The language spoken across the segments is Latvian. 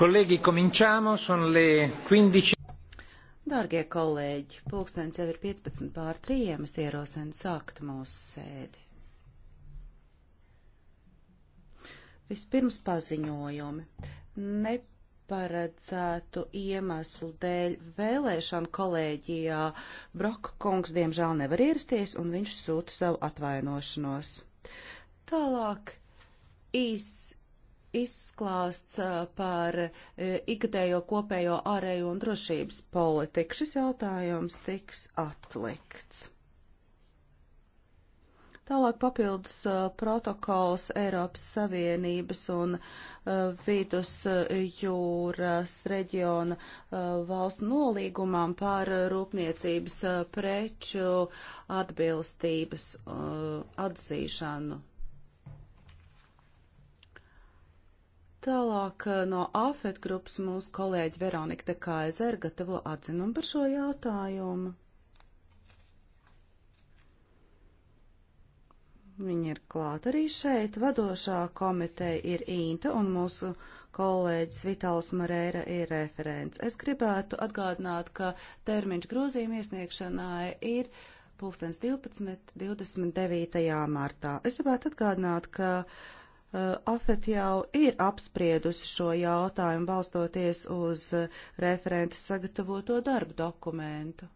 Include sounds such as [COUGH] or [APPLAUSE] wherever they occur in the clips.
Kolēģi, cominciamo, son le 15. Dārgie kolēģi, pulkstens jau ir 15 pār 3, es ierosinu sākt mūsu sēdi. Vispirms paziņojumi. Neparedzētu iemeslu dēļ vēlēšanu kolēģijā Broka kungs diemžēl nevar ierasties un viņš sūta savu atvainošanos. Tālāk īs izklāsts par ikgadējo kopējo ārējo un drošības politiku. Šis jautājums tiks atlikts. Tālāk papildus protokols Eiropas Savienības un Vidus jūras reģiona valstu nolīgumam par rūpniecības preču atbilstības atzīšanu Tālāk eh, no AFET grupas mūsu kolēģi Veronika de Kaiser gatavo atzinumu par šo jautājumu. Viņa ir klāt arī šeit. Vadošā komiteja ir Īnta un mūsu kolēģis Vitāls Marēra ir referents. Es gribētu atgādināt, ka termiņš grozījuma iesniegšanai ir pulkstens 12.29. martā. Es gribētu atgādināt, ka uh, AFET uh, jau ir apspriedusi šo jautājumu balstoties uz uh, referenta sagatavoto darbu dokumentu.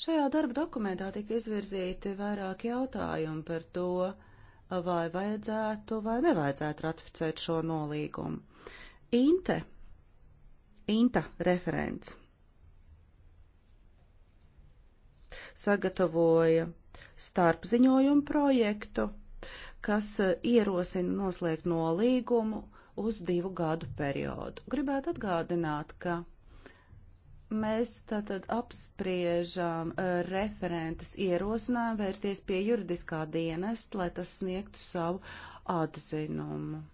Šajā darba dokumentā tika izvirzīti vairāk jautājumu par to, uh, vai vajadzētu vai nevajadzētu ratificēt šo nolīgumu. Inte, Inta referents sagatavoja starpziņojumu projektu kas e, ierosina noslēgt nolīgumu uz divu gadu periodu. Gribētu atgādināt, ka mēs tātad apspriežām e, referentes ierosinājumu vērsties pie juridiskā dienesta, lai tas sniegtu savu atzinumu.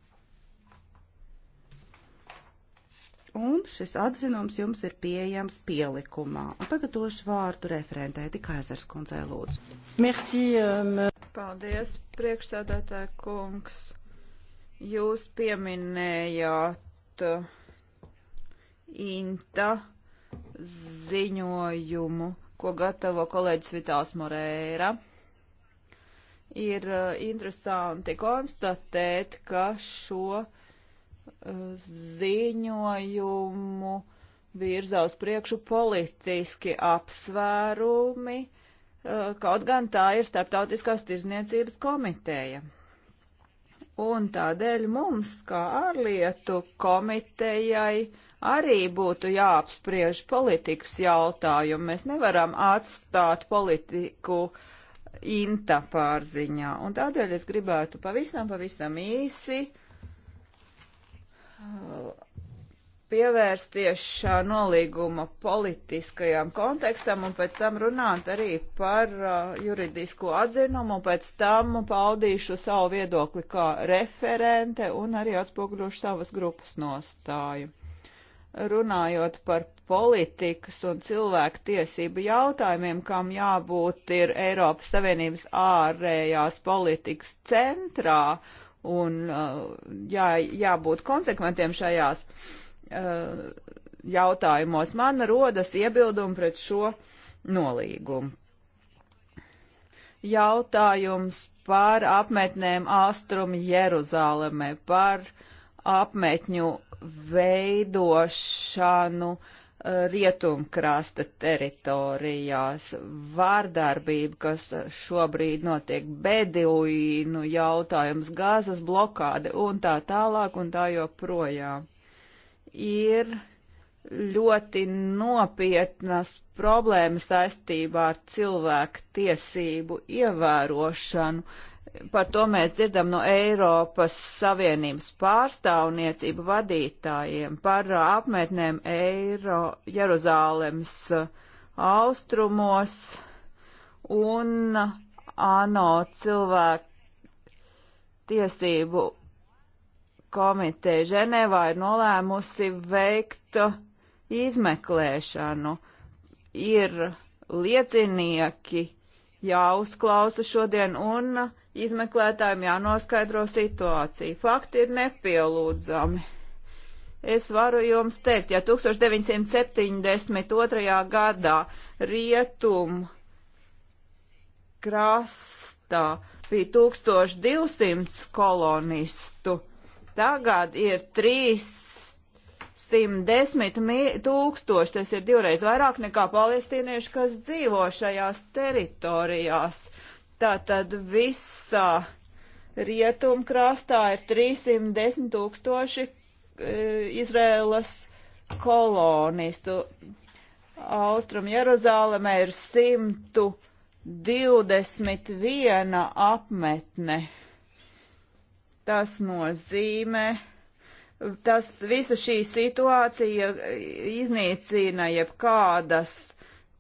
un šis atzinums jums ir pieejams pielikumā. Un tagad došu vārdu referentē tikai Ezers kundzei lūdzu. Merci, um... Paldies, priekšsēdētāja kungs. Jūs pieminējāt uh, Inta ziņojumu, ko gatavo kolēģis Vitāls Moreira ir uh, interesanti konstatēt, ka šo ziņojumu virza uz priekšu politiski apsvērumi, eh, kaut gan tā ir starptautiskās tirzniecības komiteja. Un tādēļ mums, kā ārlietu komitejai, arī būtu jāapspriež politikas jautājumu. Mēs nevaram atstāt politiku inta pārziņā. Un tādēļ es gribētu pavisam, pavisam īsi uh, pievērsties šā nolīguma politiskajam kontekstam un pēc tam runāt arī par uh, juridisko atzinumu, pēc tam paudīšu savu viedokli kā referente un arī atspoguļošu savas grupas nostāju. Runājot par politikas un cilvēku tiesību jautājumiem, kam jābūt ir Eiropas Savienības ārējās politikas centrā, uh, un uh, jā, jābūt konsekventiem šajās uh, jautājumos. Man rodas iebildumi pret šo nolīgumu. Jautājums par apmetnēm Astrumi Jeruzālēmē, par apmetņu veidošanu uh, rietumkrasta teritorijās. Vārdarbība, kas šobrīd notiek, beduīnu jautājums, gāzes blokāde un tā tālāk un tā joprojām, ir ļoti nopietnas problēmas saistībā ar cilvēku tiesību ievērošanu. Uh, par to mēs dzirdam no Eiropas Savienības pārstāvniecību vadītājiem par apmetnēm Eiro Jeruzālemes uh, austrumos un uh, ANO cilvēku tiesību komiteja Ženevā ir nolēmusi veikt uh, izmeklēšanu. Ir liecinieki jāuzklausa šodien un Izmeklētājiem jānoskaidro situācija. Fakti ir nepielūdzami. Es varu jums teikt, ja 1972. gadā rietum krastā bija 1200 kolonistu, tagad ir 310 tūkstoši, tas ir divreiz vairāk nekā palestīnieši, kas dzīvo šajās teritorijās Tātad visā rietumkrastā ir 310 tūkstoši e, Izrēlas kolonistu. Austrum Jeruzālēmē ir 121 apmetne. Tas nozīmē, tas visa šī situācija iznīcina jebkādas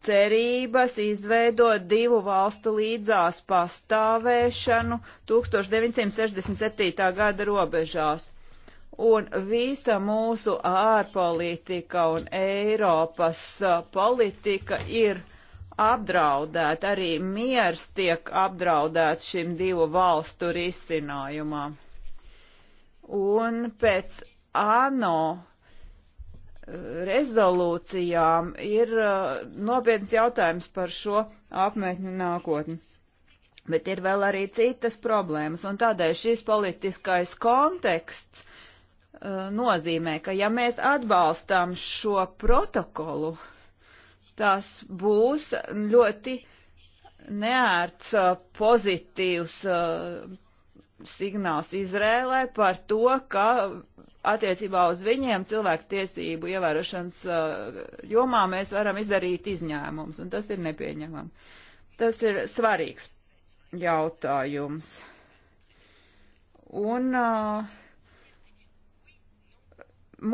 cerības izveidot divu valstu līdzās pastāvēšanu 1967. gada robežās. Un visa mūsu ārpolitika un Eiropas politika ir apdraudēta, arī miers tiek apdraudēts šim divu valstu risinājumā. Un pēc ANO rezolūcijām ir uh, nopietns jautājums par šo apmetņu nākotni. Bet ir vēl arī citas problēmas, un tādēļ šis politiskais konteksts uh, nozīmē, ka ja mēs atbalstām šo protokolu, tas būs ļoti neērts uh, pozitīvs uh, signāls Izrēlē par to, ka attiecībā uz viņiem cilvēku tiesību ievērošanas uh, jomā mēs varam izdarīt izņēmumus, un tas ir nepieņemami. Tas ir svarīgs jautājums. Un uh,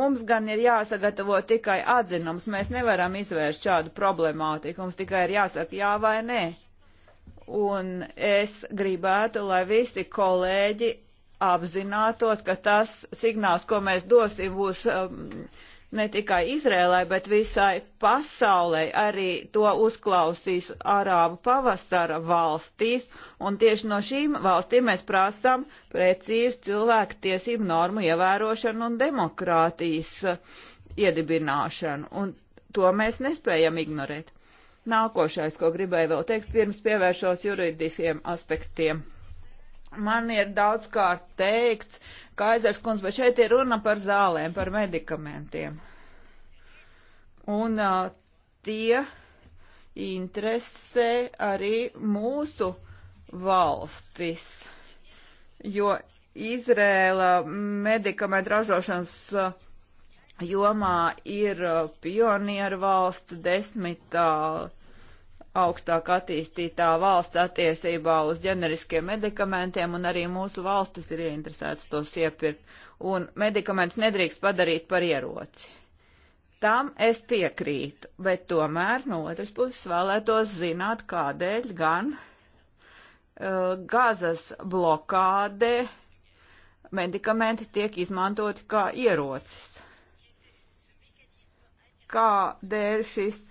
mums gan ir jāsagatavo tikai atzinums. Mēs nevaram izvērst šādu problemātiku. Mums tikai ir jāsaka jā vai nē. Un es gribētu, lai visi kolēģi apzinātos, ka tas signāls, ko mēs dosim, būs um, ne tikai Izrēlai, bet visai pasaulē arī to uzklausīs Arābu pavasara valstīs, un tieši no šīm valstīm mēs prasām precīzi cilvēku tiesību normu ievērošanu un demokrātijas uh, iedibināšanu, un to mēs nespējam ignorēt. Nākošais, ko gribēju vēl teikt, pirms pievēršos juridiskiem aspektiem. Man ir daudzkārt teikts, ka aizērskundze, bet šeit ir runa par zālēm, par medikamentiem. Un uh, tie interesē arī mūsu valstis, jo Izrēla medikamentu ražošanas uh, jomā ir pionieru valsts desmitā. Uh, augstāk attīstītā valsts attiecībā uz ģeneriskiem medikamentiem, un arī mūsu valstis ir ieinteresētas tos iepirkt, un medikaments nedrīkst padarīt par ieroci. Tam es piekrītu, bet tomēr no otras puses vēlētos zināt, kādēļ gan uh, gazas blokāde medikamenti tiek izmantoti kā ierocis. Kādēļ šis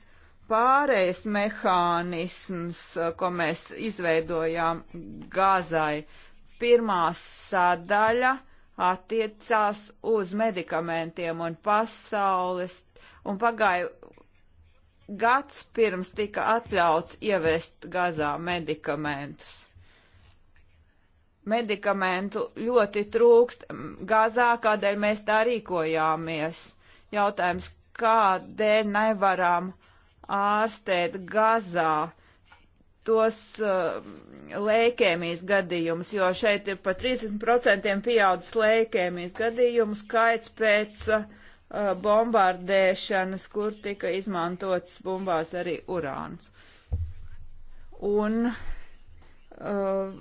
pārējais mehānisms, eh, ko mēs izveidojām gāzai. Pirmā sadaļa attiecās uz medikamentiem un pasaules, un pagāja gads pirms tika atļauts ievest gazā medikamentus. Medikamentu ļoti trūkst gazā, kādēļ mēs tā rīkojāmies. Jautājums, kādēļ nevaram ārstēt Gazā tos uh, leikēmijas gadījumus, jo šeit ir par 30% pieaudzis leikēmijas gadījumu skaits pēc uh, bombardēšanas, kur tika izmantots bombās arī urāns. Un uh,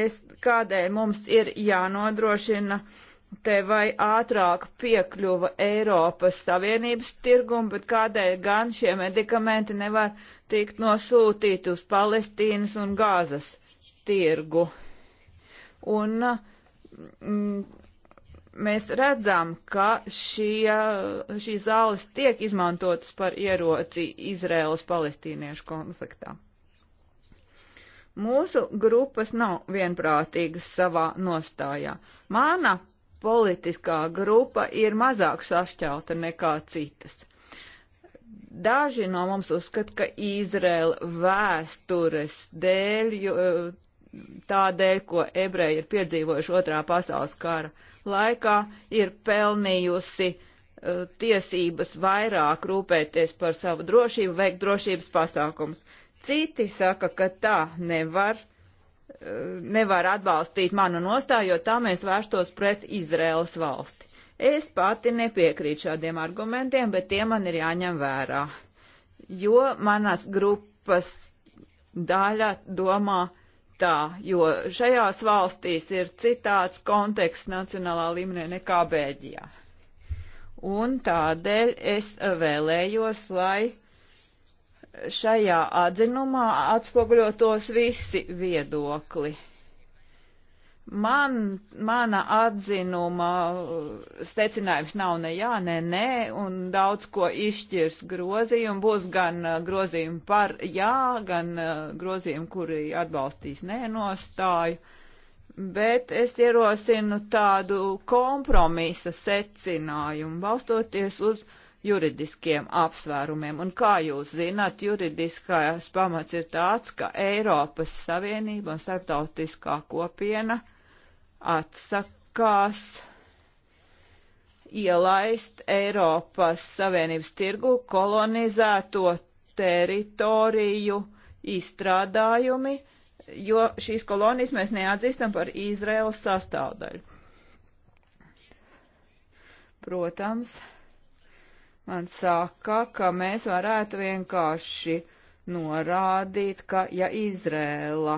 es, kādēļ mums ir jānodrošina uh, te vai ātrāk piekļuva Eiropas Savienības tirgumu, bet kādēļ gan šie medikamenti nevar tikt nosūtīti uz Palestīnas un Gāzas tirgu. Un mm, mēs redzam, ka šie, šīs zāles tiek izmantotas par ieroci Izraēlas palestīniešu konfliktā. Mūsu grupas nav vienprātīgas savā nostājā. Mana politiskā grupa ir mazāk sašķelta nekā citas. Daži no mums uzskata, ka Izraela vēstures dēļ, jo, eh, tādēļ, ko ebreji ir piedzīvojuši otrā pasaules kara laikā, ir pelnījusi uh, tiesības vairāk rūpēties par savu drošību, veikt drošības pasākums. Citi saka, ka tā nevar nevar atbalstīt manu nostāju, jo tā mēs vērstos pret Izraels valsti. Es pati nepiekrītu šādiem argumentiem, bet tie man ir jāņem vērā, jo manas grupas daļa domā tā, jo šajās valstīs ir citāds konteksts nacionālā līmenī nekā Bēļģijā. Un tādēļ es vēlējos, lai šajā atzinumā atspoguļotos visi viedokli. Man, mana atzinuma secinājums nav ne jā, ne nē, un daudz ko izšķirs grozījumi. Būs gan uh, grozījumi par jā, gan uh, grozījumi, kuri atbalstīs nē nostāju. Bet es ierosinu tādu kompromisa secinājumu, balstoties uz uh, juridiskiem apsvērumiem. Un kā jūs zināt, juridiskais pamats ir tāds, ka Eiropas Savienība un starptautiskā kopiena atsakās ielaist Eiropas Savienības tirgu kolonizēto teritoriju izstrādājumi, jo šīs kolonijas mēs neatzīstam par Izraels sastāvdaļu. Protams, man saka, ka mēs varētu vienkārši norādīt, ka ja Izrēla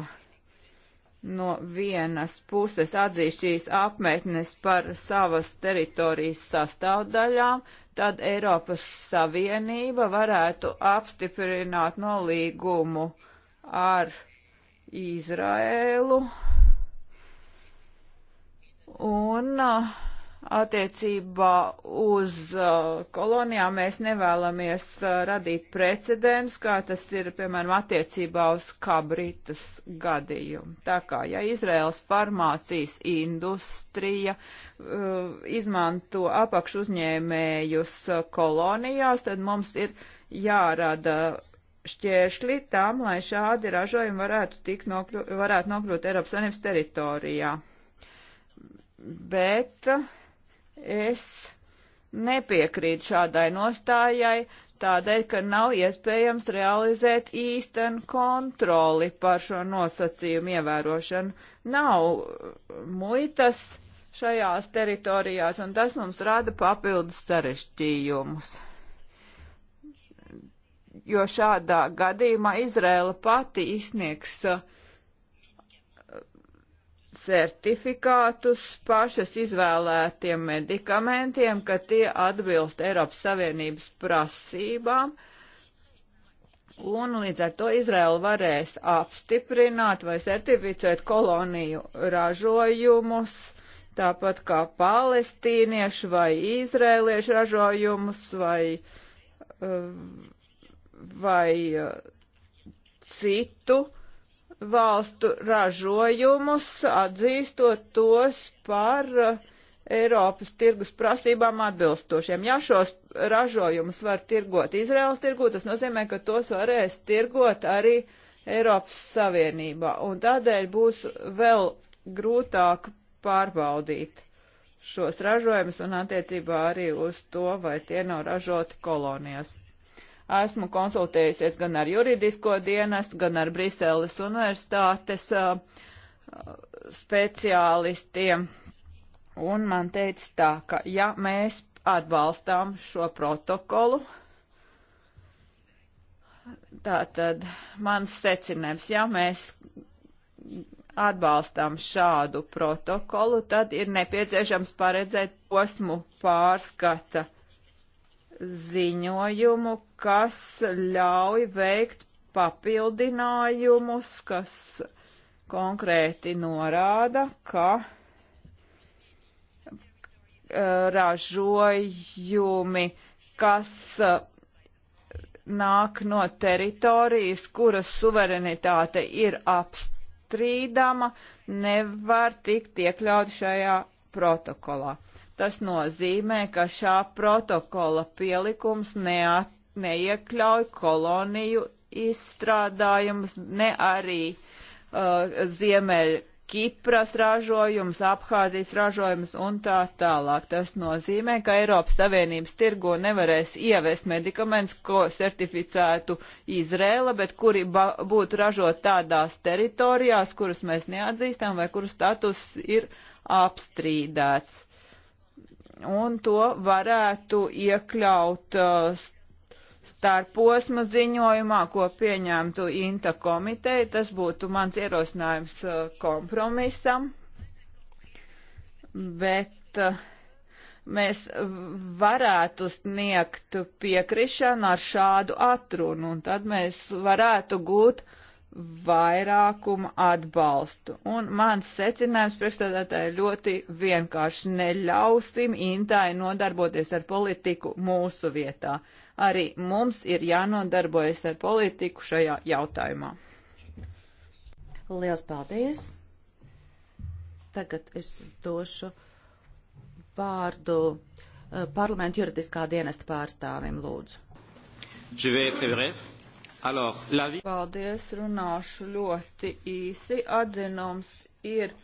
no vienas puses atzīst šīs apmetnes par savas teritorijas sastāvdaļām, tad Eiropas Savienība varētu apstiprināt nolīgumu ar Izraēlu un uh, attiecībā uz uh, kolonijām mēs nevēlamies uh, radīt precedents, kā tas ir, piemēram, attiecībā uz kabritas gadījumu. Tā kā, ja Izraels farmācijas industrija uh, izmanto apakšu uzņēmējus uh, kolonijās, tad mums ir jārada šķēršļi tam, lai šādi ražojumi varētu, tik nokļu, varētu nokļūt Eiropas Savienības teritorijā. Bet uh, Es nepiekrītu šādai nostājai, tādēļ, ka nav iespējams realizēt īstenu kontroli pār šo nosacījumu ievērošanu. Nav muitas šajās teritorijās, un tas mums rada papildus sarešķījumus. Jo šādā gadījumā Izrēla pati izsniegs uh, certifikātus pašas izvēlētiem medikamentiem, ka tie atbilst Eiropas Savienības prasībām. Un līdz ar to Izraela varēs apstiprināt vai certificēt koloniju ražojumus, tāpat kā palestīniešu vai izrēliešu ražojumus vai, eh, vai eh, citu valstu ražojumus, atzīstot tos par uh, Eiropas tirgus prasībām atbilstošiem. Ja šos ražojumus var tirgot Izraels tirgu, tas nozīmē, ka tos varēs tirgot arī Eiropas Savienībā. Un tādēļ būs vēl grūtāk pārbaudīt šos ražojumus un attiecībā arī uz to, vai tie nav ražoti kolonijās. Esmu konsultējusies gan ar juridisko dienestu, gan ar Briseles universitātes speciālistiem. Un man teica tā, ka ja mēs atbalstām šo protokolu, tātad mans secinājums, ja mēs atbalstām šādu protokolu, tad ir nepieciešams paredzēt posmu pārskata ziņojumu, kas ļauj veikt papildinājumus, kas konkrēti norāda, ka eh, ražojumi, kas eh, nāk no teritorijas, kuras suverenitāte ir apstrīdama, nevar tikt iekļaut šajā protokolā. Tas nozīmē, ka šā protokola pielikums neat neiekļauj koloniju izstrādājumus, ne arī uh, Ziemeļ Kipras ražojums, Abhāzijas ražojums un tā tālāk. Tas nozīmē, ka Eiropas Savienības tirgo nevarēs ievest medikamentus, ko certificētu Izrēla, bet kuri būtu ražot tādās teritorijās, kuras mēs neatzīstam vai kuru status ir apstrīdēts. Un to varētu iekļaut uh, starposma ziņojumā, ko pieņemtu INTA komiteja. Tas būtu mans ierosinājums uh, kompromisam. Bet uh, mēs varētu sniegt piekrišanu ar šādu atrunu, un tad mēs varētu gūt vairākuma atbalstu. Un mans secinājums priekšstādātāji ļoti vienkārši neļausim Intai nodarboties ar politiku mūsu vietā. Arī mums ir jānodarbojas ar politiku šajā jautājumā. Lielas paldies! Tagad es došu vārdu eh, parlamentu juridiskā dienesta pārstāvim, lūdzu. Paldies, runāšu ļoti īsi. Atzinums ir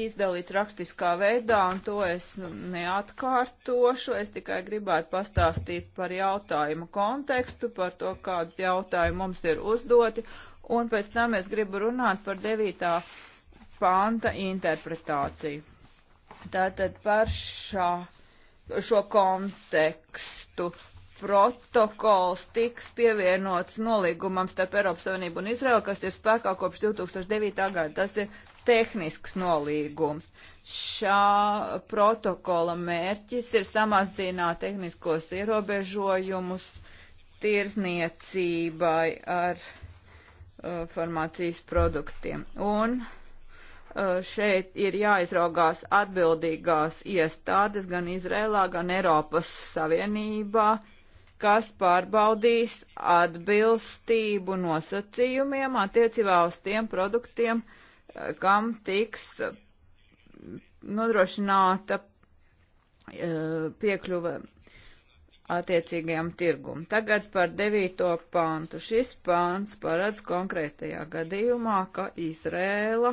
izdalīts rakstiskā veidā, un to es neatkārtošu. Es tikai gribētu pastāstīt par jautājumu kontekstu, par to, kādu jautājumu mums ir uzdoti, un pēc tam es gribu runāt par 9. panta interpretāciju. Tātad par šā, šo kontekstu protokols tiks pievienots nolīgumam starp Eiropas Savienību un Izraelu, kas ir spēkā kopš 2009. gada. Tas ir tehnisks nolīgums. Šā protokola mērķis ir samazināt tehniskos ierobežojumus tirzniecībai ar uh, farmācijas produktiem. Un uh, šeit ir jāizraugās atbildīgās iestādes gan Izrēlā, gan Eiropas Savienībā, kas pārbaudīs atbilstību nosacījumiem attiecībā uz tiem produktiem, uh, kam tiks mm, nodrošināta e, piekļuve attiecīgajam tirgum. Tagad par devīto pāntu. Šis pāns paredz konkrētajā gadījumā, ka Izrēla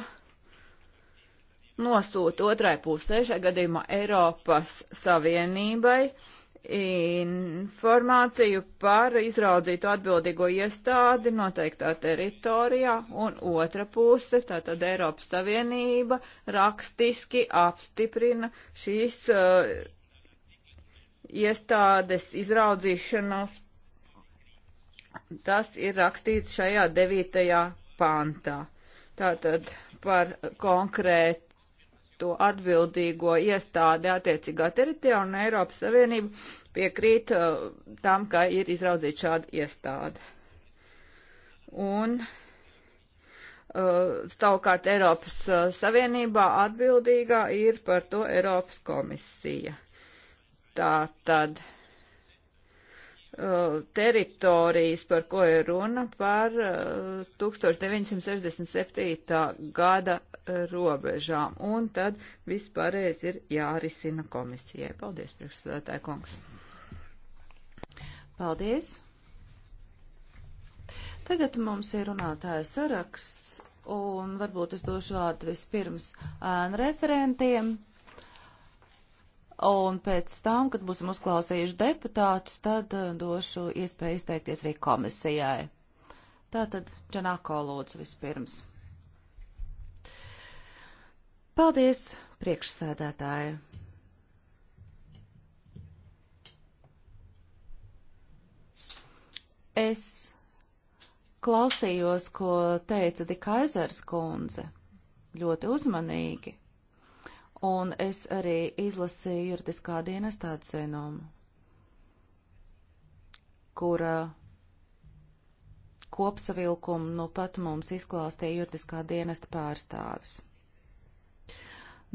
nosūta otrai pusē, šajā gadījumā Eiropas Savienībai, informāciju par izraudzītu atbildīgo iestādi noteiktā teritorijā, un otra puse, tātad Eiropas Savienība, rakstiski apstiprina šīs uh, iestādes izraudzīšanos. Tas ir rakstīts šajā devītajā pantā. Tātad par konkrētu to atbildīgo iestādi attiecīgā teritorijā, un Eiropas Savienība piekrīt uh, tam, ka ir izraudzīta šāda iestāde. Un uh, savukārt Eiropas uh, Savienībā atbildīgā ir par to Eiropas komisija. Tā tad. Uh, teritorijas, par ko ir runa, par 1967. Uh, gada robežām. Un tad viss pareizi ir jārisina komisijai. Paldies, priekšsēdētāji kungs. Paldies. Tagad mums ir runātāja saraksts, un varbūt es došu vārdu vispirms referentiem un pēc tam, kad būsim uzklausījuši deputātus, tad uh, došu iespēju izteikties arī komisijai. Tātad Čanāko lūdzu vispirms. Paldies, priekšsēdētāji! Es klausījos, ko teica Dikaizers kundze, ļoti uzmanīgi un es arī izlasīju juridiskā dienestā atzinumu, kura kopsavilkumu nu pat mums izklāstīja juridiskā dienesta pārstāvis.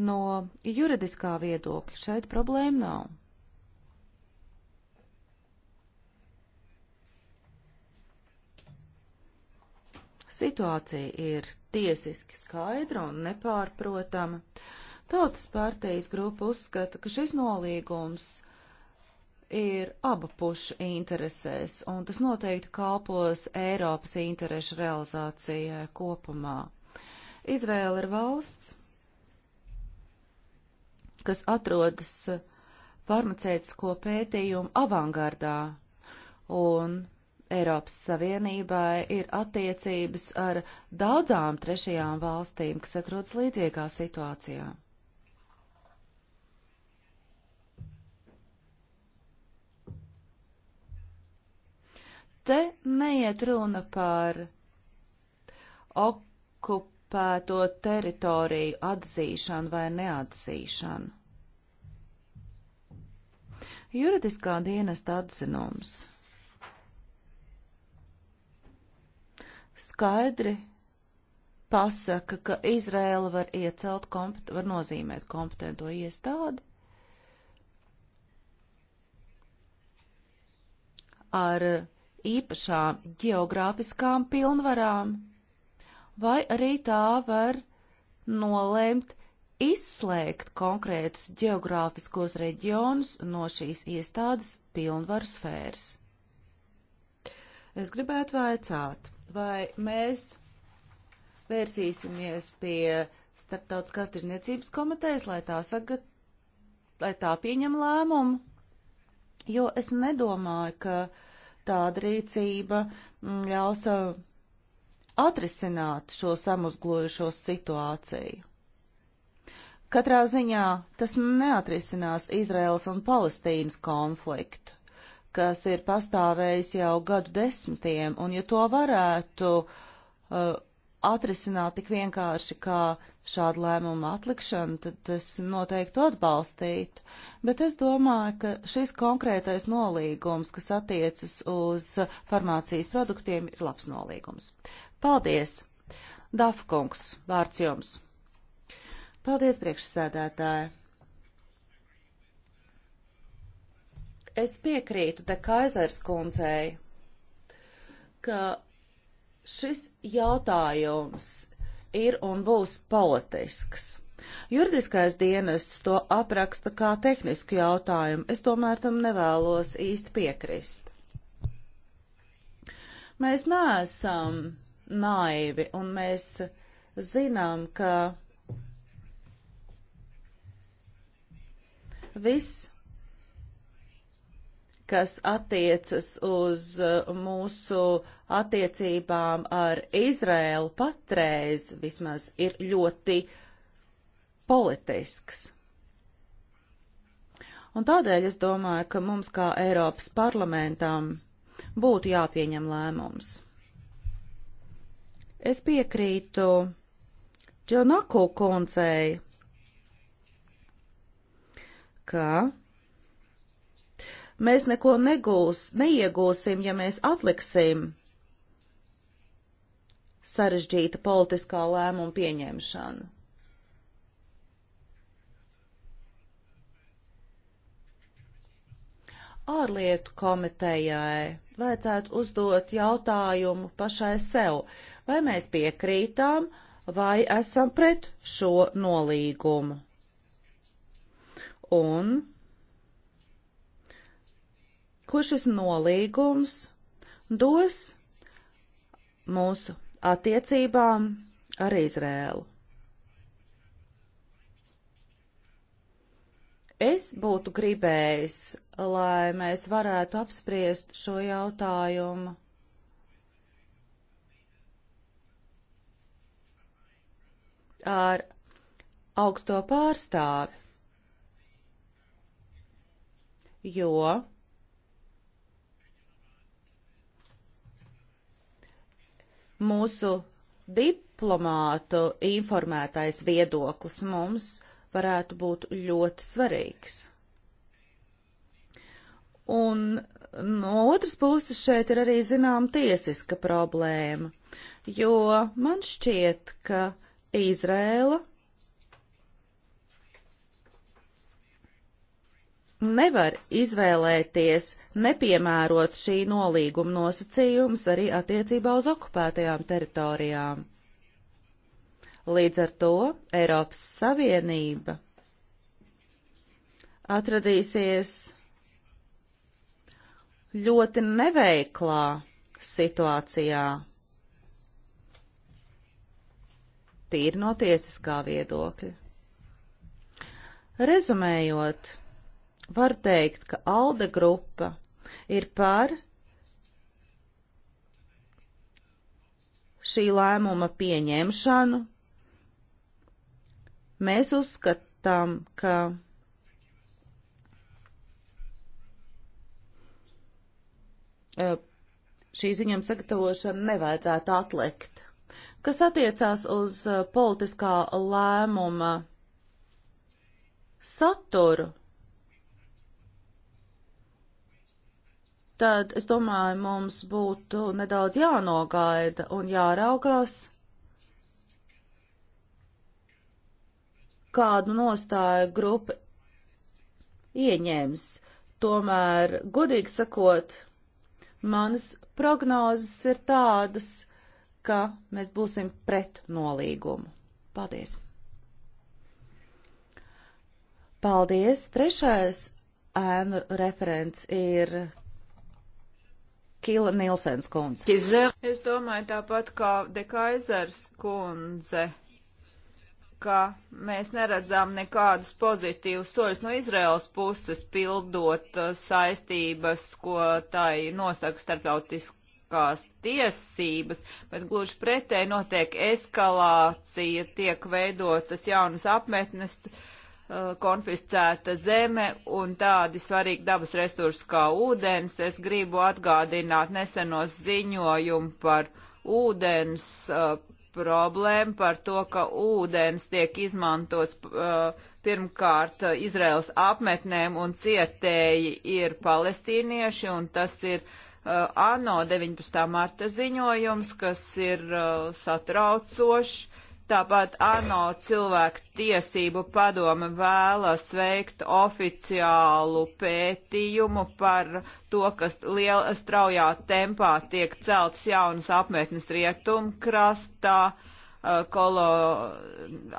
No juridiskā viedokļa šeit problēma nav. Situācija ir tiesiski skaidra un nepārprotama. Uh, Tautas partijas grupa uzskata, ka šis nolīgums ir abu pušu interesēs, un tas noteikti kalpos Eiropas interešu realizācijai kopumā. Izrēla ir valsts, kas atrodas farmacētisko pētījumu avangardā, un Eiropas Savienībai ir attiecības ar daudzām trešajām valstīm, kas atrodas līdzīgā situācijā. Te neiet runa par okupēto teritoriju atzīšanu vai neatzīšanu. Juridiskā dienesta atzinums skaidri pasaka, ka Izraela var iecelt, var nozīmēt kompetento iestādi ar īpašām geogrāfiskām pilnvarām, vai arī tā var nolēmt izslēgt konkrētus geogrāfiskos reģionus no šīs iestādes pilnvaru sfēras. Es gribētu vaicāt, vai mēs vērsīsimies pie Startautiskās tirzniecības komitejas, lai tā, sagat, lai tā pieņem lēmumu, jo es nedomāju, ka uh, tāda rīcība mm, ļaus atrisināt šo samuzglojušo situāciju. Katrā ziņā tas neatrisinās Izraels un Palestīnas konfliktu, kas ir pastāvējis jau gadu desmitiem, un ja to varētu uh, atrisināt tik vienkārši kā šādu lēmumu atlikšanu, tad es noteikti atbalstītu. Bet es domāju, ka šis konkrētais nolīgums, kas attiecas uz farmācijas produktiem, ir labs nolīgums. Paldies! Dafkungs, vārds jums! Paldies, priekšsēdētāji! Es piekrītu te Kaisers kundzei, ka Šis jautājums ir un būs politisks. Juridiskais dienests to apraksta kā tehnisku jautājumu, es tomēr tam nevēlos īsti piekrist. Mēs neesam naivi un mēs zinām, ka viss kas attiecas uz uh, mūsu attiecībām ar Izrēlu patreiz vismaz ir ļoti politisks. Un tādēļ es domāju, ka mums kā Eiropas parlamentam būtu jāpieņem lēmums. Es piekrītu Džonaku koncei, ka mēs neko negūs, neiegūsim, ja mēs atliksim sarežģīta politiskā lēmuma pieņemšanu. Ārlietu komitejai vajadzētu uzdot jautājumu pašai sev, vai mēs piekrītām vai esam pret šo nolīgumu. Un ko šis nolīgums dos mūsu attiecībām ar Izrēlu. Es būtu gribējis, lai mēs varētu apspriest šo jautājumu. Ar augsto pārstāvi, jo mūsu diplomātu informētais viedoklis mums varētu būt ļoti svarīgs. Un no otras puses šeit ir arī zinām tiesiska problēma, jo man šķiet, ka Izrēla nevar izvēlēties nepiemērot šī nolīguma nosacījums arī attiecībā uz okupētajām teritorijām. Līdz ar to Eiropas Savienība atradīsies ļoti neveiklā situācijā, tīri no tiesiskā viedokļa. Rezumējot, var teikt, ka ALDE grupa ir par šī lēmuma pieņemšanu. Mēs uzskatām, ka šī ziņojuma sagatavošana nevajadzētu atlikt. Kas attiecās uz politiskā lēmuma saturu, tad es domāju, mums būtu nedaudz jānogaida un jāraugās, kādu nostāju grupa ieņems. Tomēr, godīgi sakot, manas prognozes ir tādas, ka mēs būsim pret nolīgumu. Paldies! Paldies! Trešais ēnu referents ir Kila Nilsens kundze. Es domāju tāpat kā Dekaizers kundze, ka mēs neredzām nekādus pozitīvus soļus no Izraels puses pildot uh, saistības, ko tai nosaka starptautiskās tiesības, bet gluži pretēji notiek eskalācija, tiek veidotas jaunas apmetnes. Uh, Eh, konfiscēta zeme un tādi svarīgi dabas resursi kā ūdens. Es gribu atgādināt nesenos ziņojumu par ūdens uh, problēmu, par to, ka ūdens tiek izmantots uh, pirmkārt Izraels apmetnēm un cietēji ir palestīnieši un tas ir uh, ANO 19. marta ziņojums, kas ir satraucošs Tāpat ANO cilvēku tiesību padome vēlas veikt oficiālu pētījumu par to, ka liel, straujā tempā tiek celtas jaunas apmetnes rietumkrastā. Kolo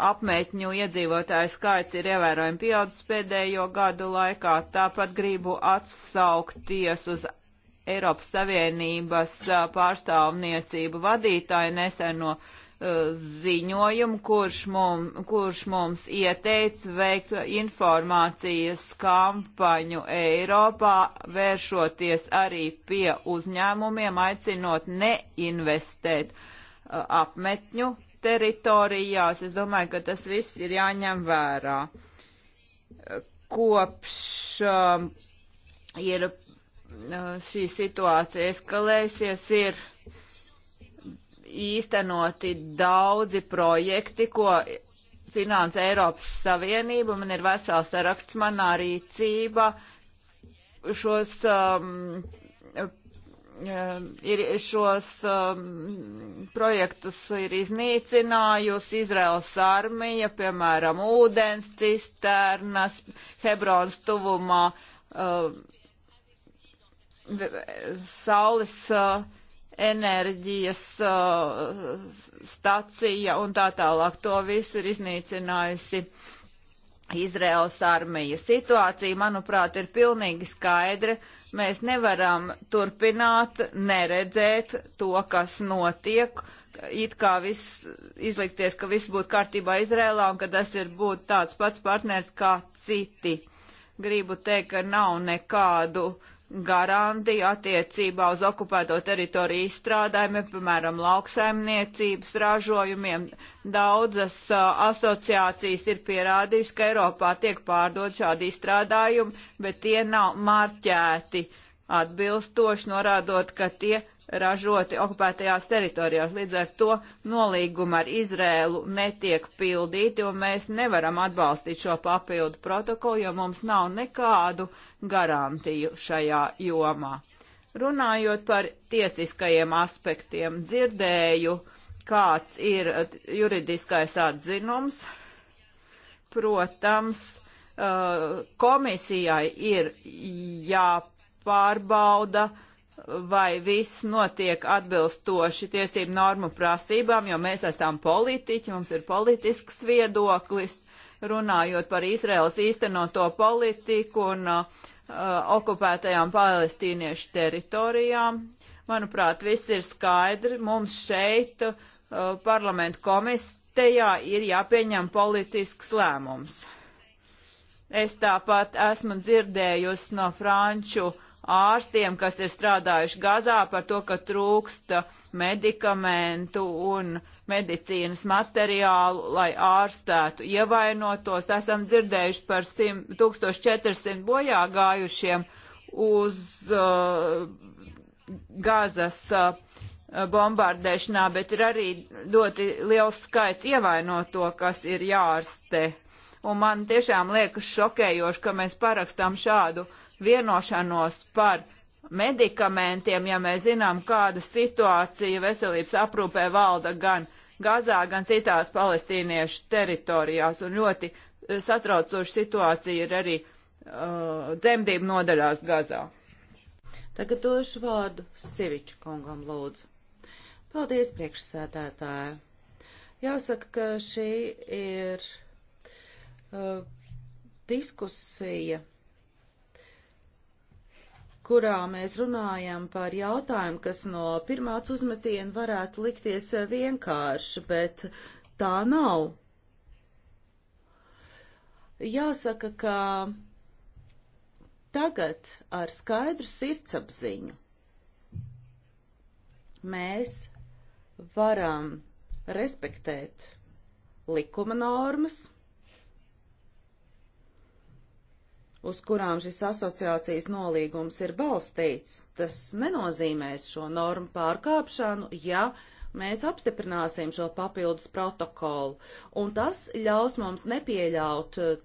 apmetņu iedzīvotāju skaits ir ievērojami pieaudzis pēdējo gadu laikā. Tāpat gribu atsaukties uz Eiropas Savienības pārstāvniecību vadītāju neseno no Uh, ziņojumu, kurš, mum, kurš mums ieteica veikt informācijas kampaņu Eiropā, vēršoties arī pie uzņēmumiem, aicinot neinvestēt uh, apmetņu teritorijās. Es domāju, ka tas viss ir jāņem vērā. Uh, kopš um, ir šī situācija eskalējusies, ir īstenoti daudzi projekti, ko finansē Eiropas Savienība. Man ir vesels saraksts manā rīcībā. Šos, um, um, ir, šos um, projektus ir iznīcinājusi Izraels armija, piemēram, ūdens cisternas, Hebrons tuvumā, um, saules. Uh, enerģijas uh, stacija un tā tālāk. To visu ir iznīcinājusi Izraels armija. Situācija, manuprāt, ir pilnīgi skaidra. Mēs nevaram turpināt neredzēt to, kas notiek, it kā viss izlikties, ka viss būtu kārtībā Izrēlā un ka tas ir būt tāds pats partners kā citi. Gribu teikt, ka nav nekādu uh, garantija attiecībā uz okupēto teritoriju izstrādājumiem, piemēram, lauksaimniecības ražojumiem. Daudzas uh, asociācijas ir pierādījušas, ka Eiropā tiek pārdod šādi izstrādājumi, bet tie nav marķēti atbilstoši, norādot, ka tie ražoti okupētajās teritorijās. Līdz ar to nolīguma ar Izrēlu netiek pildīti, un mēs nevaram atbalstīt šo papildu protokolu, jo mums nav nekādu garantiju šajā jomā. Runājot par tiesiskajiem aspektiem, dzirdēju, kāds ir juridiskais atzinums. Protams, eh, komisijai ir jāpārbauda, ja vai viss notiek atbilstoši tiesību normu prasībām, jo mēs esam politiķi, mums ir politisks viedoklis, runājot par Izraels īstenoto politiku un uh, okupētajām palestīniešu teritorijām. Manuprāt, viss ir skaidri. Mums šeit uh, parlamentu komistejā ir jāpieņem politisks lēmums. Es tāpat esmu dzirdējusi no franču uh, ārstiem, kas ir strādājuši Gazā par to, ka trūksta medikamentu un medicīnas materiālu, lai ārstētu ievainotos. Esam dzirdējuši par 100, 1400 bojā gājušiem uz uh, Gazas uh, bombardēšanā, bet ir arī ļoti liels skaits ievainoto, kas ir jārastē un man tiešām liekas šokējoši, ka mēs parakstām šādu vienošanos par medikamentiem, ja mēs zinām, kāda situācija veselības aprūpē valda gan Gazā, gan citās palestīniešu teritorijās, un ļoti eh, satraucoša situācija ir arī uh, dzemdību nodaļās Gazā. Tagad došu vārdu Seviču kungam lūdzu. Paldies, priekšsēdētāja. Jāsaka, ka šī ir Uh, diskusija, kurā mēs runājam par jautājumu, kas no pirmāts uzmetiena varētu likties uh, vienkārši, bet tā nav. Jāsaka, ka tagad ar skaidru sirdsapziņu mēs varam respektēt likuma normas, uz kurām šis asociācijas nolīgums ir balstīts. Tas nenozīmēs šo normu pārkāpšanu, ja mēs apstiprināsim šo papildus protokolu, un tas ļaus mums nepieļaut eh,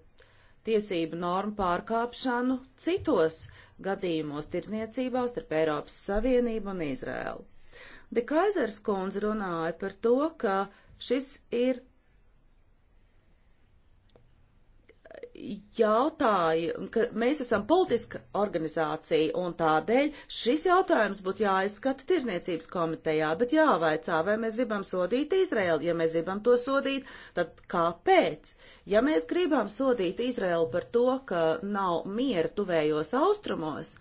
tiesību normu pārkāpšanu citos gadījumos tirdzniecībās starp Eiropas Savienību un Izrēlu. De Kaisers kundze runāja par to, ka šis ir jautāja, ka mēs esam politiska organizācija un tādēļ šis jautājums būtu jāizskata tirzniecības komitejā, bet jāvaicā, vai mēs gribam sodīt Izraelu. Ja mēs gribam to sodīt, tad kāpēc? Ja mēs gribam sodīt Izraelu par to, ka nav miera tuvējos austrumos,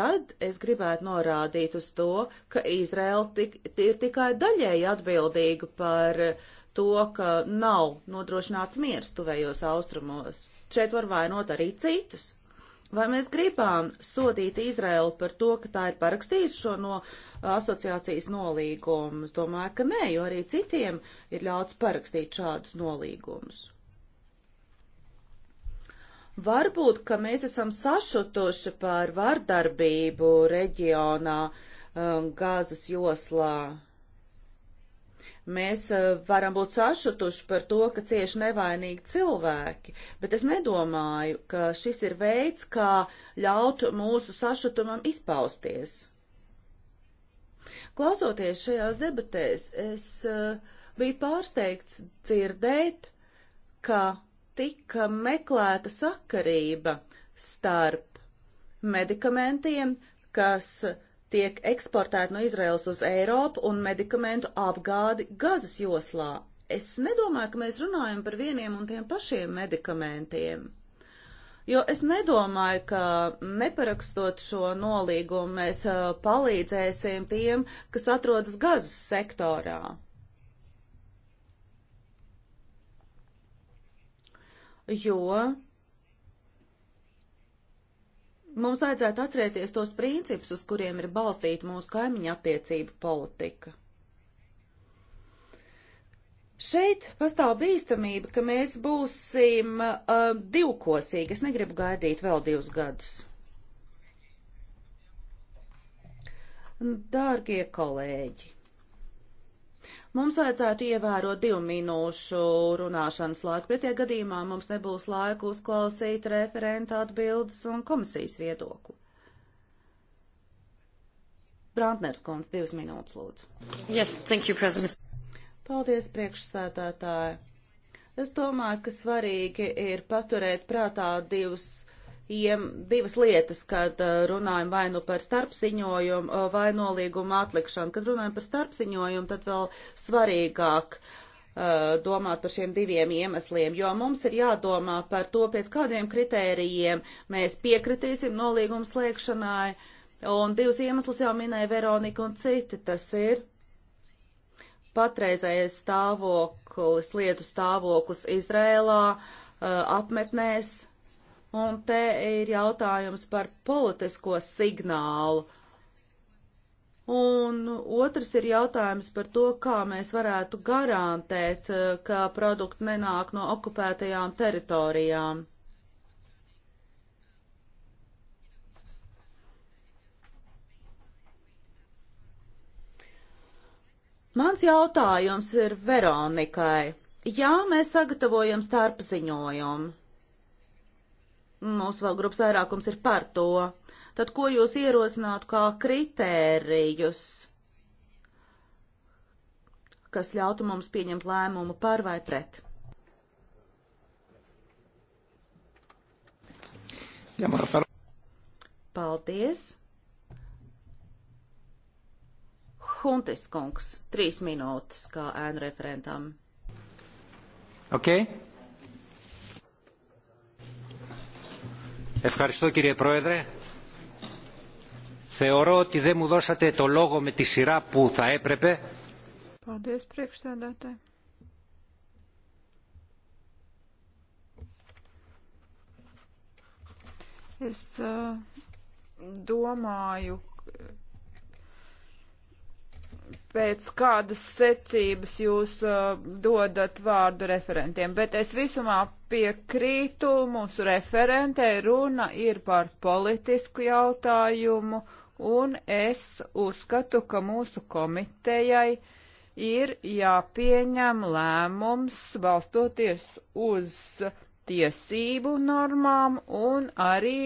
tad es gribētu norādīt uz to, ka Izraela tik, ir tikai daļēji atbildīga par uh, to, ka nav nodrošināts miers tuvējos austrumos. Šeit var vainot arī citus. Vai mēs gribām sodīt Izraelu par to, ka tā ir parakstījusi šo no asociācijas nolīgumu? Domāju, ka nē, jo arī citiem ir ļauts parakstīt šādus nolīgumus. Varbūt, ka mēs esam sašutuši par vardarbību reģionā, um, gāzes joslā, Mēs eh, varam būt sašutuši par to, ka cieši nevainīgi cilvēki, bet es nedomāju, ka šis ir veids, kā ļaut mūsu sašutumam izpausties. Klausoties šajās debatēs, es eh, biju pārsteigts dzirdēt, ka tika meklēta sakarība starp medikamentiem, kas uh, tiek eksportēti no Izraels uz Eiropu un medikamentu apgādi gazas joslā. Es nedomāju, ka mēs runājam par vieniem un tiem pašiem medikamentiem. Jo es nedomāju, ka neparakstot šo nolīgumu mēs uh, palīdzēsim tiem, kas atrodas gazas sektorā. Jo Mums vajadzētu atcerēties tos principus, uz kuriem ir balstīta mūsu kaimiņa attiecība politika. Šeit pastāv bīstamība, ka mēs būsim uh, divkosīgi. Es negribu gaidīt vēl divus gadus. Dārgie kolēģi, Mums vajadzētu ievērot divu minūšu runāšanas laiku, pretie gadījumā mums nebūs laika uzklausīt referenta atbildes un komisijas viedokli. Brantners kundze, divas minūtes lūdzu. Yes, thank you, President. Paldies, priekšsētātāji. Es domāju, ka svarīgi ir paturēt prātā divus iem divas lietas, kad uh, runājam vai nu par starpziņojumu, uh, vai nolīgumu atlikšanu. Kad runājam par starpziņojumu, tad vēl svarīgāk uh, domāt par šiem diviem iemesliem, jo mums ir jādomā par to, pēc kādiem kritērijiem mēs piekritīsim nolīgumu slēgšanai, un divus iemeslus jau minēja Veronika un citi, tas ir patreizējais stāvoklis, lietu stāvoklis Izrēlā, apmetnēs, Un te ir jautājums par politisko signālu. Un otrs ir jautājums par to, kā mēs varētu garantēt, eh, ka produkti nenāk no okupētajām teritorijām. Mans jautājums ir Veronikai. Jā, mēs sagatavojam starpziņojumu mūsu vēl grupas vairākums ir par to. Tad ko jūs ierosinātu kā kritērijus, kas ļautu mums pieņemt lēmumu par vai pret? Paldies! Huntis kungs, trīs minūtes kā ēnu referentam. Okay. Ευχαριστώ κύριε Πρόεδρε. Θεωρώ ότι δεν μου δώσατε το λόγο με τη σειρά που θα έπρεπε. Paldies, priekšstādātāji. Es uh, domāju, pēc kādas secības jūs uh, dodat vārdu referentiem, bet es visumā piekrītu mūsu referentē, runa ir par politisku jautājumu, un es uzskatu, ka mūsu komitejai ir jāpieņem lēmums balstoties uz tiesību normām un arī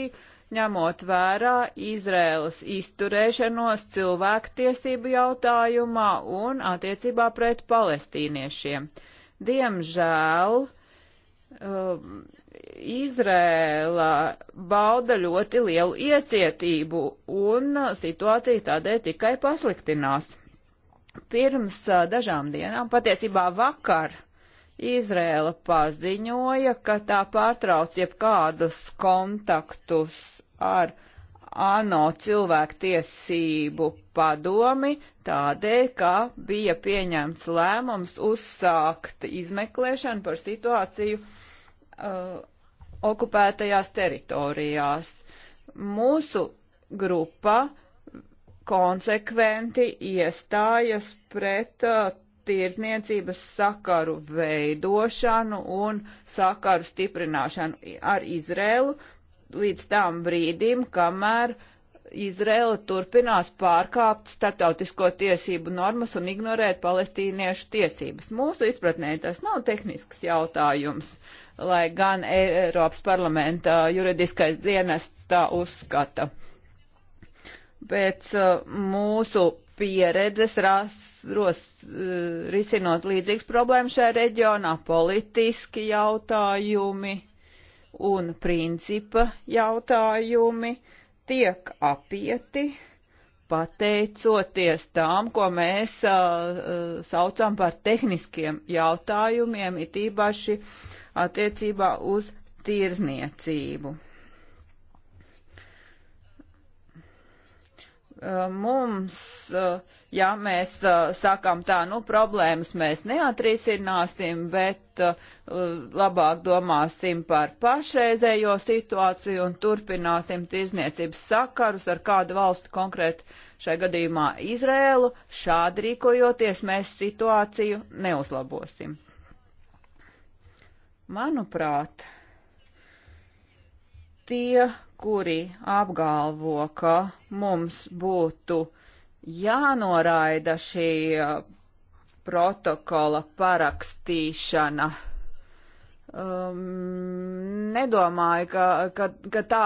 ņemot vērā Izraēlas izturēšanos cilvēktiesību jautājumā un attiecībā pret palestīniešiem. Diemžēl uh, Um, Izrēla bauda ļoti lielu iecietību un situācija tādēļ tikai pasliktinās. Pirms uh, dažām dienām, patiesībā vakar, Izrēla paziņoja, ka tā pārtrauc jebkādus kontaktus ar ANO cilvēktiesību padomi tādēļ, ka bija pieņemts lēmums uzsākt izmeklēšanu par situāciju uh, uh, okupētajās teritorijās. Mūsu grupa konsekventi iestājas pret uh, tirzniecības sakaru veidošanu un sakaru stiprināšanu ar Izrēlu līdz tām brīdim, kamēr Izrēla turpinās pārkāpt starptautisko tiesību normas un ignorēt palestīniešu tiesības. Mūsu izpratnē tas nav tehnisks jautājums. Uh, lai gan Eiropas parlamenta juridiskais dienests tā uzskata. Pēc uh, mūsu pieredzes ros, uh, risinot līdzīgas problēmas šajā reģionā, politiski jautājumi un principa jautājumi tiek apieti pateicoties tām, ko mēs uh, uh saucam par tehniskiem jautājumiem, it īpaši uh, attiecībā uz tirzniecību. Eh, mums, eh, ja mēs eh, sakam tā, nu problēmas mēs neatrisināsim, bet labāk domāsim par pašreizējo situāciju un turpināsim tirzniecības sakarus ar kādu valstu konkrēti šai gadījumā Izrēlu, šādi rīkojoties mēs situāciju neuzlabosim. Manuprāt, tie, kuri apgalvo, ka mums būtu jānoraida šī uh, protokola parakstīšana. Um, nedomāju, ka, ka, ka tā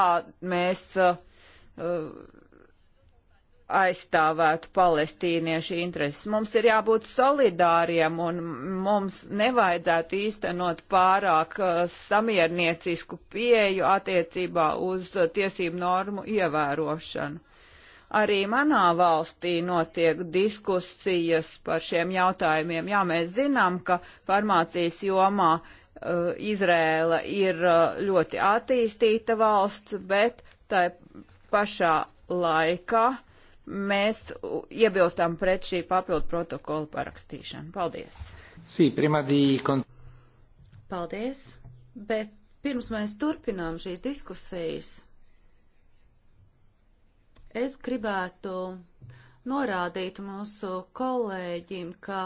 mēs uh, uh aizstāvētu palestīniešu intereses. Mums ir jābūt solidāriem un mums nevajadzētu īstenot pārāk uh, samierniecisku pieju attiecībā uz uh, tiesību normu ievērošanu. Arī manā valstī notiek diskusijas par šiem jautājumiem. Jā, mēs zinām, ka farmācijas jomā uh, Izrēla ir uh, ļoti attīstīta valsts, bet tai pašā laikā mēs iebilstam pret šī papildu protokola parakstīšanu. Paldies! Sī, di... Paldies! Bet pirms mēs turpinām šīs diskusijas, es gribētu norādīt mūsu kolēģim, ka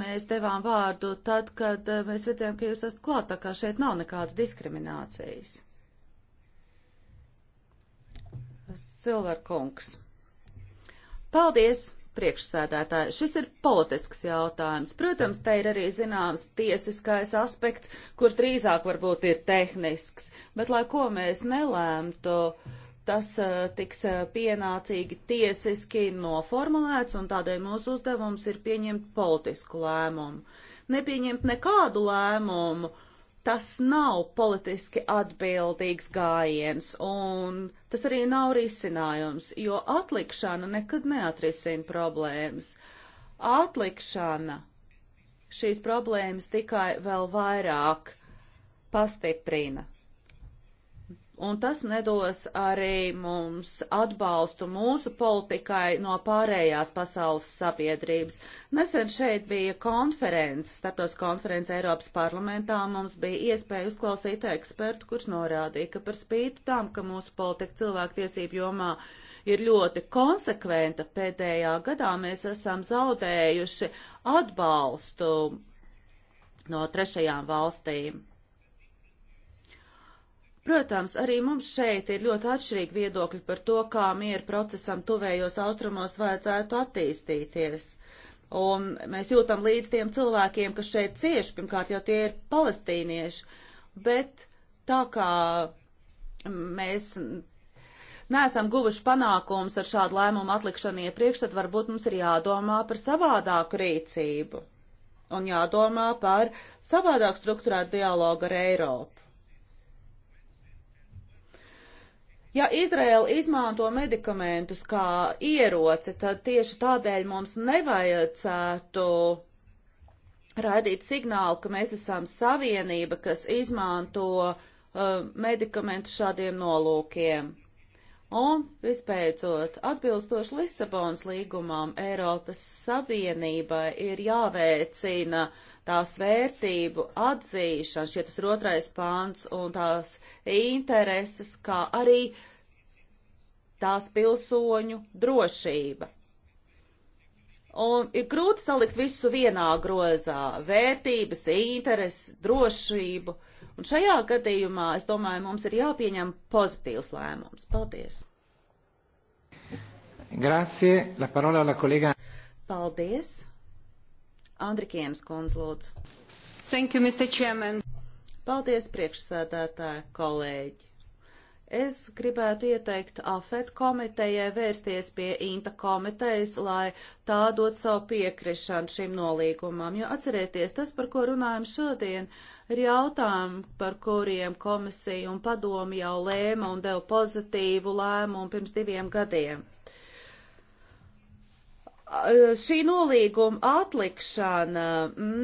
mēs devām vārdu tad, kad eh, mēs redzējām, ka jūs esat klāt, tā kā šeit nav nekādas diskriminācijas. Silverkungs. Paldies! priekšsēdētāji. Šis ir politisks jautājums. Protams, te ir arī zināms tiesiskais aspekts, kurš drīzāk varbūt ir tehnisks, bet lai ko mēs nelēmtu, tas eh, tiks eh, pienācīgi tiesiski noformulēts, un tādēļ mūsu uzdevums ir pieņemt politisku lēmumu. Nepieņemt nekādu lēmumu tas nav politiski atbildīgs gājiens, un tas arī nav risinājums, jo atlikšana nekad neatrisina problēmas. Atlikšana šīs problēmas tikai vēl vairāk pastiprina un tas nedos arī mums atbalstu mūsu politikai no pārējās pasaules sabiedrības. Nesen šeit bija konferences, starptautiskā konference Eiropas parlamentā, mums bija iespēja uzklausīt ekspertu, kurš norādīja, ka par spīti tam, ka mūsu politika cilvēktiesību jomā ir ļoti konsekventa pēdējā gadā, mēs esam zaudējuši atbalstu no trešajām valstīm. Protams, arī mums šeit ir ļoti atšķirīgi viedokļi par to, kā mieru procesam tuvējos austrumos vajadzētu attīstīties. Un mēs jūtam līdz tiem cilvēkiem, kas šeit cieši, pirmkārt jau tie ir palestīnieši, bet tā kā mēs neesam guvuši panākums ar šādu lēmumu atlikšanu iepriekš, tad varbūt mums ir jādomā par savādāku rīcību un jādomā par savādāk struktūrētu dialogu ar Eiropu. Ja Izraela izmanto medikamentus kā ieroci, tad tieši tādēļ mums nevajadzētu raidīt signālu, ka mēs esam savienība, kas izmanto uh, medikamentu šādiem nolūkiem. Un, vispēcot, atbilstoši Lisabonas līgumam, Eiropas Savienībai ir jāveicina tās vērtību atzīšana, šie tas ir otrais pāns, un tās intereses, kā arī tās pilsoņu drošība. Un ir grūti salikt visu vienā grozā - vērtības, intereses, drošību. Uh, Un šajā gadījumā, es domāju, mums ir jāpieņem pozitīvs lēmums. Paldies! Grazie, la parola la kolēga. Paldies! Andrikienas kundze lūdzu. Thank you, Mr. Chairman. Paldies, priekšsēdētāji, kolēģi! Es gribētu ieteikt AFET komitejai vērsties pie INTA komitejas, lai tā dot savu piekrišanu šim nolīgumam, jo atcerieties, tas, par ko runājam šodien, ir jautājumi, par kuriem komisija un padomi jau lēma un deva pozitīvu lēmumu pirms diviem gadiem šī nolīguma atlikšana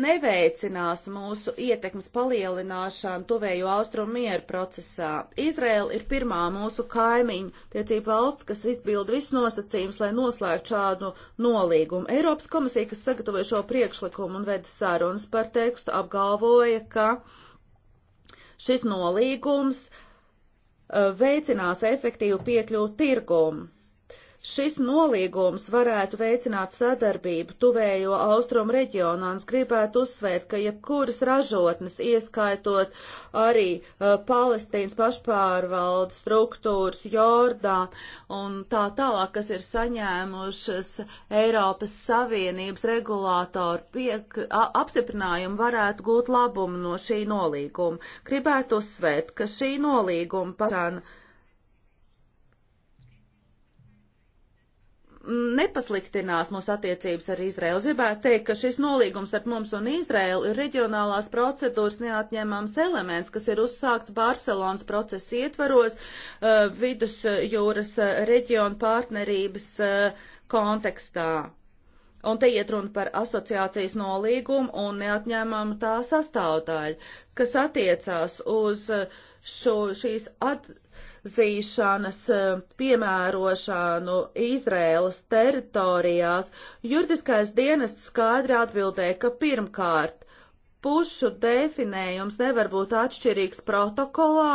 neveicinās mūsu ietekmes palielināšanu tuvējo austrumu mieru procesā. Izraela ir pirmā mūsu kaimiņu tiecība valsts, kas izbild visus nosacījumus, lai noslēgtu šādu nolīgumu. Eiropas komisija, kas sagatavoja šo priekšlikumu un veda sarunas par tekstu, apgalvoja, ka šis nolīgums uh, veicinās efektīvu piekļuvu tirgumu Šis nolīgums varētu veicināt sadarbību tuvējo austrumu reģionā, un es gribētu uzsvērt, ka jebkuras ražotnes, ieskaitot arī uh, Palestīnas pašpārvaldes struktūras, Jordā un tā tālāk, kas ir saņēmušas Eiropas Savienības regulātoru piek, a, apstiprinājumu, varētu gūt labumu no šī nolīguma. Gribētu uzsvērt, ka šī nolīguma pašana nepasliktinās mūsu attiecības ar Izraelu. Es gribētu teikt, ka šis nolīgums starp mums un Izraelu ir reģionālās procedūras neatņemams elements, kas ir uzsākts Barcelonas procesa ietvaros uh, vidusjūras uh, reģionu partnerības uh, kontekstā. Un te iet runa par asociācijas nolīgumu un neatņēmumu tā sastāvdaļu, kas attiecās uz uh, šo, šīs at, zīšanas eh, piemērošanu Izrēlas teritorijās, juridiskais dienests skaidri atbildēja, ka pirmkārt pušu definējums nevar būt atšķirīgs protokolā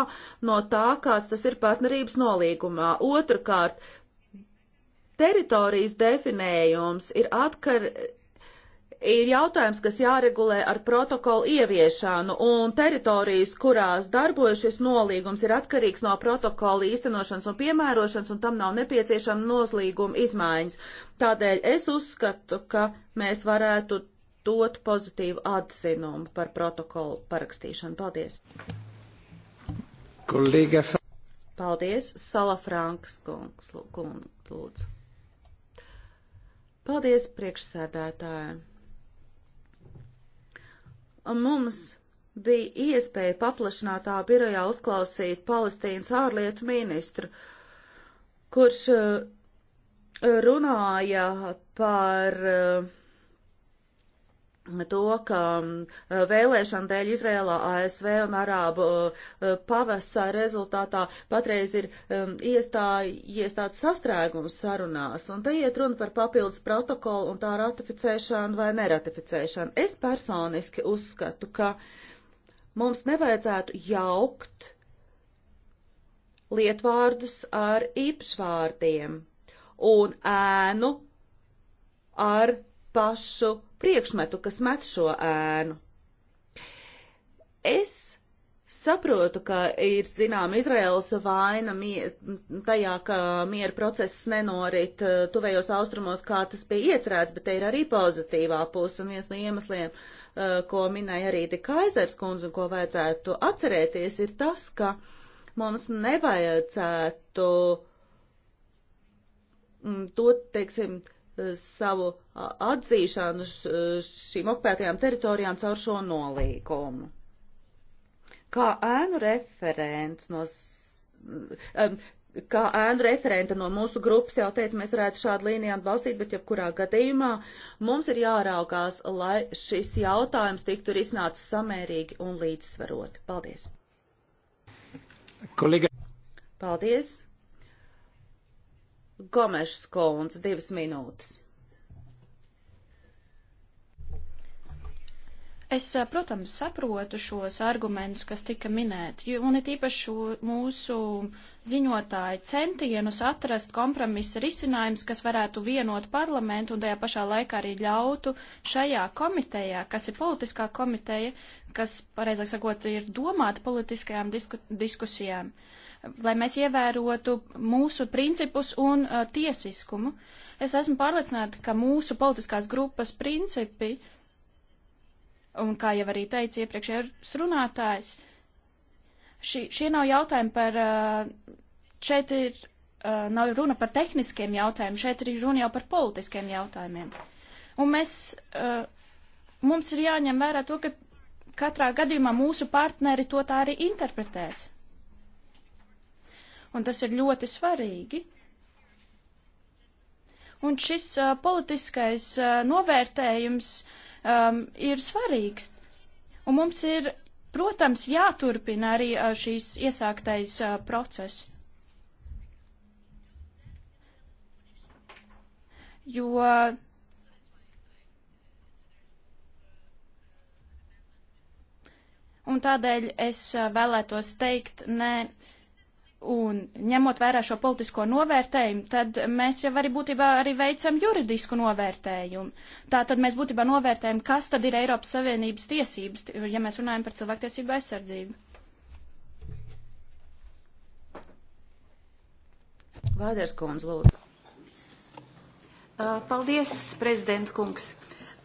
no tā, kāds tas ir partnerības nolīgumā. Otrkārt, teritorijas definējums ir atkar ir jautājums, kas jāregulē ar protokolu ieviešanu, un teritorijas, kurās darbojas šis nolīgums, ir atkarīgs no protokola īstenošanas un piemērošanas, un tam nav nepieciešama noslīguma izmaiņas. Tādēļ es uzskatu, ka mēs varētu dot pozitīvu atzinumu par protokolu parakstīšanu. Paldies! Kolīgas. Paldies, Sala Franks kungs, lūdzu. Paldies priekšsēdētājiem! mums bija iespēja paplašinātā birojā uzklausīt Palestīnas ārlietu ministru, kurš eh, runāja par uh, to, ka mm, vēlēšana dēļ Izrēlā, ASV un Arābu mm, pavasā rezultātā patreiz ir mm, iestājies tāds sastrēgums sarunās, un te iet runa par papildus protokolu un tā ratificēšanu vai neratificēšanu. Es personiski uzskatu, ka mums nevajadzētu jaukt lietvārdus ar īpašvārdiem un ēnu ar pašu priekšmetu, kas met šo ēnu. Es saprotu, ka ir, zinām, Izraels vaina tajā, ka miera process nenorit eh, tuvējos austrumos, kā tas bija iecerēts, bet te ir arī pozitīvā puse un viens no iemesliem, eh, ko minēja arī Kaisers kundze un ko vajadzētu atcerēties, ir tas, ka mums nevajadzētu mm, to, teiksim, savu atzīšanu šīm okupētajām teritorijām caur šo nolīgumu. Kā ēnu referents no. Kā ēnu referenta no mūsu grupas jau teica, mēs varētu šādu līniju atbalstīt, bet jebkurā gadījumā mums ir jāraukās, lai šis jautājums tiktu risināts samērīgi un līdzsvaroti. Paldies! Kolēģi! Paldies! Gomešs Kolns, divas minūtes. Es, eh, protams, saprotu šos argumentus, kas tika minēti, un it īpaši mūsu ziņotāju centienus atrast kompromisa risinājums, kas varētu vienot parlamentu un tajā pašā laikā arī ļautu šajā komitejā, kas ir politiskā komiteja, kas, pareizāk sakot, ir domāta politiskajām disku, diskusijām. Uh, lai mēs ievērotu mūsu principus un uh, tiesiskumu. Es esmu pārliecināta, ka mūsu politiskās grupas principi, un kā jau arī teica iepriekšējais runātājs, ši, šie nav jautājumi par, uh, šeit ir, uh, nav runa par tehniskiem jautājumiem, šeit ir runa jau par politiskiem jautājumiem. Un mēs, uh, mums ir jāņem vērā to, ka katrā gadījumā mūsu partneri to tā arī interpretēs un tas ir ļoti svarīgi. Un šis uh, politiskais uh, novērtējums um, ir svarīgs. Un mums ir, protams, jāturpina arī uh, šīs iesāktais uh, process. Jo uh, un tādēļ es vēlētos teikt nē Un ņemot vērā šo politisko novērtējumu, tad mēs jau arī būtībā arī veicam juridisku novērtējumu. Tā tad mēs būtībā novērtējam, kas tad ir Eiropas Savienības tiesības, ja mēs runājam par cilvēktiesību aizsardzību. Vāders kundz, lūdzu. Uh, paldies, prezident kungs.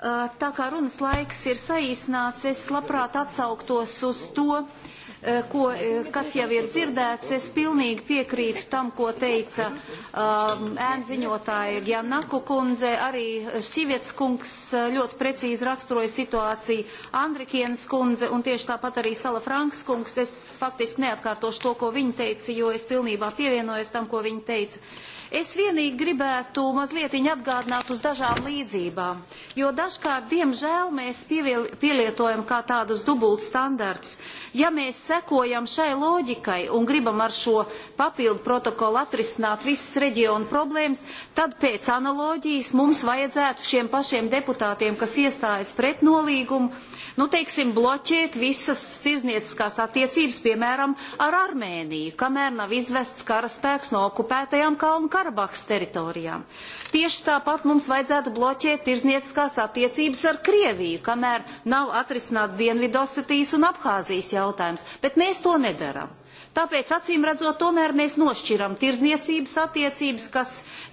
Uh, tā kā runas laiks ir saīsnāts, es labprāt atsauktos uz to, uh, Eh, ko, eh, kas jau ir dzirdēts. Es pilnīgi piekrītu tam, ko teica um, ēnziņotāja Gjanaku kundze. Arī Šiviets kungs eh, ļoti precīzi raksturoja situāciju Andrikienas kundze un tieši tāpat arī Sala Franks kungs. Es faktiski neatkārtošu to, ko viņa teica, jo es pilnībā pievienojos tam, ko viņa teica. Es vienīgi gribētu mazliet atgādināt uz dažām līdzībām, jo dažkārt, diemžēl, mēs pieviel, pielietojam kā tādus dubult standartus. Ja mēs sekojam šai loģikai un gribam ar šo papildu protokolu atrisināt visas reģionu problēmas, tad pēc analoģijas mums vajadzētu šiem pašiem deputātiem, kas iestājas pret nolīgumu, nu, teiksim, bloķēt visas tirzniecības attiecības, piemēram, ar Armēniju, kamēr nav izvests karaspēks no okupētajām kalnu Karabahas teritorijām. Tieši tāpat mums vajadzētu bloķēt tirzniecības attiecības ar Krieviju, kamēr nav atrisināts Dienvidosetijas un Abhāzijas jautājums, bet mēs to nedarām. Tāpēc, acīm redzot, tomēr mēs nošķiram tirzniecības attiecības, kas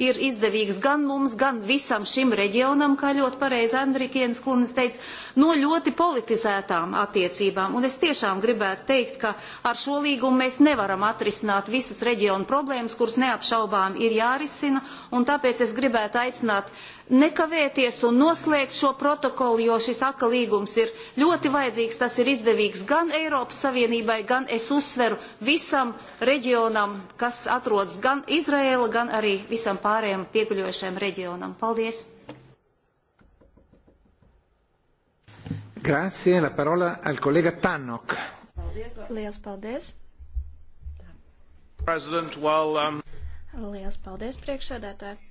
ir izdevīgas gan mums, gan visam šim reģionam, kā ļoti pareizi Andrikienas kundze teica, no ļoti politizētām attiecībām. Un es tiešām gribētu teikt, ka ar šo līgumu mēs nevaram atrisināt visas reģionu problēmas, kuras neapšaubām ir jārisina, un tāpēc es gribētu aicināt uh, nekavēties un noslēgt šo protokolu, jo šis aka līgums ir ļoti vajadzīgs, tas ir izdevīgs gan Eiropas Savienībai, gan es uzsveru visam reģionam, kas atrodas gan Izraēla, gan arī visam pārējiem pieguļojušajam reģionam. Paldies! Grazie, la parola al collega Tannock. Liels paldies! President, well, um... Liels paldies, priekšsēdētāji!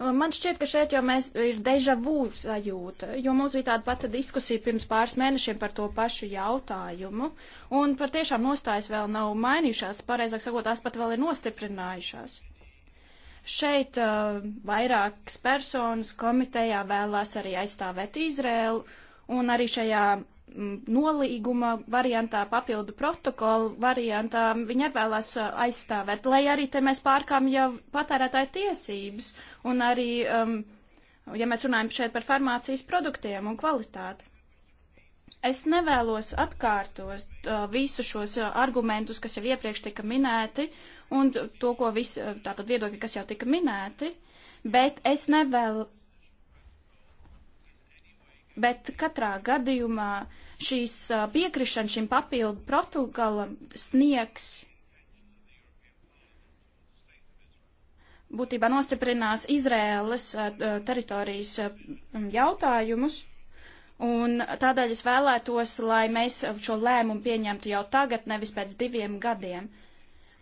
Uh, man šķiet, ka šeit jau mēs ir deja vu sajūta, jo mums bija tāda pata diskusija pirms pāris mēnešiem par to pašu jautājumu, un par tiešām nostājas vēl nav mainījušās, pareizāk sakot, tās pat vēl ir nostiprinājušās. Šeit uh, vairākas personas komitejā vēlās arī aizstāvēt Izrēlu, un arī šajā Mm, nolīguma variantā, papildu protokolu variantā, viņi arī vēlās uh, aizstāvēt, lai arī te mēs pārkāpjam patērētāju tiesības un arī, um, ja mēs runājam šeit par farmācijas produktiem un kvalitāti. Es nevēlos atkārtot uh, visu šos uh, argumentus, kas jau iepriekš tika minēti, un to, ko visi, uh, tātad viedokļi, kas jau tika minēti, bet es nevēlu, bet katrā gadījumā šīs piekrišana šim papildu protokolam sniegs būtībā nostiprinās Izrēlas teritorijas jautājumus. Un tādēļ es vēlētos, lai mēs šo lēmumu pieņemtu jau tagad, nevis pēc diviem gadiem.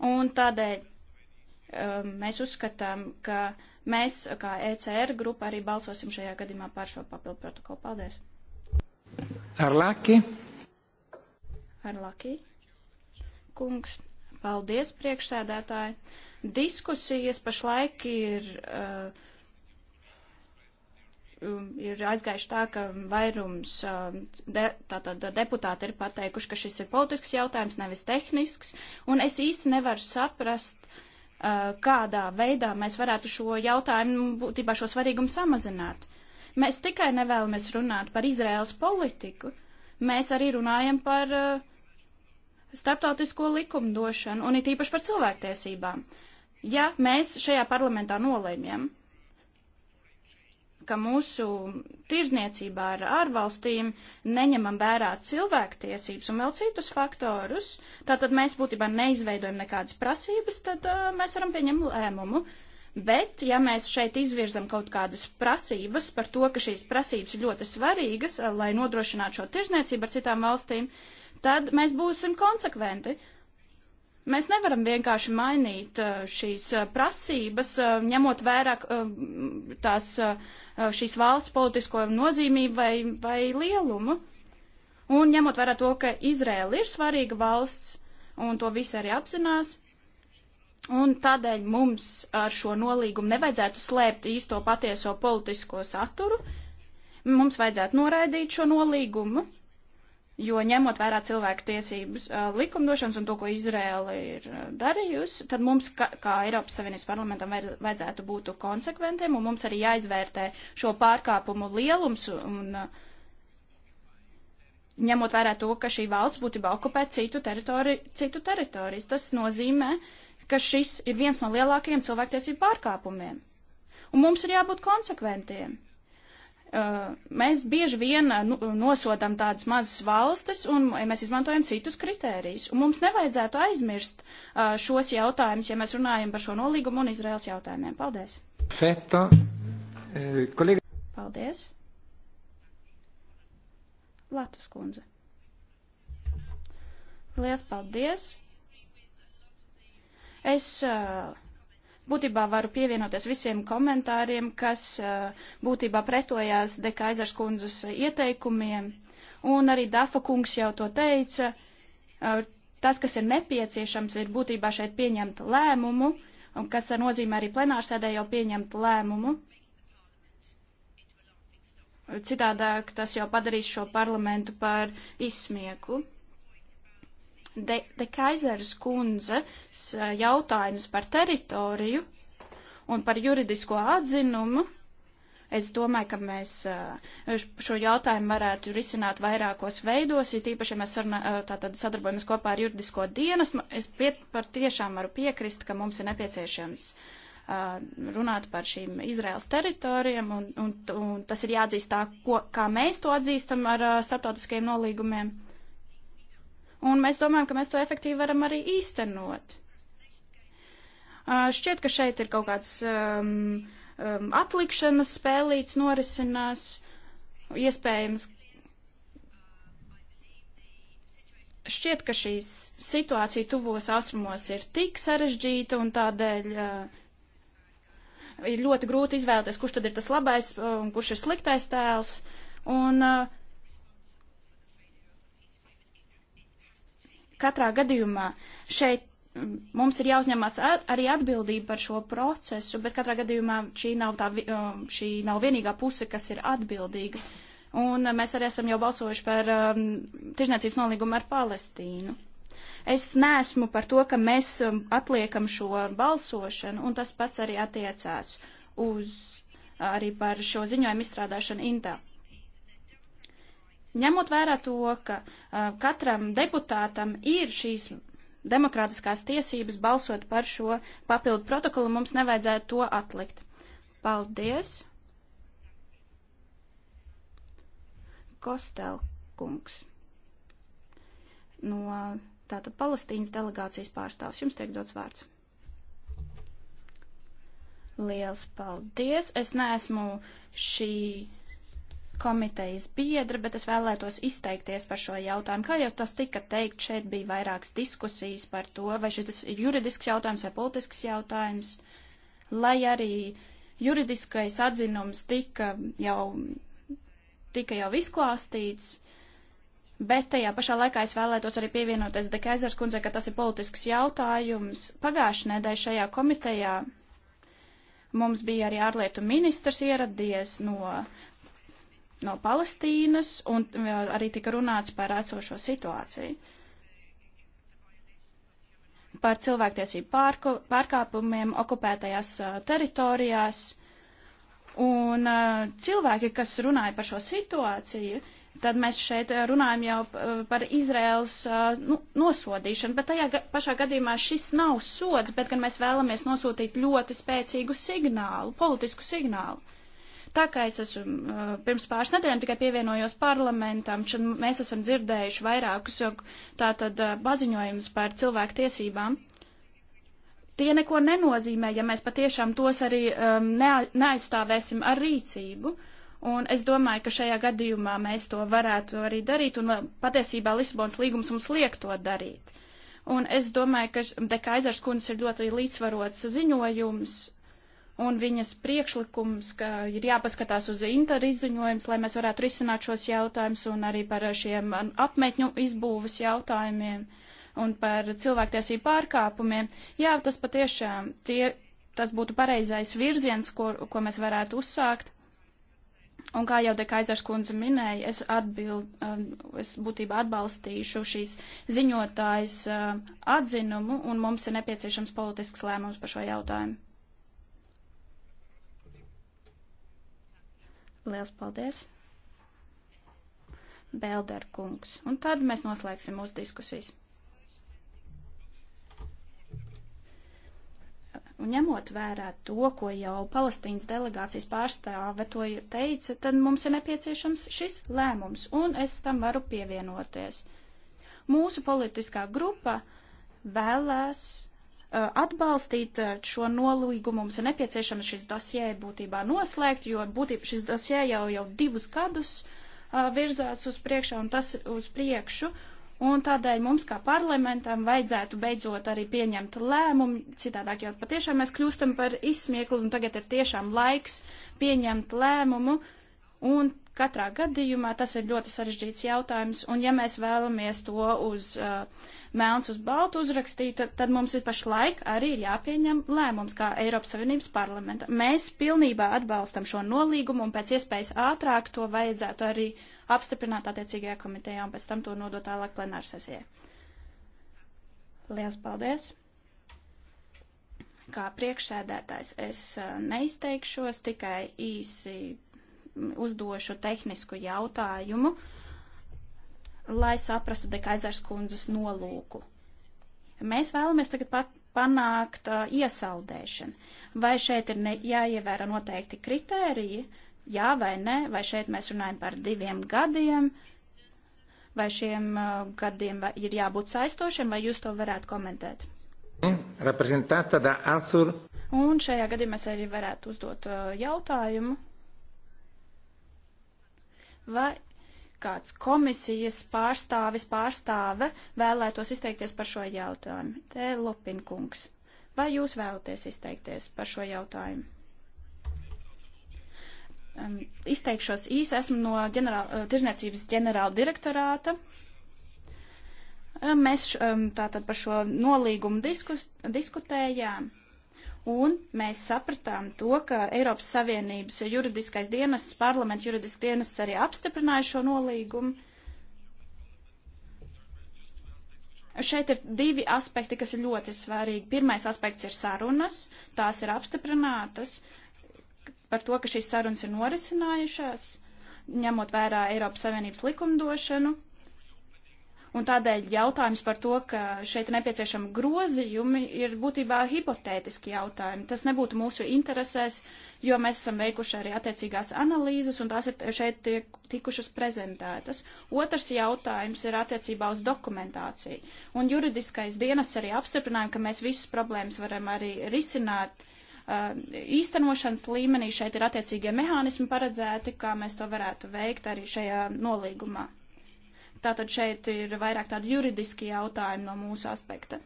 Un tādēļ um, mēs uzskatām, ka uh, Mēs, kā ECR grupa, arī balsosim šajā gadījumā par šo papildu protokolu. Paldies! Ar Laki! Ar Laki! Kungs, paldies priekšsēdētāji! Diskusijas pašlaik ir. Uh, um, ir aizgājuši tā, ka vairums uh, de, tātad, deputāti ir pateikuši, ka šis ir politisks jautājums, nevis tehnisks, un es īsti nevaru saprast, Eh, kādā veidā mēs varētu šo jautājumu, būtībā šo svarīgumu samazināt. Mēs tikai nevēlamies runāt par Izraels politiku, mēs arī runājam par uh, starptautisko likumdošanu un it īpaši par cilvēktiesībām. Ja mēs šajā parlamentā nolēmjam, ka mūsu tirzniecībā ar ārvalstīm neņemam vērā cilvēktiesības un vēl citus faktorus, tātad mēs būtībā neizveidojam nekādas prasības, tad uh, mēs varam pieņemt lēmumu. Bet, ja mēs šeit izvirzam kaut kādas prasības par to, ka šīs prasības ir ļoti svarīgas, uh, lai nodrošinātu šo tirzniecību ar citām valstīm, tad mēs būsim konsekventi. Uh, Mēs nevaram vienkārši mainīt uh, šīs uh, prasības, uh, ņemot vērā tās, šīs valsts politisko nozīmību vai, vai lielumu. Un ņemot vērā to, ka Izrēla ir svarīga valsts, un to visi arī apzinās, un tādēļ mums ar šo nolīgumu nevajadzētu slēpt īsto patieso politisko saturu, mums vajadzētu noraidīt šo nolīgumu, Jo ņemot vērā cilvēku tiesības likumdošanas un to, ko Izrēla ir darījusi, tad mums, kā, kā Eiropas Savienības parlamentam, vajadzētu būt konsekventiem un mums arī jāizvērtē šo pārkāpumu lielums un ņemot vērā to, ka šī valsts būtībā okupē citu, teritori, citu teritorijas. Tas nozīmē, ka šis ir viens no lielākajiem cilvēktiesību pārkāpumiem. Un mums ir jābūt konsekventiem. Eh, mēs bieži vien eh, nu, nosodam tādas mazas valstis un eh, mēs izmantojam citus kritērijus. Un mums nevajadzētu aizmirst šos jautājumus, ja mēs runājam par šo nolīgumu un Izraels jautājumiem. Paldies! Feta, kolēga. Paldies! Latvijas kundze. Lielas paldies! Es uh, būtībā varu pievienoties visiem komentāriem, kas būtībā pretojās Dekaizars kundzes ieteikumiem, un arī Dafa kungs jau to teica. Tas, kas ir nepieciešams, ir būtībā šeit pieņemt lēmumu, un kas nozīmē arī plenārsēdē jau pieņemt lēmumu. Citādāk tas jau padarīs šo parlamentu par izsmieklu. De, de Kaiseras kundzes eh, jautājums par teritoriju un par juridisko atzinumu. Es domāju, ka mēs eh, šo jautājumu varētu risināt vairākos veidos, ja tīpaši, ja mēs sarunā, eh, tātad sadarbojamies kopā ar juridisko dienas, es piet, par tiešām varu piekrist, ka mums ir nepieciešams runāt par šīm Izraels teritorijām, un, un, un tas ir jāatzīst tā, ko, kā mēs to atzīstam ar starptautiskajiem nolīgumiem un mēs domājam, ka mēs to efektīvi varam arī īstenot. Uh, šķiet, ka šeit ir kaut kāds um, um, atlikšanas spēlīts norisinās, iespējams. Šķiet, ka šī situācija tuvos austrumos ir tik sarežģīta un tādēļ uh, ir ļoti grūti izvēlēties, kurš tad ir tas labais un kurš ir sliktais tēls. Un uh, katrā gadījumā šeit mums ir jāuzņemās ar, arī atbildība par šo procesu, bet katrā gadījumā šī nav, tā, uh, šī nav vienīgā puse, kas ir atbildīga. Un uh, mēs arī esam jau balsojuši par um, tirzniecības nolīgumu ar Palestīnu. Es neesmu par to, ka mēs um, atliekam šo balsošanu, un tas pats arī attiecās uz arī par šo ziņojumu izstrādāšanu Intā. Ņemot vērā to, ka uh, katram deputātam ir šīs demokrātiskās tiesības balsot par šo papildu protokolu, mums nevajadzētu to atlikt. Paldies! Kostelkungs no tātad Palestīnas delegācijas pārstāvs. Jums tiek dots vārds. Liels paldies! Es neesmu šī komitejas biedra, bet es vēlētos izteikties par šo jautājumu. Kā jau tas tika teikt, šeit bija vairākas diskusijas par to, vai šis ir juridisks jautājums vai politisks jautājums, lai arī juridiskais atzinums tika jau, tika jau izklāstīts. Bet tajā pašā laikā es vēlētos arī pievienoties Dekaizers kundzei, ka tas ir politisks jautājums. Pagājušajā nedēļā šajā komitejā mums bija arī ārlietu ministrs ieradies no no Palestīnas, un arī tika runāts par esošo situāciju. Par cilvēktiesību pārku, pārkāpumiem okupētajās uh, teritorijās. Un uh, cilvēki, kas runāja par šo situāciju, tad mēs šeit runājam jau par Izraels nu, nosodīšanu, bet tajā pašā gadījumā šis nav sods, bet gan mēs vēlamies nosūtīt ļoti spēcīgu signālu, politisku signālu. Tā kā es esmu uh, pirms pāris nedēļām tikai pievienojos parlamentam, šad mēs esam dzirdējuši vairākus jau tātad uh, paziņojumus par cilvēku tiesībām tie neko nenozīmē, ja mēs patiešām tos arī um, neaizstāvēsim ar rīcību. Un es domāju, ka šajā gadījumā mēs to varētu arī darīt, un uh, patiesībā Lisabons līgums mums liek to darīt. Un es domāju, ka De Kaisers kundze ir ļoti līdzsvarots ziņojums, un viņas priekšlikums, ka ir jāpaskatās uz interziņojums, lai mēs varētu risināt šos jautājumus un arī par šiem apmetņu izbūves jautājumiem un par cilvēktiesību pārkāpumiem. Jā, tas patiešām tie, tas būtu pareizais virziens, ko, ko mēs varētu uzsākt. Un kā jau Dekaizars kundze minēja, es, atbild, um, es būtībā atbalstīšu šīs ziņotājas uh, atzinumu, un mums ir nepieciešams politisks lēmums par šo jautājumu. Liels paldies, Belder kungs. Un tad mēs noslēgsim mūsu diskusijas. Un ņemot vērā to, ko jau Palestīnas delegācijas pārstāve to ir teica, tad mums ir nepieciešams šis lēmums, un es tam varu pievienoties. Mūsu politiskā grupa vēlēs Uh, atbalstīt uh, šo nolīgumu. Mums ir nepieciešams šis dosjē būtībā noslēgt, jo būtībā šis dosjē jau, jau divus gadus uh, virzās uz priekšu un tas uz priekšu. Un tādēļ mums kā parlamentam vajadzētu beidzot arī pieņemt lēmumu, citādāk jau patiešām mēs kļūstam par izsmieklu un tagad ir tiešām laiks pieņemt lēmumu. Un katrā gadījumā tas ir ļoti sarežģīts jautājums, un ja mēs vēlamies to uz uh, melns uz baltu uzrakstīta, tad mums ir pašlaik arī jāpieņem lēmums kā Eiropas Savienības parlamenta. Mēs pilnībā atbalstam šo nolīgumu un pēc iespējas ātrāk to vajadzētu arī apstiprināt attiecīgajā komitejā un pēc tam to nodot tālāk plenārsesijai. Lielas paldies! Kā priekšsēdētājs es eh, neizteikšos, tikai īsi uzdošu tehnisku jautājumu. Uh, lai saprastu Dekaizars kundzes nolūku. Mēs vēlamies tagad pat panākt uh, iesaldēšanu. Vai šeit ir ne, jāievēra noteikti kritēriji, jā vai nē, vai šeit mēs runājam par diviem gadiem, vai šiem uh, gadiem vai, ir jābūt saistošiem, vai jūs to varētu komentēt? Reprezentēta da Arthur. Un šajā gadījumā es arī varētu uzdot uh, jautājumu. Vai kāds komisijas pārstāvis pārstāve vēlētos izteikties par šo jautājumu. Te Lopinkungs, vai jūs vēlaties izteikties par šo jautājumu? Um, izteikšos īsi, esmu no ģenerāla, uh, tirzniecības ģenerāla direktorāta. Um, mēs um, tātad par šo nolīgumu diskus, diskutējām. Un mēs sapratām to, ka Eiropas Savienības juridiskais dienests, parlamenta juridiskais dienests arī apstiprināja šo nolīgumu. Šeit ir divi aspekti, kas ir ļoti svarīgi. Pirmais aspekts ir sarunas, tās ir apstiprinātas par to, ka šīs sarunas ir norisinājušās, ņemot vērā Eiropas Savienības likumdošanu, Un tādēļ jautājums par to, ka šeit nepieciešama grozījumi, ir būtībā hipotētiski jautājumi. Tas nebūtu mūsu interesēs, jo mēs esam veikuši arī attiecīgās analīzes, un tās ir šeit tiek tikušas prezentētas. Otrs jautājums ir attiecībā uz dokumentāciju. Un juridiskais dienas arī apstiprināja, ka mēs visas problēmas varam arī risināt uh, īstenošanas līmenī šeit ir attiecīgie mehānismi paredzēti, kā mēs to varētu veikt arī šajā nolīgumā. Tātad šeit ir vairāk tādi juridiski jautājumi no mūsu aspekta.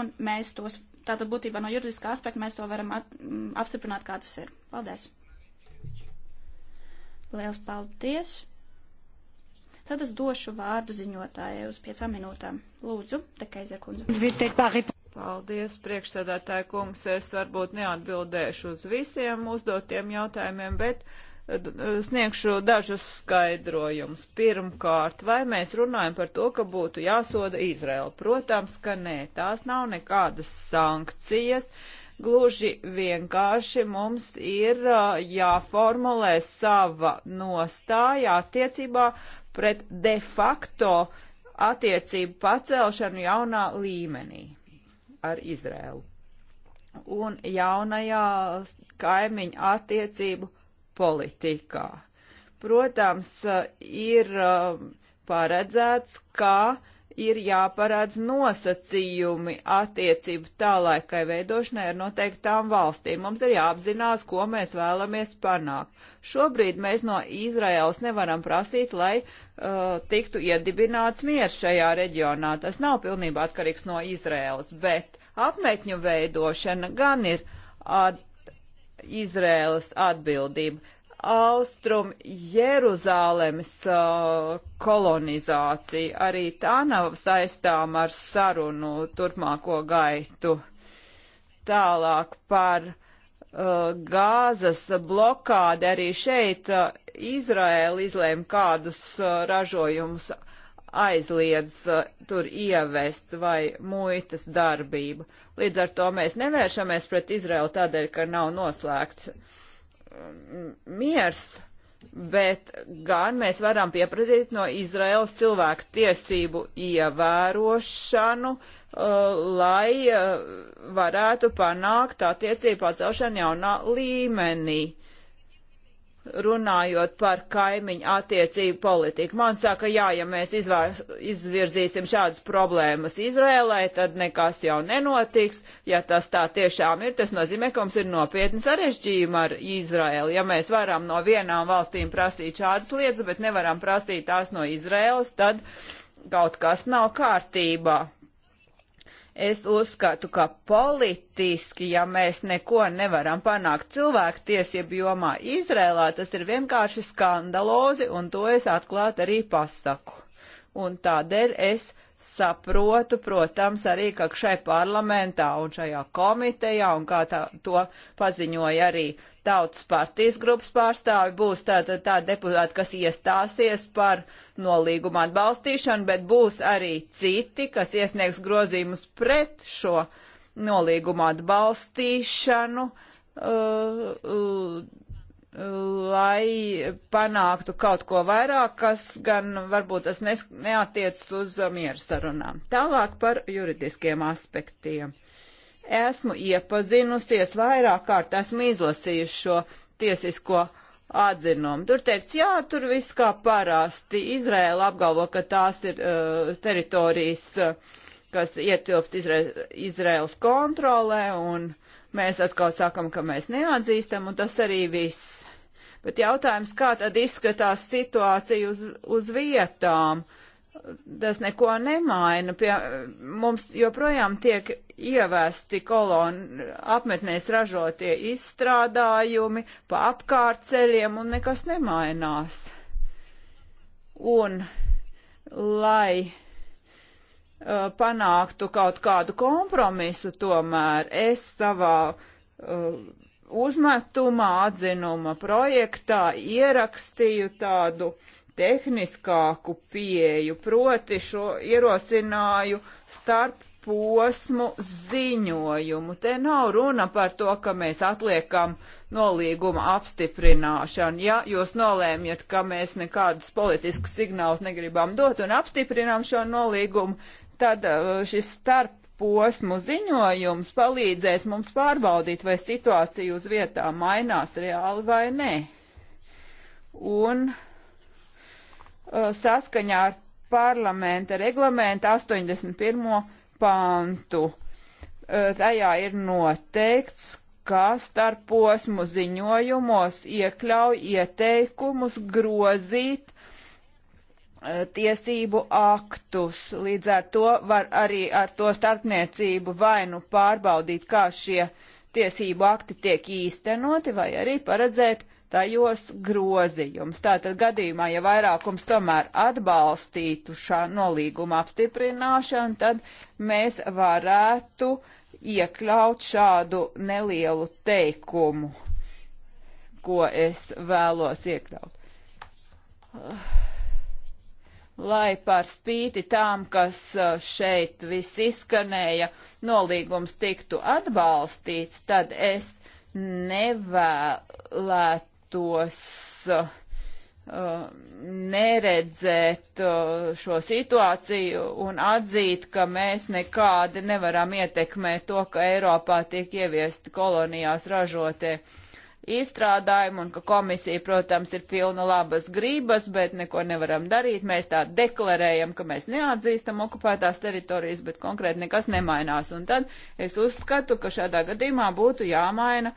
Un mēs tos, tātad būtībā no juridiskā aspekta mēs to varam at, m, mm, apstiprināt, kā tas ir. Paldies! Liels paldies! Tad es došu vārdu ziņotājai uz piecām minūtēm. Lūdzu, Tekaizer kundze. Paldies, priekšsēdētāja kungs. Es varbūt neatbildēšu uz visiem uzdotiem jautājumiem, bet sniegšu dažus skaidrojumus. Pirmkārt, vai mēs runājam par to, ka būtu jāsoda Izraela? Protams, ka nē, tās nav nekādas sankcijas. Gluži vienkārši mums ir jāformulē sava nostāja attiecībā pret de facto attiecību pacelšanu jaunā līmenī ar Izrēlu un jaunajā kaimiņu attiecību politikā. Protams, ir um, paredzēts, ka ir jāparādz nosacījumi attiecību tālākai veidošanai ar noteiktām valstīm. Mums ir jāapzinās, ko mēs vēlamies panākt. Šobrīd mēs no Izraels nevaram prasīt, lai uh, tiktu iedibināts miers šajā reģionā. Tas nav pilnībā atkarīgs no Izraels, bet apmetņu veidošana gan ir at Izrēlas atbildība. Austrum Jeruzālemes uh, kolonizācija arī tā nav saistām ar sarunu turpmāko gaitu. Tālāk par uh, gāzas blokādi arī šeit uh, Izraēla izlēma kādus uh, ražojumus aizliedz uh, tur ievest vai muitas darbību. Līdz ar to mēs nevēršamies pret Izraelu tādēļ, ka nav noslēgts um, miers, bet gan mēs varam pieprasīt no Izraels cilvēku tiesību ievērošanu, uh, lai uh, varētu panākt attiecību pacelšanu jaunā līmenī runājot par kaimiņu attiecību politiku. Man saka, jā, ja mēs izvār, izvirzīsim šādas problēmas Izrēlē, tad nekas jau nenotiks. Ja tas tā tiešām ir, tas nozīmē, ka mums ir nopietni sarežģījumi ar Izrēlu. Ja mēs varam no vienām valstīm prasīt šādas lietas, bet nevaram prasīt tās no Izrēlas, tad kaut kas nav kārtībā. Es uzskatu, ka politiski, ja mēs neko nevaram panākt cilvēku tiesību jomā Izrēlā, tas ir vienkārši skandalozi, un to es atklāt arī pasaku. Un tādēļ es saprotu, protams, arī, ka šai parlamentā un šajā komitejā, un kā tā, to paziņoja arī tautas partijas grupas pārstāvi būs tāda tā deputāta, kas iestāsies par nolīgumu atbalstīšanu, bet būs arī citi, kas iesniegs grozījumus pret šo nolīgumu atbalstīšanu, uh, uh, lai panāktu kaut ko vairāk, kas gan varbūt tas neatiec uz mieru sarunām. Tālāk par juridiskiem aspektiem Esmu iepazinusies vairāk kārt, esmu izlasījusi šo tiesisko atzinumu. Tur teikts, jā, tur viss kā parasti. Izrēla apgalvo, ka tās ir uh, teritorijas, uh, kas ietilpst Izrē, Izrēlas kontrolē, un mēs atkal sakam, ka mēs neatzīstam, un tas arī viss. Bet jautājums, kā tad izskatās situācija uz, uz vietām? Uh, tas neko nemaina. Pie, mums joprojām tiek ievēsti kolonu apmetnēs ražotie izstrādājumi pa apkārtceļiem un nekas nemainās. Un lai uh, panāktu kaut kādu kompromisu, tomēr es savā uh, uzmetumā atzinuma projektā ierakstīju tādu uh, tehniskāku pieeju, proti šo ierosināju starp posmu ziņojumu. Te nav runa par to, ka mēs atliekam nolīguma apstiprināšanu. Ja jūs nolēmjat, ka mēs nekādus politiskus signālus negribam dot un apstiprinām šo nolīgumu, tad uh, šis starp posmu ziņojums palīdzēs mums pārbaudīt, vai situācija uz vietām mainās reāli vai nē. Un Uh, saskaņā ar parlamenta reglamentu 81. pantu. Uh, tajā ir noteikts, ka starp posmu ziņojumos iekļauj ieteikumus grozīt uh, tiesību aktus. Līdz ar to var arī ar to starpniecību vainu pārbaudīt, kā šie tiesību akti tiek īstenoti, vai arī paredzēt tajos grozījums. Tātad gadījumā, ja vairākums tomēr atbalstītu šā nolīguma apstiprināšanu, tad mēs varētu iekļaut šādu nelielu teikumu, ko es vēlos iekļaut. Lai par spīti tām, kas uh, šeit viss izskanēja, nolīgums tiktu atbalstīts, tad es nevēlētu vēlētos uh, neredzēt uh, šo situāciju un atzīt, ka mēs nekādi nevaram ietekmēt to, ka Eiropā tiek ieviesti kolonijās ražotie izstrādājumu un ka komisija, protams, ir pilna labas grības, bet neko nevaram darīt. Mēs tā deklarējam, ka mēs neatzīstam okupētās teritorijas, bet konkrēti nekas nemainās. Un tad es uzskatu, ka šādā gadījumā būtu jāmaina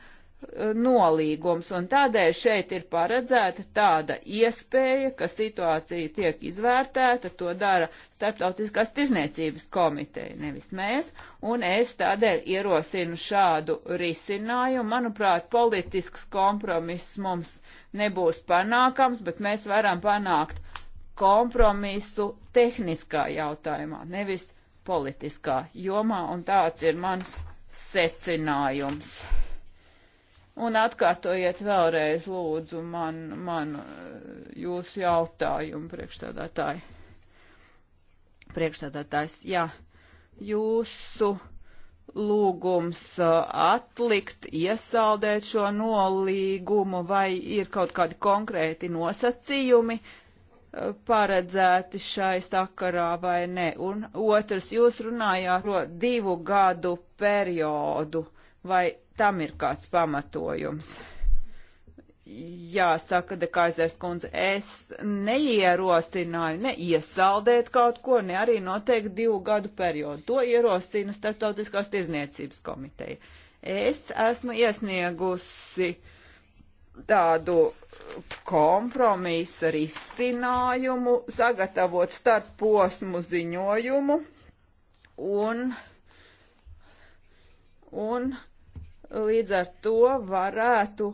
nolīgums, un tādēļ šeit ir paredzēta tāda iespēja, ka situācija tiek izvērtēta, to dara Starptautiskās tirzniecības komiteja, nevis mēs, un es tādēļ ierosinu šādu risinājumu. Manuprāt, politisks kompromiss mums nebūs panākams, bet mēs varam panākt kompromisu tehniskā jautājumā, nevis politiskā jomā, un tāds ir mans secinājums. Un atkārtojiet vēlreiz, lūdzu, man, man eh, jūsu jautājumu priekšstādātāji. Priekšstādātājs, jā, jūsu lūgums eh, atlikt, iesaldēt šo nolīgumu, vai ir kaut kādi konkrēti nosacījumi eh, paredzēti šai sakarā vai nē. Un otrs, jūs runājāt par divu gadu periodu, vai tam ir kāds pamatojums. Jāsaka, ka Kaisers kundze, es neierosināju ne iesaldēt kaut ko, ne arī noteikti divu gadu periodu. To ierosina Startautiskās tirzniecības komiteja. Es esmu iesniegusi tādu kompromisa risinājumu, sagatavot starp posmu ziņojumu un, un Līdz ar to varētu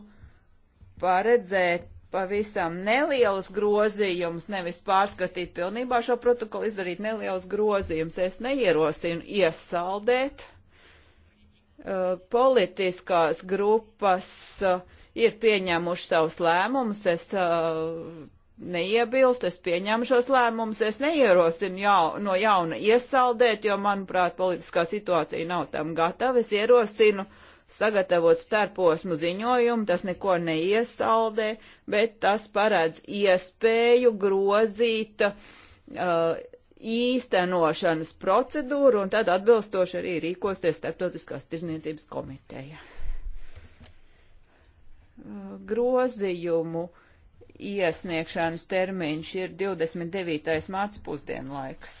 paredzēt pavisam nelielus grozījumus, nevis pārskatīt pilnībā šo protokolu, izdarīt nelielus grozījumus. Es neierosinu iesaldēt. Uh, politiskās grupas uh, ir pieņēmuši savus lēmumus, es uh, neiebilstu, es pieņēmu šos lēmumus, es neierosinu jau, no jauna iesaldēt, jo, manuprāt, politiskā situācija nav tam gatava. Es ierosinu uh, sagatavot starposmu ziņojumu, tas neko neiesaldē, bet tas paredz iespēju grozīt uh, īstenošanas procedūru un tad atbilstoši arī rīkosties starptautiskās tirzniecības komiteja. Uh, grozījumu iesniegšanas termiņš ir 29. mārts pusdienlaiks.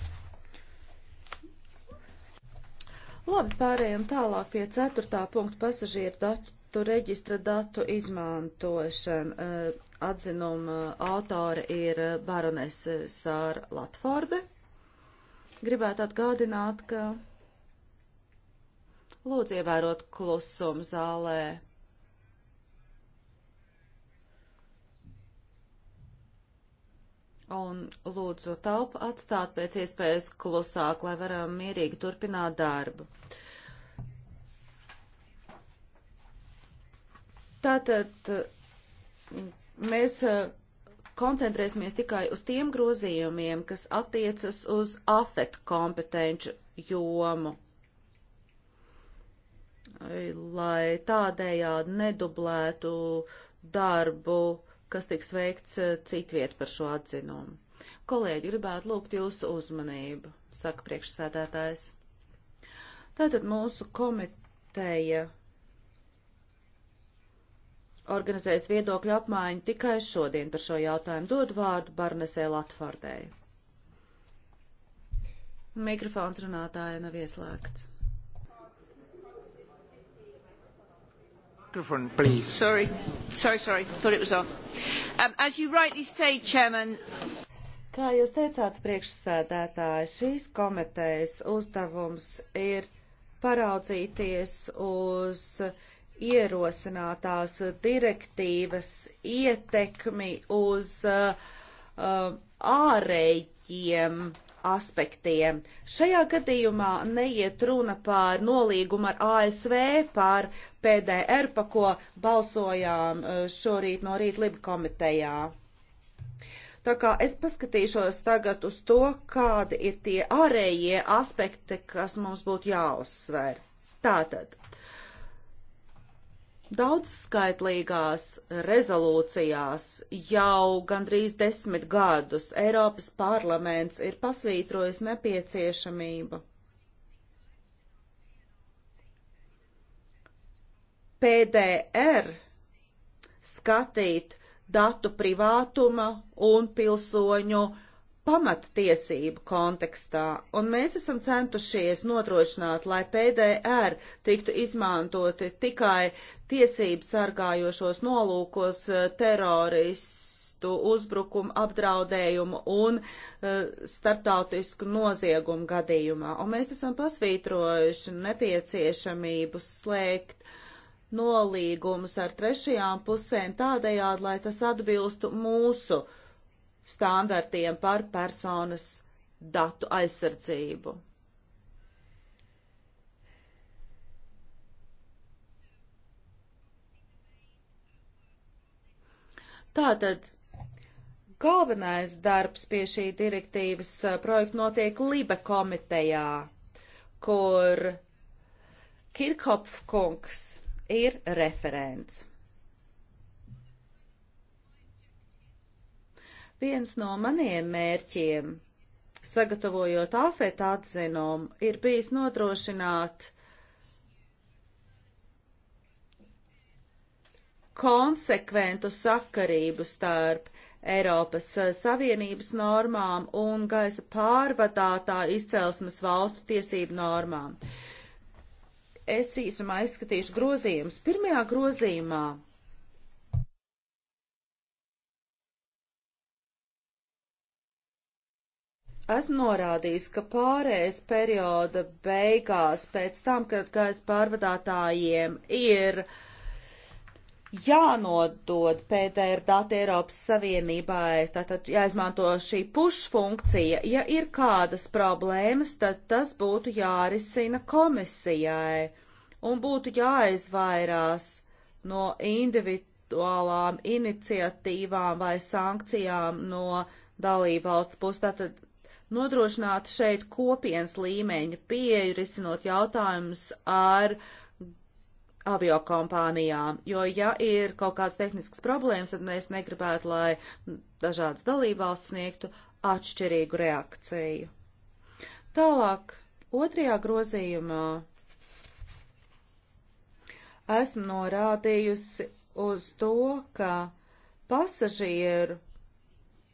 Labi, pārējām tālāk pie ceturtā punkta pasažieru datu reģistra datu izmantošana. Eh, atzinuma autore ir eh, baronese Sāra Latforde. Gribētu atgādināt, ka lūdzu ievērot klusumu zālē. un lūdzu telpu atstāt pēc iespējas klusāk, lai varam mierīgi turpināt darbu. Tātad mm, mēs mm, koncentrēsimies tikai uz tiem grozījumiem, kas attiecas uz afetu kompetenču jomu, lai tādējādi nedublētu darbu kas tiks veikts eh, citviet par šo atzinumu. Kolēģi, gribētu lūgt jūsu uzmanību, saka priekšsēdētājs. Tātad mūsu komiteja organizēs viedokļu apmaiņu tikai šodien par šo jautājumu. Dod vārdu Barnesē Latvārdēju. Mikrofons runātāja nav ieslēgts. microphone, please. Sorry, sorry, sorry. Thought it was on. Um, as you rightly say, Chairman. Kā jūs teicāt, priekšsēdētāji, šīs komitejas uzdevums ir paraudzīties uz ierosinātās direktīvas ietekmi uz uh, ārējiem uh, aspektiem. Šajā gadījumā neiet runa par nolīgumu ar ASV, par PDR, pa ko balsojām eh, šorīt no rīta Liba komitejā. Tā kā es paskatīšos tagad uz to, kādi ir tie ārējie aspekti, kas mums būtu jāuzsver. Tātad, Daudzskaitlīgās rezolūcijās jau gandrīz desmit gadus Eiropas parlaments ir pasvītrojis nepieciešamību PDR skatīt datu privātuma un pilsoņu uh, pamattiesību kontekstā, un mēs esam centušies nodrošināt, lai PDR tiktu izmantoti tikai tiesību sargājošos nolūkos eh, teroristu uzbrukumu, apdraudējumu un uh, starptautisku noziegumu gadījumā. Un mēs esam pasvītrojuši nepieciešamību slēgt nolīgumus ar trešajām pusēm tādējādi, lai tas atbilstu mūsu uh, standartiem par personas datu aizsardzību. Tātad galvenais darbs pie šī direktīvas eh, projekta notiek Libe komitejā, kur Kirkhopf kungs ir referents. Viens no maniem mērķiem, sagatavojot afet atzinumu, ir bijis nodrošināt konsekventu sakarību starp Eiropas eh, Savienības normām un gaisa pārvadātā izcelsmes valstu tiesību normām. Es īsumā izskatīšu grozījumus. Pirmajā grozījumā Esmu norādījis, ka pārējais perioda beigās, pēc tam, kad gaisa pārvadātājiem ir jānodod PDR dati Eiropas Savienībai, tātad jāizmanto šī push funkcija, ja ir kādas problēmas, tad tas būtu jārisina komisijai un būtu jāizvairās no individuālām iniciatīvām vai sankcijām no dalībvalstu puses. Tātad nodrošināt šeit kopienas līmeņa pieeju, risinot jautājumus ar aviokompānijām, jo ja ir kaut kādas tehniskas problēmas, tad mēs negribētu, lai dažādas dalībvalsts sniegtu atšķirīgu reakciju. Tālāk, otrajā grozījumā esmu norādījusi uz to, ka pasažieru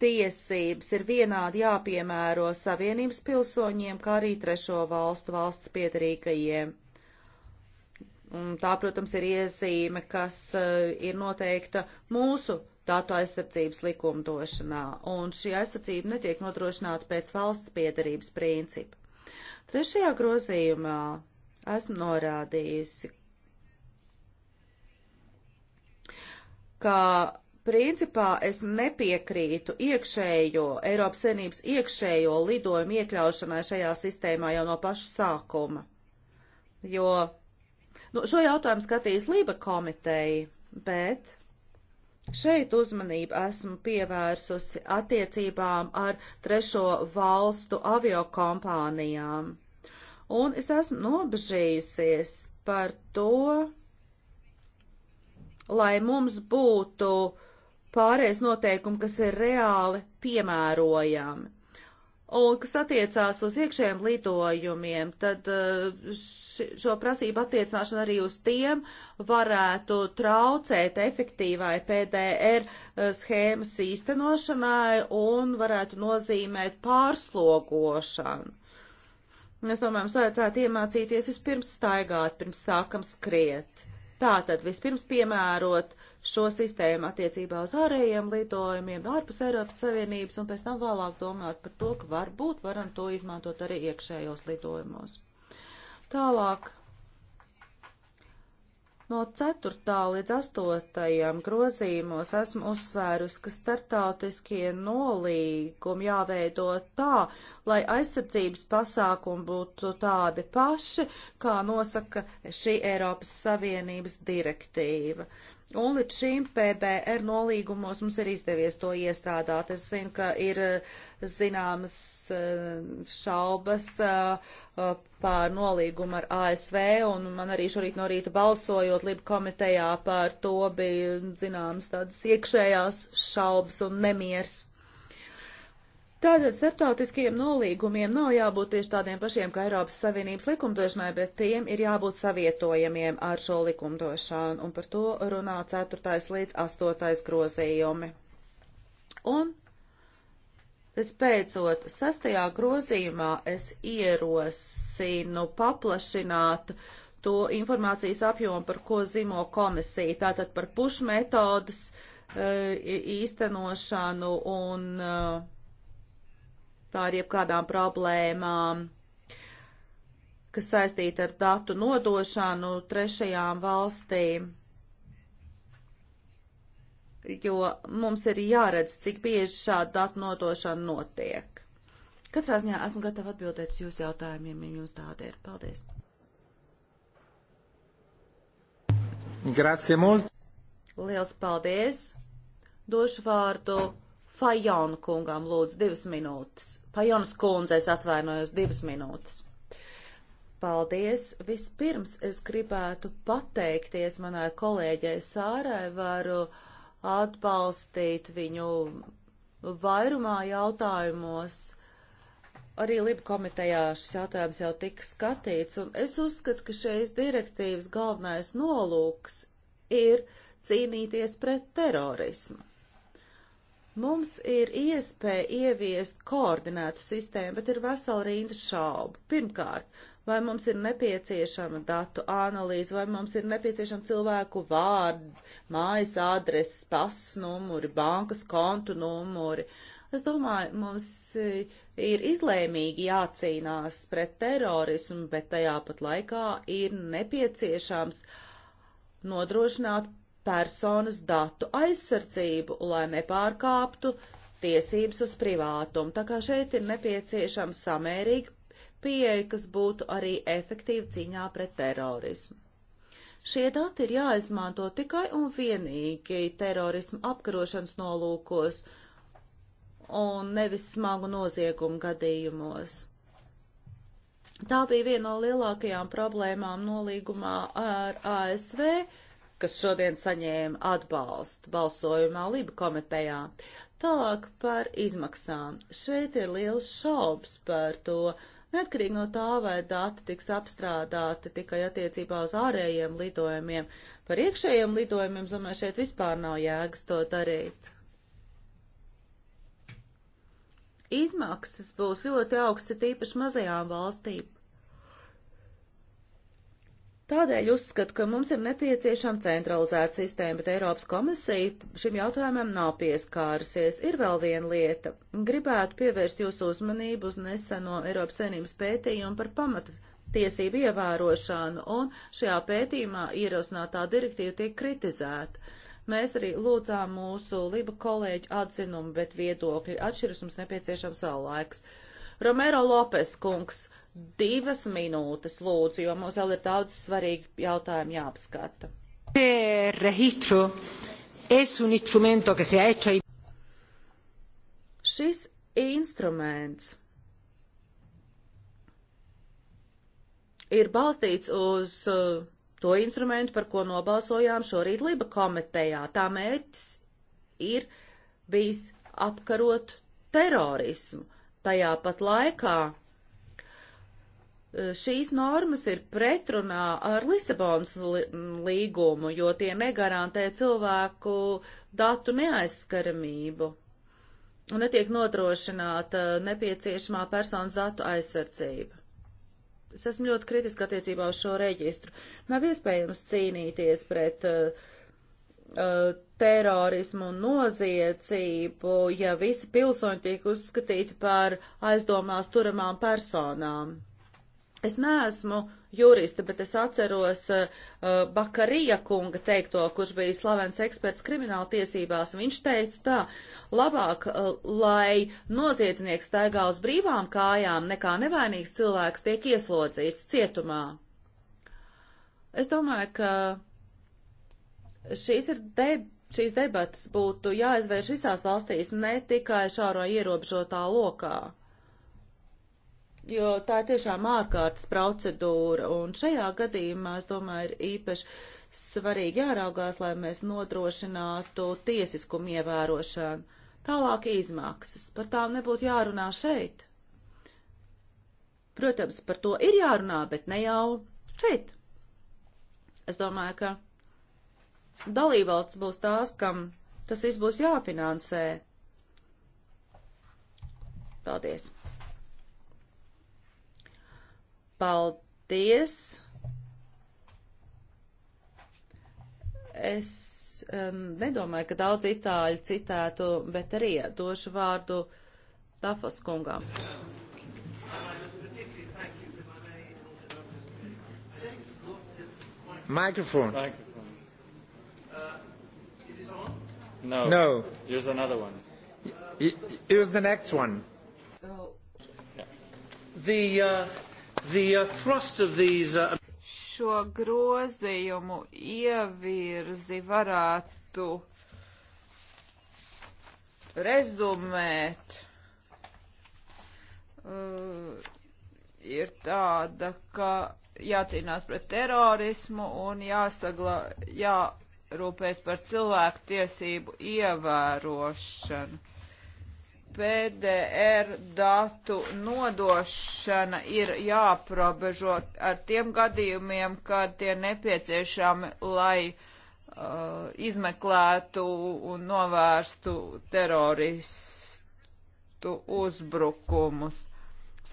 tiesības ir vienādi jāpiemēro Savienības pilsoņiem, kā arī trešo valstu valsts piedarīgajiem. Tā, protams, ir iezīme, kas eh, ir noteikta mūsu datu aizsardzības likumdošanā, un šī aizsardzība netiek nodrošināta pēc valsts piedarības principa. Trešajā grozījumā esmu norādījusi, ka Principā es nepiekrītu iekšējo, Eiropas Savienības iekšējo lidojumu iekļaušanai šajā sistēmā jau no paša sākuma. Jo nu, šo jautājumu skatīs Lība komiteja, bet šeit uzmanību esmu pievērsusi attiecībām ar trešo valstu aviokompānijām. Un es esmu nobežījusies par to, lai mums būtu uh, pārējais noteikumi, kas ir reāli piemērojami. Un kas attiecās uz iekšējiem lidojumiem, tad eh, šo prasību attiecināšana arī uz tiem varētu traucēt efektīvai PDR eh, schēmas īstenošanai un varētu nozīmēt pārslogošanu. Es domāju, mums vajadzētu iemācīties vispirms staigāt, pirms sākam skriet. Tātad vispirms piemērot šo sistēmu attiecībā uz ārējiem lidojumiem ārpus Eiropas Savienības un pēc tam vēlāk domāt par to, ka varbūt varam to izmantot arī iekšējos lidojumos. Tālāk. No 4. līdz 8. grozījumos esmu uzsvērusi, ka startautiskie nolīgumi jāveido tā, lai aizsardzības pasākumi būtu tādi paši, kā nosaka šī Eiropas Savienības direktīva. Uh, Un līdz šīm PBR nolīgumos mums ir izdevies to iestrādāt. Es zinu, ka ir eh, zināmas eh, šaubas eh, pār nolīgumu ar ASV, un man arī šorīt no rīta balsojot Liba komitejā par to bija zināmas tādas iekšējās šaubas un nemiers. Tādēļ starptautiskajiem nolīgumiem nav jābūt tieši tādiem pašiem kā Eiropas Savienības likumdošanai, bet tiem ir jābūt savietojamiem ar šo likumdošanu, un par to runā 4. līdz 8. grozījumi. Un, vispēcot, 6. grozījumā es ierosinu paplašināt to informācijas apjomu, par ko zimo komisija, tātad par pušu metodas e, īstenošanu un uh, pār jebkādām problēmām, kas saistīta ar datu nodošanu trešajām valstīm. Jo mums ir jāredz, cik bieži šāda datu nodošana notiek. Katrā ziņā esmu gatava atbildēt uz jūsu jautājumiem, ja jums tādi ir. Paldies! Grazie molt! Liels paldies! Došu vārdu Fajonu kungam lūdzu divas minūtes. Fajonas kundzēs atvainojos divas minūtes. Paldies! Vispirms es gribētu pateikties manai kolēģei Sārai, varu atbalstīt viņu vairumā jautājumos arī Liba komitejā šis jautājums jau tika skatīts, un es uzskatu, ka šīs direktīvas galvenais nolūks ir cīnīties pret terorismu. Mums ir iespēja ieviest koordinētu sistēmu, bet ir vesela rinda šaubu. Pirmkārt, vai mums ir nepieciešama datu analīze, vai mums ir nepieciešama cilvēku vārdi, mājas adreses, pases numuri, bankas kontu numuri. Es domāju, mums eh, ir izlēmīgi jācīnās pret terorismu, bet tajā pat laikā ir nepieciešams nodrošināt personas datu aizsardzību, lai nepārkāptu tiesības uz privātumu. Tā kā šeit ir nepieciešama samērīga pieeja, kas būtu arī efektīva cīņā pret terorismu. Šie dati ir jāizmanto tikai un vienīgi terorismu apkarošanas nolūkos un nevis smagu noziegumu gadījumos. Tā bija viena no lielākajām problēmām nolīgumā ar ASV, kas šodien saņēma atbalstu balsojumā Liba komitejā. Tālāk par izmaksām. Šeit ir liels šaubs par to, neatkarīgi no tā, vai dati tiks apstrādāti tikai attiecībā uz ārējiem lidojumiem. Par iekšējiem lidojumiem, domāju, šeit vispār nav jēgas to darīt. Izmaksas būs ļoti augsti tīpaši mazajām valstīm Tādēļ uzskatu, ka mums ir nepieciešama centralizēta sistēma, bet Eiropas komisija šim jautājumam nav pieskārusies. Ir vēl viena lieta. Gribētu pievērst jūsu uzmanību uz neseno Eiropas saimnības pētījumu par pamatu tiesību ievērošanu, un šajā pētījumā ierosinātā direktīva tiek kritizēta. Mēs arī lūdzām mūsu liba kolēģu atzinumu, bet viedokļi atšķiras mums nepieciešams vēl laiks. Romero Lopes kungs divas minūtes, lūdzu, jo mums vēl ir daudz svarīgi jautājumi jāapskata. Šis instruments ir balstīts uz uh, to instrumentu, par ko nobalsojām šorīt Liba komitejā. Tā mērķis ir bijis apkarot terorismu. Tajā pat laikā šīs normas ir pretrunā ar Lisabonas līgumu, jo tie negarantē cilvēku datu neaizskaramību un netiek nodrošināta nepieciešamā personas datu aizsardzība. Es esmu ļoti kritiski attiecībā uz šo reģistru. Nav iespējams cīnīties pret uh, uh, terorismu un noziedzību, ja visi pilsoņi tiek uzskatīti par aizdomās turamām personām. Es neesmu jurista, bet es atceros uh, Bakarija kunga teikto, kurš bija slavens eksperts krimināla tiesībās. Viņš teica tā, labāk, uh, lai noziedznieks staigā uz brīvām kājām, nekā nevainīgs cilvēks tiek ieslodzīts cietumā. Es domāju, ka šīs ir deb šīs debatas būtu jāizvērš visās valstīs, ne tikai šāro ierobežotā lokā jo tā ir tiešām ārkārtas procedūra, un šajā gadījumā, es domāju, ir īpaši svarīgi jāraugās, lai mēs nodrošinātu tiesiskumu ievērošanu. Tālāk izmaksas, par tām nebūtu jārunā šeit. Protams, par to ir jārunā, bet ne jau šeit. Es domāju, ka dalībvalsts būs tās, kam tas viss būs jāfinansē. Paldies! Paldies! Es um, nedomāju, ka daudz itāļu citētu, bet arī došu vārdu Tafas kungam. Microphone. Microphone. Uh, is it on? No. No. Here's another one. Here's the next one. Oh. Yeah. The uh, The, uh, thrust of these, uh... Šo grozījumu ievirzi varētu rezumēt. Uh, ir tāda, ka jācīnās pret terorismu un jāsagla, jārūpēs par cilvēku tiesību ievērošanu. PDR datu nodošana ir jāaprobežo ar tiem gadījumiem, kad tie nepieciešami, lai uh, izmeklētu un novērstu teroristu uzbrukumus.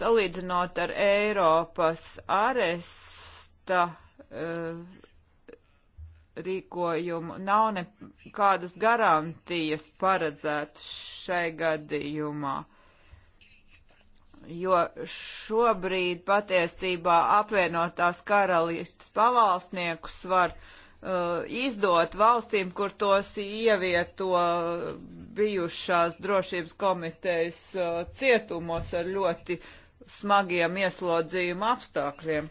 Salīdzinot ar Eiropas aresta uh, rīkojumu, nav nekādas garantijas paredzētas šai gadījumā. Jo šobrīd patiesībā apvienotās karalistas pavalsniekus var uh, izdot valstīm, kur tos ievieto bijušās drošības komitejas uh, cietumos ar ļoti smagiem ieslodzījuma apstākļiem.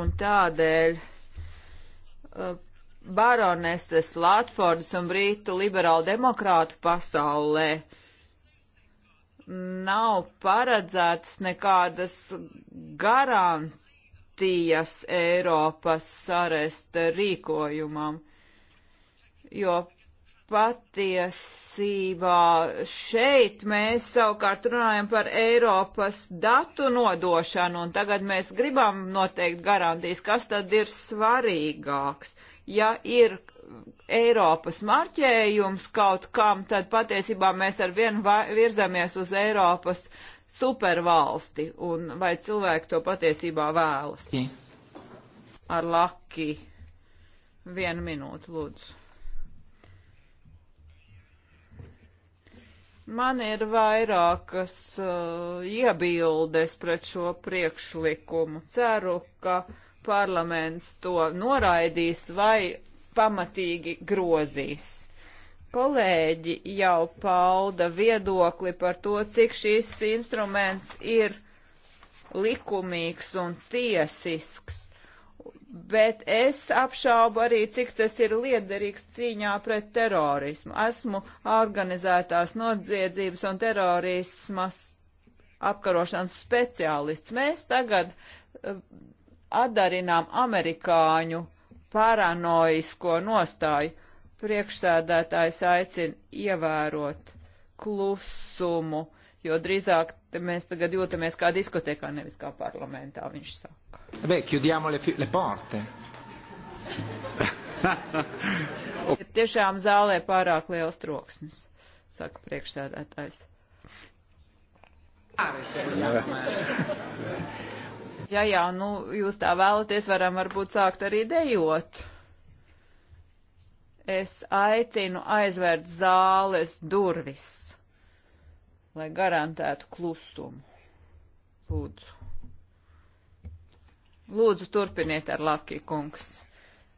Un tādēļ uh, baroneses Latfordas un Brītu liberālu demokrātu pasaulē nav paredzētas nekādas garantijas Eiropas aresta rīkojumam, jo patiesībā šeit mēs savukārt runājam par Eiropas datu nodošanu, un tagad mēs gribam noteikt garantijas, kas tad ir svarīgāks. Uh, ja ir Eiropas marķējums kaut kam, tad patiesībā mēs ar vienu virzamies uz Eiropas supervalsti, un vai cilvēki to patiesībā vēlas. Ar laki. Vienu minūtu, lūdzu. Man ir vairākas uh, iebildes pret šo priekšlikumu. Ceru, ka uh, parlaments to noraidīs vai pamatīgi grozīs. Kolēģi jau pauda viedokli par to, cik šis instruments ir likumīgs un tiesisks, bet es apšaubu arī, cik tas ir liederīgs cīņā pret terorismu. Esmu organizētās nodziedzības un terorismas apkarošanas speciālists. Mēs tagad uh, atdarinām amerikāņu paranoisko nostāju. Priekšsēdētājs aicina ievērot klusumu, jo drīzāk mēs tagad jūtamies kā diskotekā, nevis kā parlamentā, viņš saka. Beh, chiudiamo le, le porte. [LAUGHS] Ir tiešām zālē pārāk liels troksnis, saka priekšsēdētājs. Ja jau, nu, jūs tā vēlaties, varam varbūt sākt arī dejot. Es aicinu aizvērt zāles durvis, lai garantētu klusumu. Lūdzu. Lūdzu, turpiniet ar Laki kungs.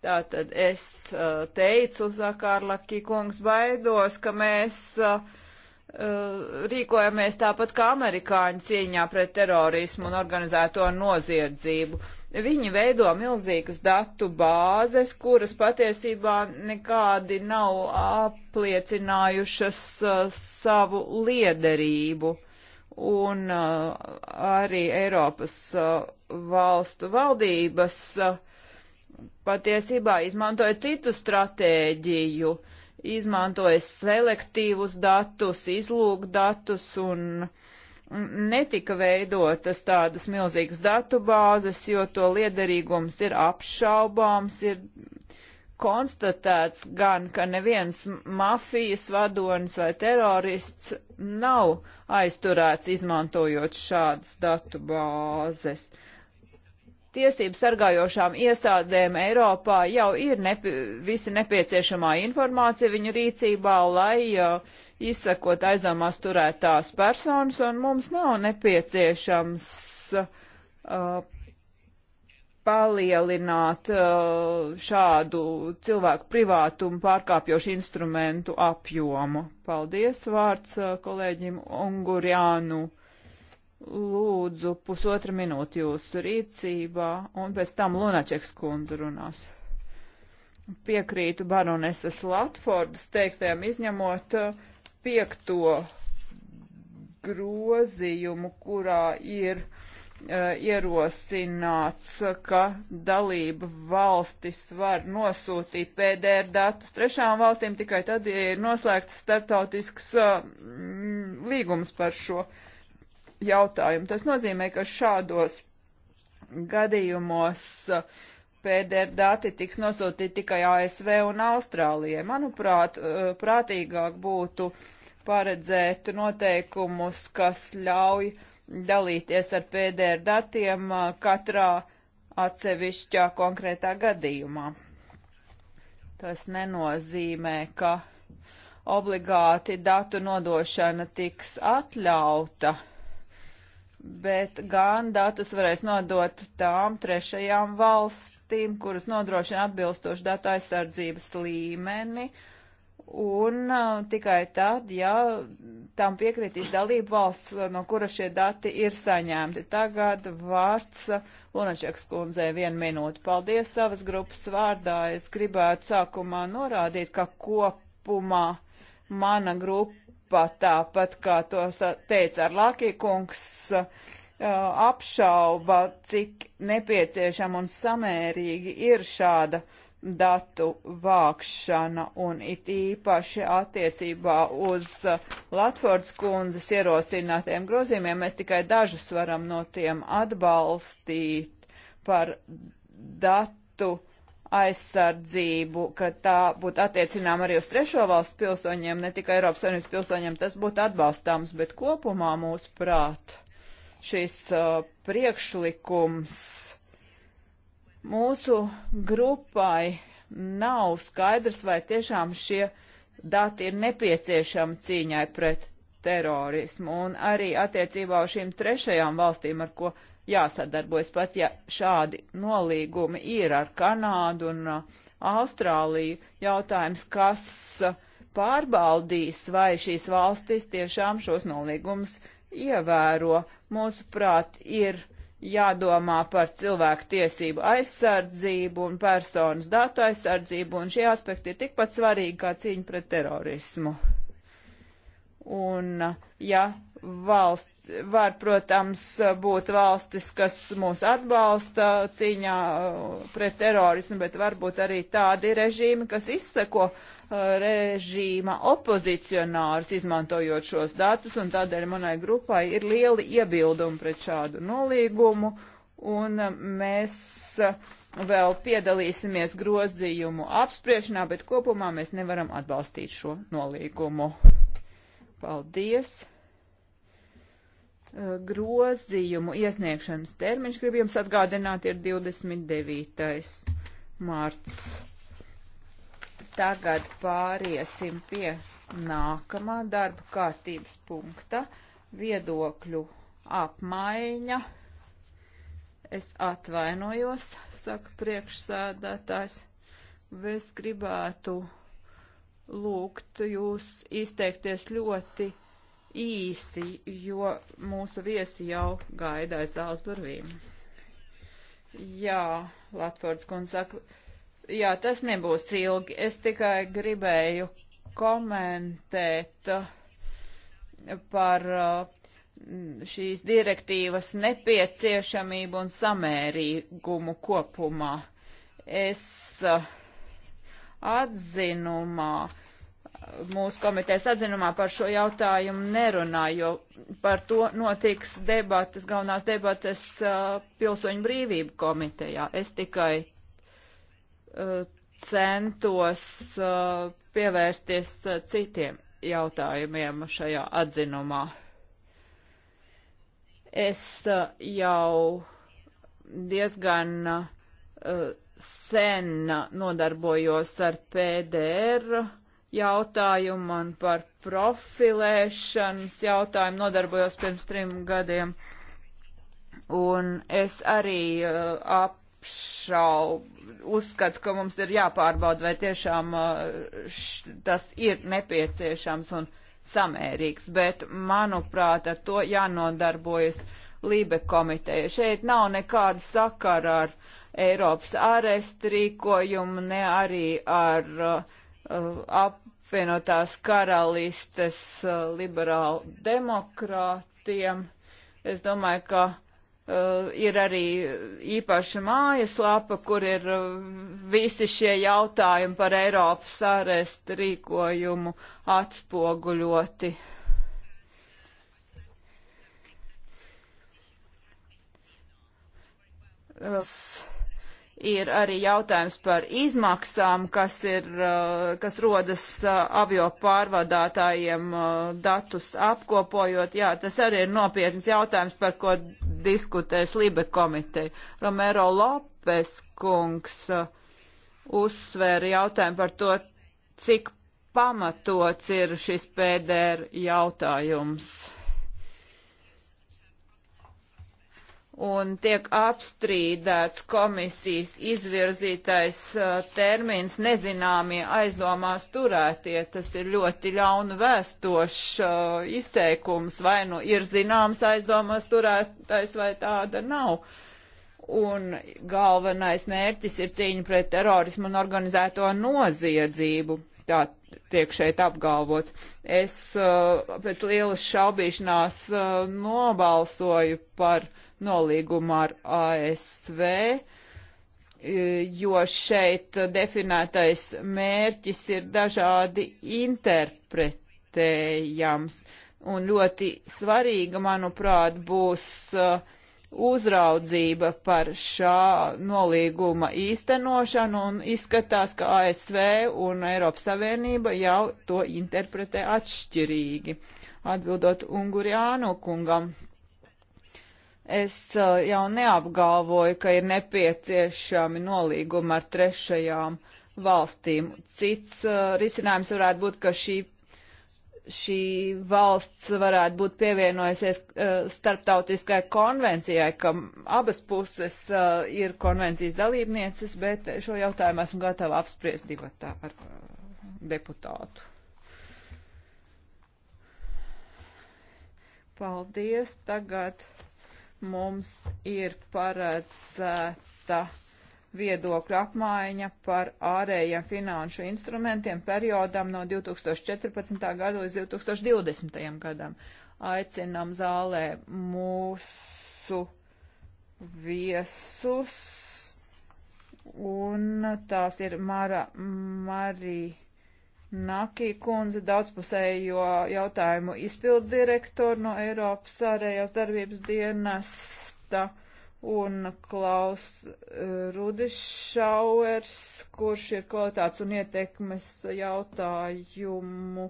Tātad es uh, teicu, Zakārlaki kungs, baidos, ka mēs uh, Eh, rīkojamies tāpat kā amerikāņi cīņā pret terorismu un organizēto noziedzību. Viņi veido milzīgas datu bāzes, kuras patiesībā nekādi nav apliecinājušas uh, savu liederību. Un uh, arī Eiropas uh, valstu valdības patiesībā izmantoja citu stratēģiju. Uh, izmantoja selektīvus datus, izlūkdatus un netika veidotas tādas milzīgas datubāzes, jo to liederīgums ir apšaubāms, ir konstatēts gan, ka neviens mafijas vadonis vai terorists nav aizturēts izmantojot šādas datubāzes tiesību sargājošām iestādēm Eiropā jau ir nepi visi nepieciešamā informācija viņu rīcībā, lai uh, izsakot aizdomās turētās personas, un mums nav nepieciešams uh, palielināt uh, šādu cilvēku privātumu pārkāpjošu instrumentu apjomu. Paldies vārds kolēģim Ungurjānu. Lūdzu, pusotra minūte jūsu rīcībā, un pēc tam Lunačeks kundze runās. Piekrītu baroneses Latfordas teiktajam izņemot uh, piekto grozījumu, kurā ir uh, ierosināts, ka dalība valstis var nosūtīt PDR datus trešām valstīm tikai tad, ja ir noslēgts starptautisks uh, līgums par šo uh, jautājumu. Tas nozīmē, ka šādos gadījumos uh, PDR dati tiks nosūtīti tikai ASV un Austrālijai. Manuprāt, uh, prātīgāk būtu paredzēt noteikumus, kas ļauj dalīties ar PDR datiem uh, katrā atsevišķā konkrētā gadījumā. Tas nenozīmē, ka obligāti datu nodošana tiks atļauta bet gan datus varēs nodot tām trešajām valstīm, kuras nodrošina atbilstošu datu aizsardzības līmeni, un uh, tikai tad, ja tam piekritīs dalību valsts, no kura šie dati ir saņemti. Tagad vārds Lunačeks kundzei vienu minūtu. Paldies savas grupas vārdā. Es gribētu sākumā norādīt, ka kopumā mana grupa pat tāpat, kā to teica Arlākī kungs, apšauba, cik nepieciešama un samērīgi ir šāda datu vākšana un it īpaši attiecībā uz Latvords kundzes ierosinātiem grozījumiem. Mēs tikai dažus varam no tiem atbalstīt par datu aizsardzību, ka tā būtu attiecinām arī uz trešo valstu pilsoņiem, ne tikai Eiropas Savienības pilsoņiem, tas būtu atbalstāms, bet kopumā mūsu prāt šis uh, priekšlikums mūsu grupai nav skaidrs, vai tiešām šie dati ir nepieciešami cīņai pret terorismu un arī attiecībā uz šīm trešajām valstīm, ar ko jāsadarbojas, pat ja šādi nolīgumi ir ar Kanādu un uh, Austrāliju. Jautājums, kas uh, pārbaudīs, vai šīs valstis tiešām šos nolīgumus ievēro. Mūsuprāt, ir jādomā par cilvēku tiesību aizsardzību un personas datu aizsardzību, un šie aspekti ir tikpat svarīgi kā cīņa pret terorismu. Un, uh, ja valsts var, protams, būt valstis, kas mūs atbalsta cīņā uh, pret terorismu, bet varbūt arī tādi režīmi, kas izseko uh, režīma opozicionārus, izmantojot šos datus, un tādēļ manai grupai ir lieli iebildumi pret šādu nolīgumu, un mēs uh, vēl piedalīsimies grozījumu apspriešanā, bet kopumā mēs nevaram atbalstīt šo nolīgumu. Paldies! Uh, grozījumu iesniegšanas termiņš, gribu jums atgādināt, ir 29. marts. Tagad pāriesim pie nākamā darba kārtības punkta - viedokļu apmaiņa. Es atvainojos, saka priekšsēdētājs, bet es gribētu lūgt jūs izteikties ļoti īsi, jo mūsu viesi jau gaida aiz zāles durvīm. Jā, Latvords kundze saka, jā, tas nebūs ilgi. Es tikai gribēju komentēt uh, par uh, šīs direktīvas nepieciešamību un samērīgumu kopumā. Es uh, atzinumā uh, mūsu komitejas atzinumā par šo jautājumu nerunā, jo par to notiks debatas, galvenās debatas uh, pilsoņu brīvību komitejā. Es tikai uh, centos uh, pievērsties uh, citiem jautājumiem šajā atzinumā. Es uh, jau diezgan uh, sen nodarbojos ar PDR jautājumu, man par profilēšanas jautājumu nodarbojos pirms trim gadiem. Un es arī uh, apšaubu, uzskatu, ka mums ir jāpārbauda, vai tiešām uh, š, tas ir nepieciešams un samērīgs, bet, manuprāt, ar to jānodarbojas Lībe komiteja. Šeit nav nekāda sakara ar Eiropas arestrīkojumu, ne arī ar uh, ap apvienotās karalistes uh, liberālu demokrātiem. Es domāju, ka uh, ir arī īpaša mājaslapa, kur ir uh, visi šie jautājumi par Eiropas ārestu rīkojumu atspoguļoti. Uh, ir arī jautājums par izmaksām, kas, ir, uh, kas rodas uh, avio pārvadātājiem uh, datus apkopojot. Jā, tas arī ir nopietns jautājums, par ko diskutēs Libe komiteja. Romero Lopes kungs uzsvēra jautājumu par to, cik pamatots ir šis PDR jautājums. un tiek apstrīdēts komisijas izvirzītais uh, termins nezināmie aizdomās turētie. Tas ir ļoti ļaunu vēstošs uh, izteikums, vai nu ir zināms aizdomās turētais, vai tāda nav. Un galvenais mērķis ir cīņa pret terorismu un organizēto noziedzību. Tā tiek šeit apgalvots. Es uh, pēc lielas šaubīšanās nobalsoju par uh, nolīgumu ar ASV, e, jo šeit definētais mērķis ir dažādi interpretējams. Un ļoti svarīga, manuprāt, būs uh, uzraudzība par šā nolīguma īstenošanu un izskatās, ka ASV un Eiropas Savienība jau to interpretē atšķirīgi. Atbildot Ungurjānu kungam, Es uh, jau neapgalvoju, ka ir nepieciešami nolīgumi ar trešajām valstīm. Cits uh, risinājums varētu būt, ka šī, šī valsts varētu būt pievienojusies uh, starptautiskai konvencijai, ka abas puses uh, ir konvencijas dalībnieces, bet šo jautājumu esmu gatava apspriest divatā ar uh, deputātu. Paldies. Tagad mums ir paredzēta viedokļu apmaiņa par ārējiem finanšu instrumentiem periodam no 2014. gada līdz 2020. gadam. Aicinam zālē mūsu viesus, un tās ir Mara Marija. Nakī kundze daudzpusējo jautājumu izpildu direktoru no Eiropas ārējās darbības dienesta un Klaus eh, Rudišauers, kurš ir kvalitātes un ietekmes jautājumu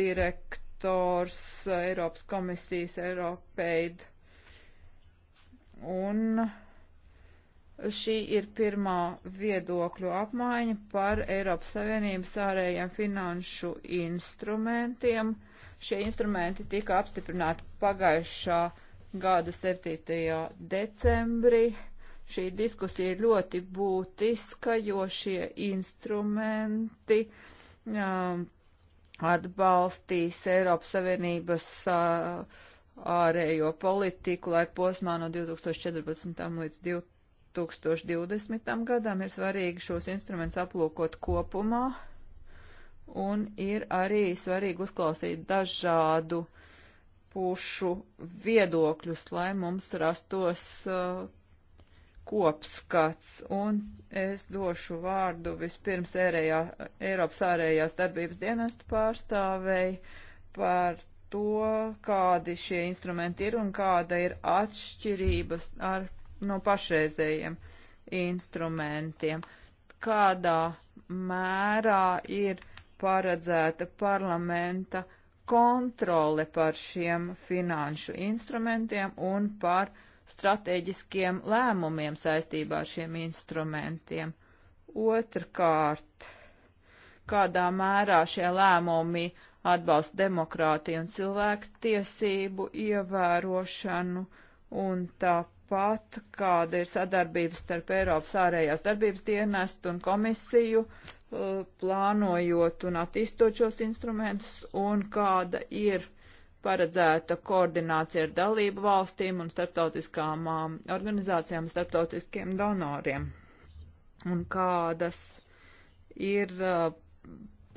direktors Eiropas komisijas Eiropeid. Un uh, Šī ir pirmā viedokļu apmaiņa par Eiropas Savienības ārējiem finanšu instrumentiem. Šie instrumenti tika apstiprināti pagājušā gada 7. decembrī. Šī diskusija ir ļoti būtiska, jo šie instrumenti um, atbalstīs Eiropas Savienības uh, ārējo politiku laika posmā no 2014. līdz 2020 2020. gadam ir svarīgi šos instrumentus aplūkot kopumā, un ir arī svarīgi uzklausīt dažādu pušu viedokļus, lai mums rastos uh, kopskats. Un es došu vārdu vispirms ērējā, Eiropas ārējās darbības dienestu pārstāvei par to, kādi šie instrumenti ir un kāda ir atšķirības ar no pašreizējiem instrumentiem. Kādā mērā ir paredzēta parlamenta kontrole par šiem finanšu instrumentiem un par strateģiskiem lēmumiem saistībā ar šiem instrumentiem. Otrkārt, kādā mērā šie lēmumi atbalsta demokrātiju un cilvēku tiesību ievērošanu un tāpat Tāpat kāda ir sadarbības starp Eiropas ārējās darbības dienestu un komisiju, uh, plānojot un attīstot šos instrumentus, un kāda ir paredzēta koordinācija ar dalību valstīm un starptautiskām um, organizācijām, starptautiskiem donoriem, un kādas ir uh,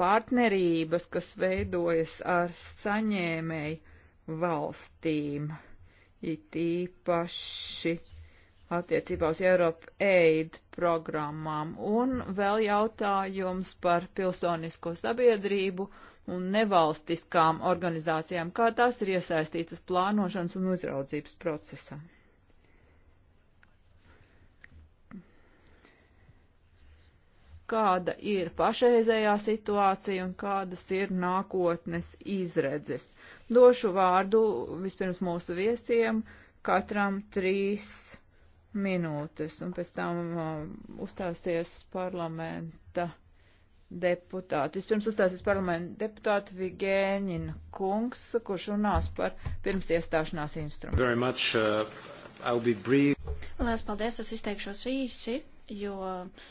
partnerības, kas veidojas ar saņēmēju valstīm it īpaši attiecībā uz Europe Aid programmām, un vēl jautājums par pilsonisko sabiedrību un nevalstiskām organizācijām, kā tās ir iesaistītas plānošanas un uzraudzības procesā. Kāda ir pašreizējā situācija un kādas ir nākotnes izredzes? Došu vārdu vispirms mūsu viesiem, katram trīs minūtes, un pēc tam uh, uzstāsies parlamenta deputāti. Vispirms uzstāsies parlamenta deputāti Vigēņina kungs, kurš runās par pirms iestāšanās instrumentu. Very much, uh, I'll be brief. Lielas paldies, es izteikšos īsi, jo uh,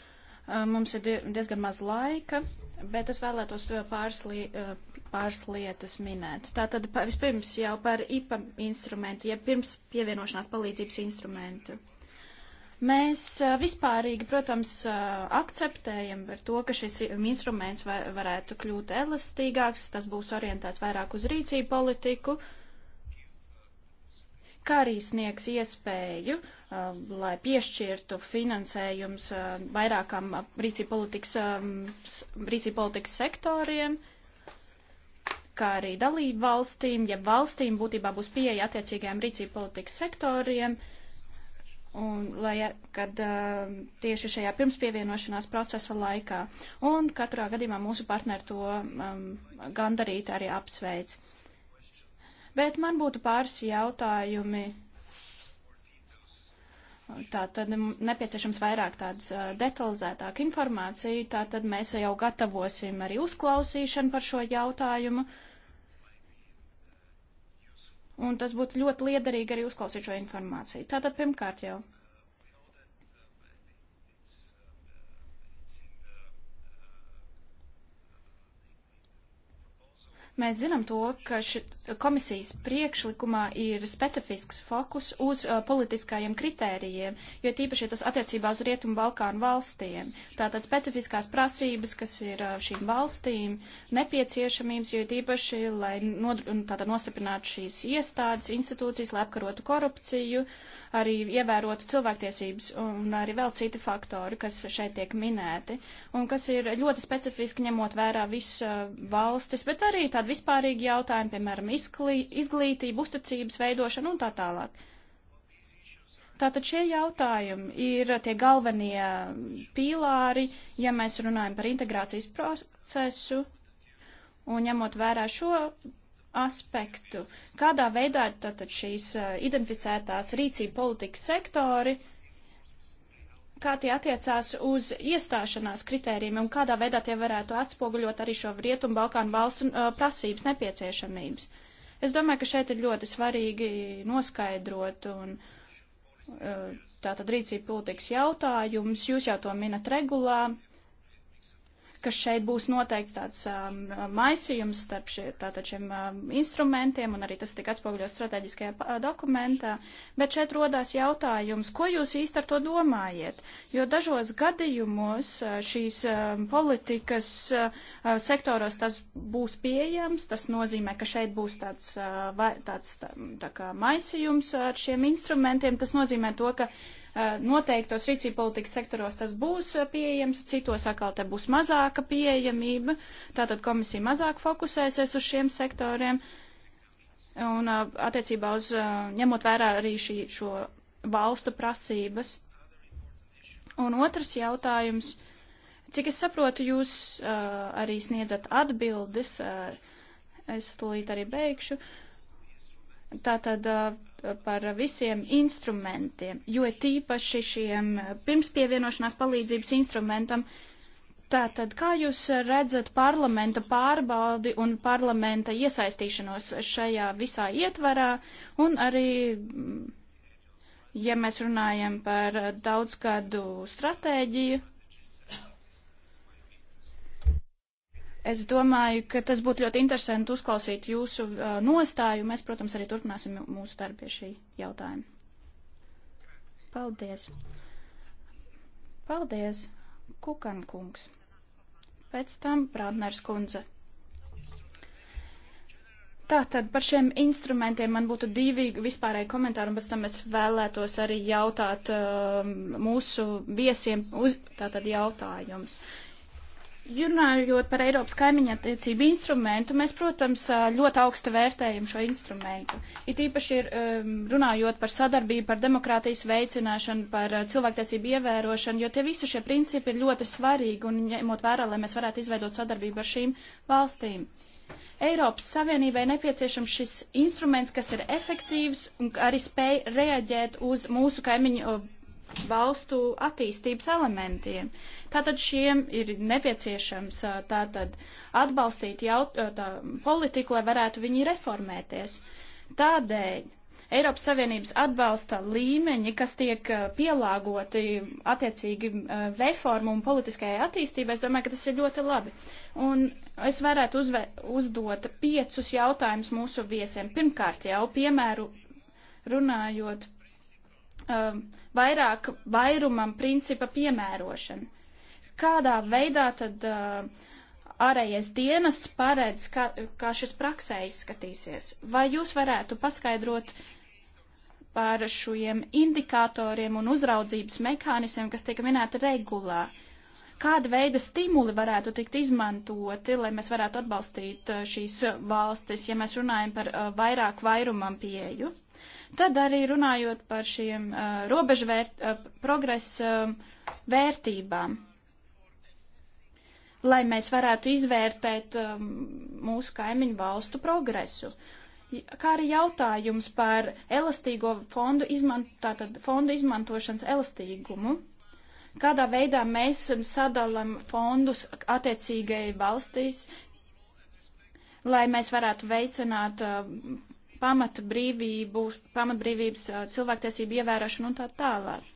mums ir diezgan maz laika, bet es vēlētos uh, pāris li, uh, pāris lietas minēt. Tātad vispirms jau par IPA instrumentu, ja pirms pievienošanās palīdzības instrumentu. Mēs vispārīgi, protams, akceptējam par to, ka šis instruments var, varētu kļūt elastīgāks, tas būs orientēts vairāk uz rīcību politiku, kā arī sniegs iespēju, lai piešķirtu finansējums vairākām rīcību politikas, rīcību politikas sektoriem, uh, kā arī dalību valstīm, ja valstīm būtībā būs pieeja attiecīgajām rīcību politikas sektoriem, un lai, kad uh, tieši šajā pirmspievienošanās procesa laikā. Un katrā gadījumā mūsu partneri to um, gandarīt arī apsveic. Bet man būtu pāris jautājumi. Tā tad nepieciešams vairāk tādas uh, detalizētāk informācija, tā tad mēs jau gatavosim arī uzklausīšanu par šo jautājumu. Uh, un tas būtu ļoti liederīgi arī uzklausīt šo informāciju. Tātad pirmkārt jau Mēs zinām to, ka komisijas priekšlikumā ir specifisks fokus uz uh, politiskajiem kritērijiem, jo tīpaši tas attiecībā uz Rietumu Balkānu valstiem. Tātad specifiskās prasības, kas ir uh, šīm valstīm nepieciešamības, jo tīpaši, lai nod, nostiprinātu šīs iestādes, institūcijas, lai apkarotu korupciju. Uh, arī ievērotu cilvēktiesības un arī vēl citi faktori, kas šeit tiek minēti un kas ir ļoti specifiski ņemot vērā visas uh, valstis, bet arī tādi vispārīgi jautājumi, piemēram, izklī, izglītība, uzticības veidošana un tā tālāk. Tātad šie jautājumi ir tie galvenie pīlāri, ja mēs runājam par integrācijas procesu, un ņemot vērā šo aspektu. Kādā veidā tātad šīs identificētās rīcība politikas sektori, kā tie attiecās uz iestāšanās kritērijiem un kādā veidā tie varētu atspoguļot arī šo Rietumu Balkānu valstu uh, prasības nepieciešamības. Es domāju, ka šeit ir ļoti svarīgi noskaidrot un uh, tātad rīcība politikas jautājums. Jūs jau to minat regulā, ka šeit būs noteikts tāds um, maisījums starp šie, šiem um, instrumentiem, un arī tas tika atspoguļots strateģiskajā uh, dokumentā. Bet šeit rodās jautājums, ko jūs īsti ar to domājiet? Jo dažos gadījumos uh, šīs um, politikas uh, sektoros tas būs pieejams, tas nozīmē, ka šeit būs tāds, uh, vai, tāds tā, tā kā maisījums ar šiem instrumentiem, tas nozīmē to, ka uh, Eh, noteiktos rīcība politikas sektoros tas būs eh, pieejams, citos atkal te būs mazāka pieejamība, tātad komisija mazāk fokusēsies uz šiem sektoriem. Un eh, attiecībā uz ņemot vērā arī šī, šo valstu prasības. Un otrs jautājums, cik es saprotu, jūs uh, arī sniedzat atbildes, uh, es tūlīt arī beigšu. Uh, tātad par visiem instrumentiem, jo tīpaši šiem pirmspievienošanās palīdzības instrumentam. Tātad, kā jūs redzat parlamenta pārbaudi un parlamenta iesaistīšanos šajā visā ietvarā un arī, ja mēs runājam par daudzgadu stratēģiju, Es domāju, ka tas būtu ļoti interesanti uzklausīt jūsu uh, nostāju. Mēs, protams, arī turpināsim mūsu darbu pie šī jautājuma. Paldies! Paldies, Kukan kungs! Pēc tam Brādners kundze. Tātad par šiem instrumentiem man būtu divi vispārēji komentāri, un pēc tam es vēlētos arī jautāt uh, mūsu viesiem uz tātad jautājums. Runājot par Eiropas kaimiņa attiecību instrumentu, mēs, protams, ļoti augstu vērtējam šo instrumentu. It īpaši ir runājot par sadarbību, par demokrātijas veicināšanu, par cilvēktiesību ievērošanu, jo tie visi šie principi ir ļoti svarīgi un ņemot vērā, lai mēs varētu izveidot sadarbību ar šīm valstīm. Eiropas Savienībai nepieciešams šis instruments, kas ir efektīvs un arī spēj reaģēt uz mūsu kaimiņu valstu attīstības elementiem. Tātad šiem ir nepieciešams tātad atbalstīt jaut, tā, politiku, lai varētu viņi reformēties. Tādēļ Eiropas Savienības atbalsta līmeņi, kas tiek pielāgoti attiecīgi reformu un politiskajai attīstībai, es domāju, ka tas ir ļoti labi. Un es varētu uzve, uzdot piecus jautājumus mūsu viesiem. Pirmkārt jau piemēru runājot uh, vairāk vairumam principa piemērošana. Kādā veidā tad uh, ārējais dienests paredz, kā, kā šis praksē izskatīsies? Vai jūs varētu paskaidrot par šiem indikatoriem un uzraudzības mehānismiem, kas tiek minēti regulā? Kāda veida stimuli varētu tikt izmantoti, lai mēs varētu atbalstīt uh, šīs valstis, ja mēs runājam par uh, vairāk vairumam pieeju? Tad arī runājot par šiem uh, robežvērt, uh, progresa uh, vērtībām, lai mēs varētu izvērtēt um, mūsu kaimiņu valstu progresu. Kā arī jautājums par elastīgo fondu, izmanto, tātad, fondu izmantošanas elastīgumu kādā veidā mēs sadalām fondus attiecīgai valstīs, lai mēs varētu veicināt uh, pamatbrīvību, pamatbrīvības cilvēktiesību ievērošanu un tā tālāk.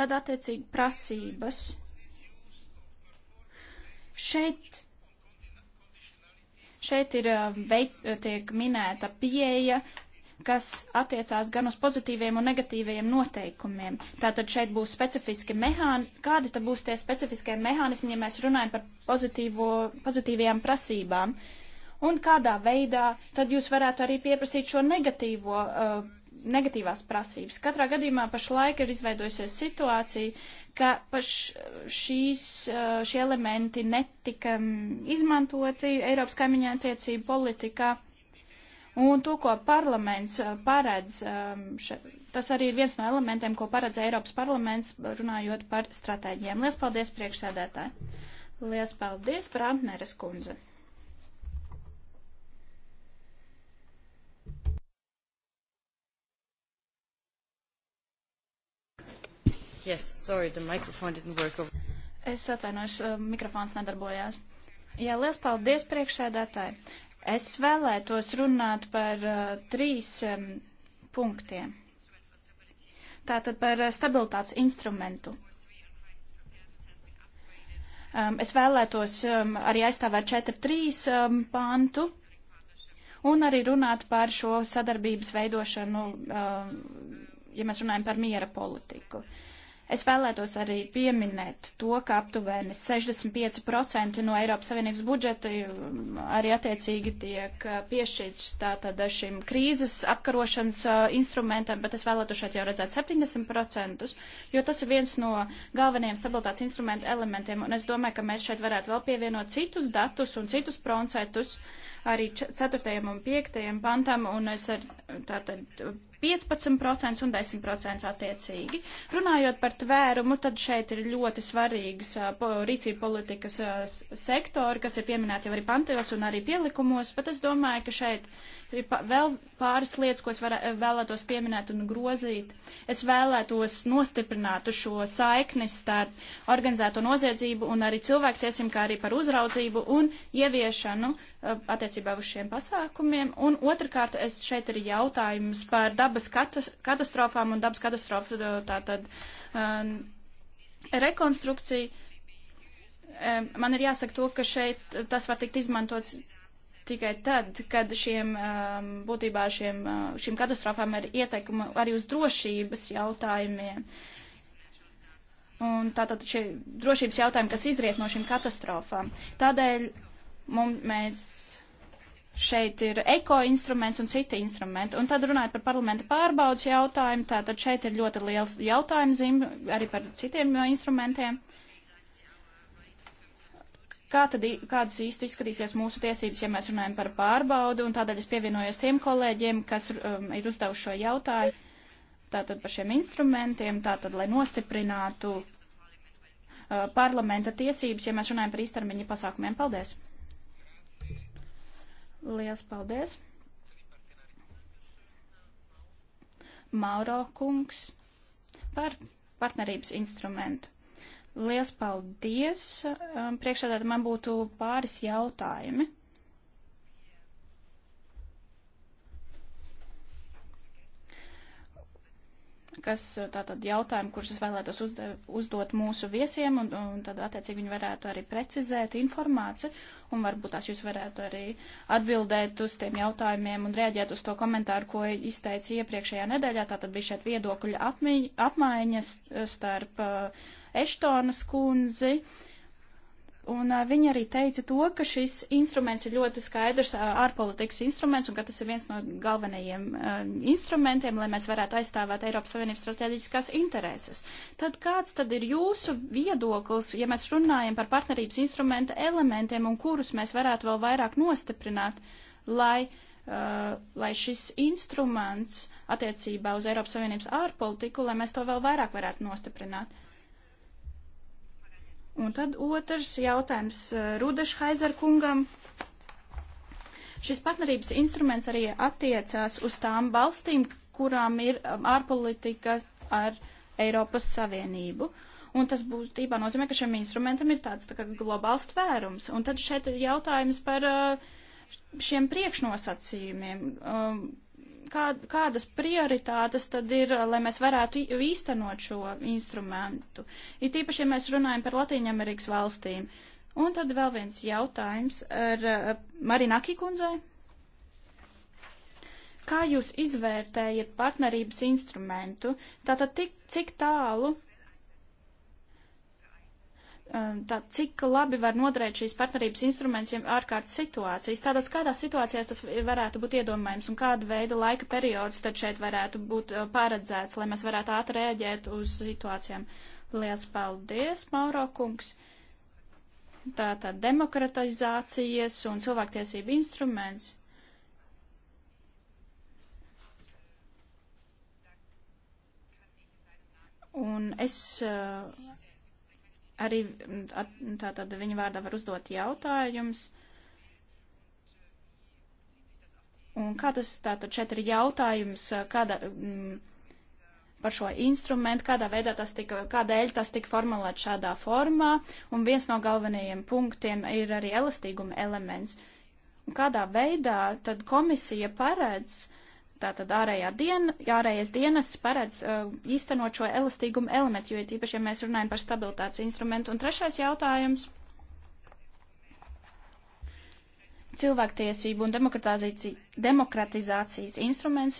Tad attiecīgi prasības. Šeit, šeit ir veik, tiek minēta pieeja, kas attiecās gan uz pozitīviem un negatīviem noteikumiem. Tātad šeit būs specifiski mehānismi, kādi tad būs tie specifiskie mehānismi, ja mēs runājam par pozitīvo, pozitīvajām prasībām. Uh, un kādā veidā tad jūs varētu arī pieprasīt šo negatīvo, uh, negatīvās prasības. Katrā gadījumā pašlaik ir izveidojusies situācija, ka paš šīs, uh, šie elementi netika mm, izmantoti Eiropas kaimiņā attiecību politikā. Un to, ko parlaments uh, paredz, um, še, tas arī ir viens no elementiem, ko paredz Eiropas parlaments, runājot par stratēģiem. Lielas paldies priekšsēdētāji! Lielas paldies par Antneres kundzi! Yes, sorry, the microphone didn't work. Over. Es atvainojos, uh, mikrofons nedarbojās. Jā, liels paldies priekšsēdētāji. Es vēlētos runāt par uh, trīs um, punktiem. Tātad par uh, stabilitātes instrumentu. Um, es vēlētos um, arī aizstāvēt 4.3 um, pantu un arī runāt par šo sadarbības veidošanu, um, ja mēs runājam par miera politiku. Uh, Es vēlētos arī pieminēt to, ka aptuveni 65% no Eiropas Savienības budžeta um, arī attiecīgi tiek uh, piešķirts tātad šim krīzes apkarošanas uh, instrumentam, bet es vēlētos šeit jau redzēt 70%, jo tas ir viens no galvenajiem stabilitātes instrumenta elementiem, un es domāju, ka mēs šeit varētu vēl pievienot citus datus un citus procentus arī 4. un 5. pantam, un es ar, tātad 15% un 10% attiecīgi. Runājot par tvērumu, tad šeit ir ļoti svarīgas po, rīcība politikas sektori, kas ir pieminēti jau arī pantajos un arī pielikumos, bet es domāju, ka šeit ir pa, vēl pāris lietas, ko es var, vēlētos pieminēt un grozīt. Es vēlētos nostiprināt šo saikni starp organizēto noziedzību un arī cilvēktiesim, kā arī par uzraudzību un ieviešanu attiecībā uz šiem pasākumiem. Un otrkārt, es šeit arī jautājums par dabas katastrofām un dabas katastrofu tātad um, rekonstrukciju. Um, man ir jāsaka to, ka šeit tas var tikt izmantots tikai tad, kad šiem, um, būtībā šiem, uh, šīm katastrofām ir ieteikuma arī uz drošības jautājumiem. Un tātad šie drošības jautājumi, kas izriet no šīm katastrofām. Tādēļ Mums, mēs šeit ir eko instruments un citi instrumenti. Un tad runājot par parlamenta pārbaudas jautājumu, tātad šeit ir ļoti liels jautājums arī par citiem instrumentiem. Kā tad, kādas īsti izskatīsies mūsu tiesības, ja mēs runājam par pārbaudu, un tādēļ es pievienojos tiem kolēģiem, kas um, ir uzdevuši šo jautājumu, tātad par šiem instrumentiem, tātad, lai nostiprinātu uh, parlamenta tiesības, ja mēs runājam par īstermiņa pasākumiem. Paldies! Lielas paldies! Mauro kungs par partnerības instrumentu. Lielas paldies! Um, Priekšādā man būtu pāris jautājumi. kas uh, tātad jautājumi, kurus es vēlētos uzde, uzdot mūsu viesiem, un, un tad attiecīgi viņi varētu arī precizēt informāciju un varbūt tās jūs varētu arī atbildēt uz tiem jautājumiem un reaģēt uz to komentāru, ko izteica iepriekšējā nedēļā. Tātad bija šeit viedokļa apmaiņas eh, starp eh, Eštonas kundzi. Uh, Un uh, viņi arī teica to, ka šis instruments ir ļoti skaidrs ārpolitikas instruments un ka tas ir viens no galvenajiem uh, instrumentiem, lai mēs varētu aizstāvēt Eiropas Savienības strateģiskās intereses. Tad kāds tad ir jūsu viedoklis, ja mēs runājam par partnerības instrumenta elementiem un kurus mēs varētu vēl vairāk nostiprināt, lai, uh, lai šis instruments attiecībā uz Eiropas Savienības ārpolitiku, lai mēs to vēl vairāk varētu nostiprināt? Un tad otrs jautājums eh, Rudešhaizer kungam. Šis partnerības instruments arī attiecās uz tām valstīm, kurām ir eh, ārpolitika ar Eiropas Savienību. Un tas būtībā nozīmē, ka šim instrumentam ir tāds tā kā globāls tvērums. Un tad šeit ir jautājums par eh, šiem priekšnosacījumiem, um, kā, kādas prioritātes tad ir, uh, lai mēs varētu īstenot šo instrumentu. Ir tīpaši, ja mēs runājam par Latīņamerikas valstīm. Un tad vēl viens jautājums ar uh, Marinaki kundzei. Kā jūs izvērtējat partnerības instrumentu? Tātad, tik, cik tālu Um, tā, cik labi var noturēt šīs partnerības instruments, ja ārkārtas situācijas. Tādās kādās situācijās tas varētu būt iedomājams un kāda veida laika periods tad šeit varētu būt uh, paredzēts, lai mēs varētu ātri rēģēt uz situācijām. Lielas paldies, Mauro kungs! Tātad demokratizācijas un cilvēktiesību instruments. Un es uh, arī mm, tātad viņa vārdā var uzdot jautājumus. Un kā tas tātad šeit ir jautājums, kāda, m, mm, par šo instrumentu, kādā veidā tas tika, kādēļ tas tika formulēts šādā formā, un viens no galvenajiem punktiem ir arī elastīguma elements. Un kādā veidā tad komisija paredz uh, tātad ārējā diena, ārējais dienas paredz uh, īstenot šo elastīgumu elementu, jo it īpaši, ja mēs runājam par stabilitātes instrumentu. Un trešais jautājums - cilvēktiesību un demokratizācijas instruments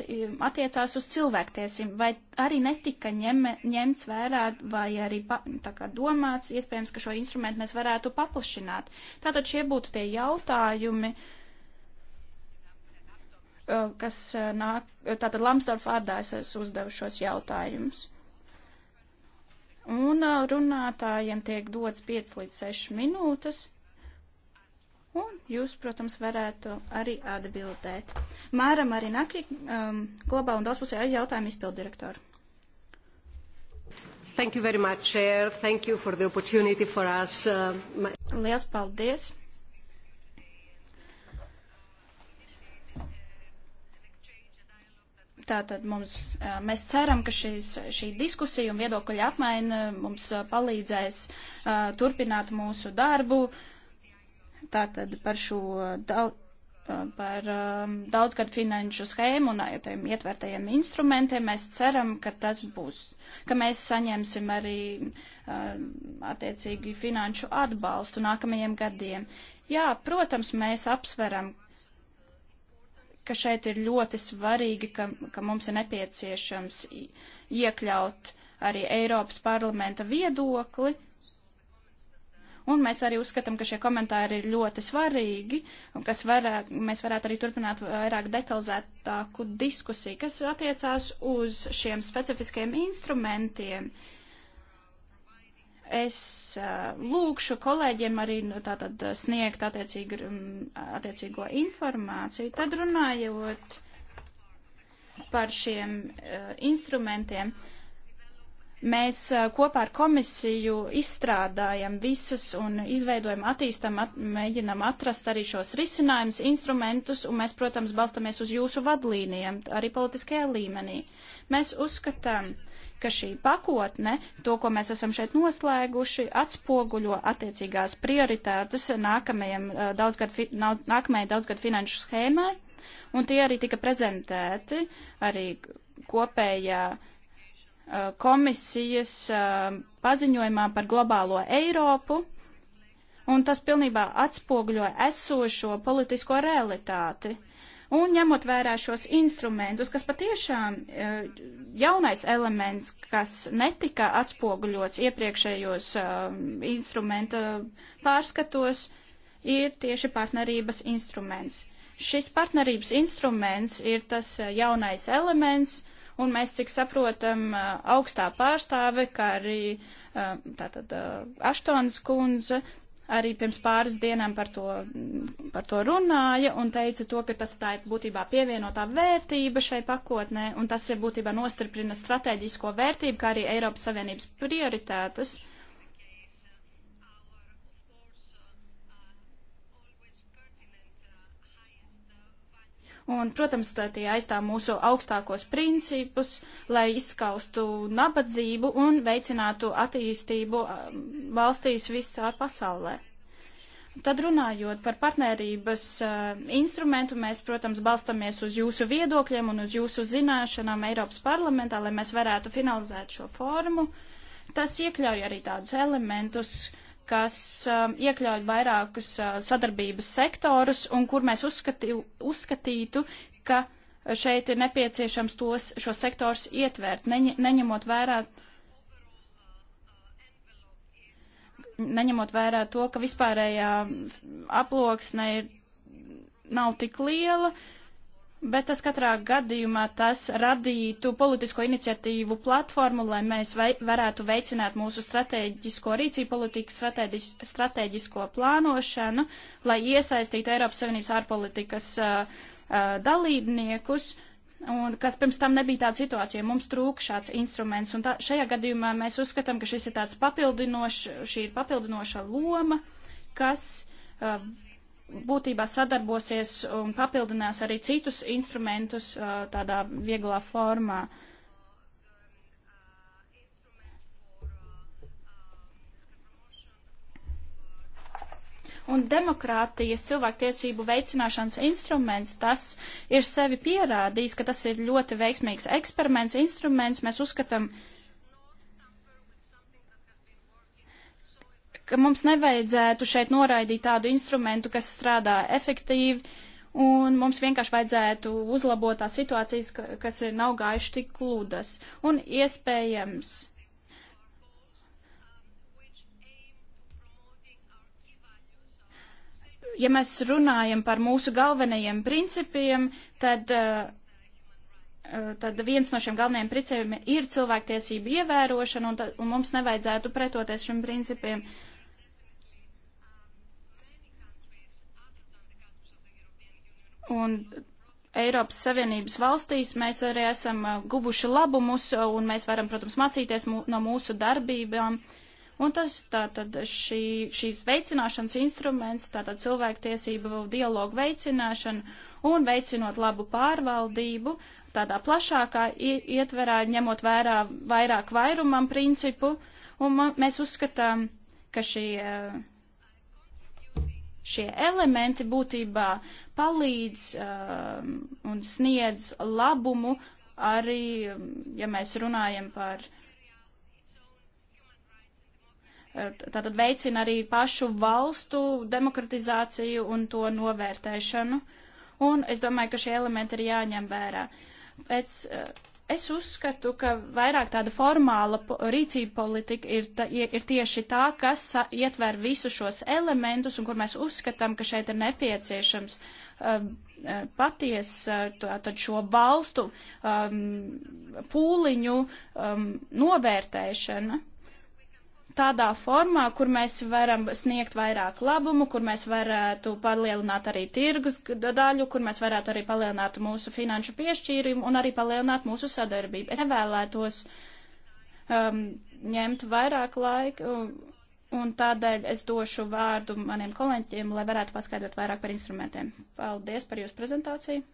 attiecās uz cilvēktiesību, vai arī netika ņem, ņemts vērā, vai arī pa, tā kā domāts, iespējams, ka šo instrumentu mēs varētu paplašināt. Tātad šie būtu tie jautājumi. Uh, Uh, kas uh, nāk, uh, tātad Lamsdorf vārdā es uzdevu šos jautājumus. Un runātājiem tiek dots 5 līdz 6 minūtes, un jūs, protams, varētu arī atbildēt. Māra Marinaki, um, globāla un daudzpusējā jautājuma izpildirektora. Thank you very much, Chair. Thank you for the opportunity for us. Uh, my... Liels paldies! Tātad mums, mēs ceram, ka šīs, šī diskusija un viedokļa apmaiņa mums palīdzēs turpināt mūsu darbu tātad par šo daudz, par daudzgadu finanšu schēmu un tiem ietvertajiem instrumentiem. Mēs ceram, ka tas būs, ka mēs saņemsim arī attiecīgi finanšu atbalstu nākamajiem gadiem. Jā, protams, mēs apsveram, ka šeit ir ļoti svarīgi, ka, ka mums ir nepieciešams iekļaut arī Eiropas parlamenta viedokli. Un mēs arī uzskatām, ka šie komentāri ir ļoti svarīgi, un kas varētu, mēs varētu arī turpināt vairāk detalizētāku diskusiju, kas attiecās uz šiem specifiskajiem instrumentiem. Uh, es eh, lūkšu kolēģiem arī nu, tātad eh, sniegt attiecīgi, mm, attiecīgo informāciju. Tad runājot par šiem uh, instrumentiem, mēs uh, kopā ar komisiju izstrādājam visas un izveidojam, attīstam, at, mēģinam atrast arī šos risinājumus, instrumentus, un mēs, protams, balstamies uz jūsu vadlīnijām, arī politiskajā līmenī. Mēs uzskatām, uh, ka šī pakotne, to, ko mēs esam šeit noslēguši, atspoguļo attiecīgās prioritātes nākamajam eh, daudzgad, nākamajai daudzgad finanšu schēmai, un tie arī tika prezentēti arī kopējā eh, komisijas eh, paziņojumā par globālo Eiropu, un tas pilnībā atspoguļo esošo politisko realitāti. Uh, Un ņemot vērā šos instrumentus, kas patiešām e, jaunais elements, kas netika atspoguļots iepriekšējos e, instrumenta pārskatos, ir tieši partnerības instruments. Šis partnerības instruments ir tas e, jaunais elements, un mēs, cik saprotam, augstā pārstāve, kā arī tātad Aštons kundze arī pirms pāris dienām par to, mm, par to runāja un teica to, ka tas tā ir būtībā pievienotā vērtība šai pakotnē, un tas ir būtībā nostiprina strateģisko vērtību, kā arī Eiropas Savienības prioritātes. Uh, un, protams, lai tie aizstāv mūsu augstākos principus, lai izskaustu nabadzību un veicinātu attīstību um, valstīs visā pasaulē. Tad runājot par partnerības uh, instrumentu, mēs, protams, balstamies uz jūsu viedokļiem un uz jūsu zināšanām Eiropas parlamentā, lai mēs varētu finalizēt šo formu. Tas iekļauj arī tādus elementus, uh, kas um, iekļauj vairākus uh, sadarbības sektorus un kur mēs uzskati, uzskatītu, ka šeit ir nepieciešams tos, šos sektors ietvērt, neņ, neņemot vērā neņemot vērā to, ka vispārējā aploksne ir, nav tik liela, uh, bet tas katrā gadījumā tas radītu politisko iniciatīvu platformu, lai mēs vei, varētu veicināt mūsu strateģisko rīcību, politiku strateģis, strateģisko plānošanu, lai iesaistītu Eiropas Savienības ārpolitikas uh, uh, dalībniekus. Un kas pirms tam nebija tāda situācija, mums trūk šāds instruments, un tā, šajā gadījumā mēs uzskatām, ka šis ir tāds papildinošs, šī ir papildinoša loma, kas uh, būtībā sadarbosies un papildinās arī citus instrumentus uh, tādā vieglā formā. un demokrātijas cilvēktiesību veicināšanas instruments, tas ir sevi pierādījis, ka tas ir ļoti veiksmīgs eksperiments, instruments. Mēs uzskatām, uh, ka mums nevajadzētu šeit noraidīt tādu instrumentu, kas strādā efektīvi, un mums vienkārši vajadzētu uzlabot tās situācijas, kas ir nav gājuši tik klūdas. Un iespējams. Ja mēs runājam par mūsu galvenajiem principiem, tad uh, tad viens no šiem galvenajiem principiem ir cilvēktiesība ievērošana, un, tad, un mums nevajadzētu pretoties šiem principiem. Un Eiropas Savienības valstīs mēs arī esam uh, guvuši labumus, uh, un mēs varam, protams, mācīties mū, no mūsu darbībām. Un tas tātad šī, šīs veicināšanas instruments, tātad cilvēktiesību dialogu veicināšana un veicinot labu pārvaldību, tādā plašākā ietverā, ņemot vērā vairāk vairumam principu, un man, mēs uzskatām, ka šī uh, šie elementi būtībā palīdz um, un sniedz labumu arī, um, ja mēs runājam par. Uh, tātad veicina arī pašu valstu demokratizāciju un to novērtēšanu. Un es domāju, ka šie elementi ir jāņem vērā. Pēc uh, Es uzskatu, ka vairāk tāda formāla rīcība politika ir, ta, ir tieši tā, kas ietver visus šos elementus un kur mēs uzskatām, ka šeit ir nepieciešams um, uh, paties uh, šo valstu um, pūliņu um, novērtēšana tādā formā, kur mēs varam sniegt vairāk labumu, kur mēs varētu palielināt arī tirgus daļu, kur mēs varētu arī palielināt mūsu finanšu piešķīrumu un arī palielināt mūsu sadarbību. Es nevēlētos um, ņemt vairāk laika, un tādēļ es došu vārdu maniem kolēģiem, lai varētu paskaidrot vairāk par instrumentiem. Paldies par jūsu prezentāciju.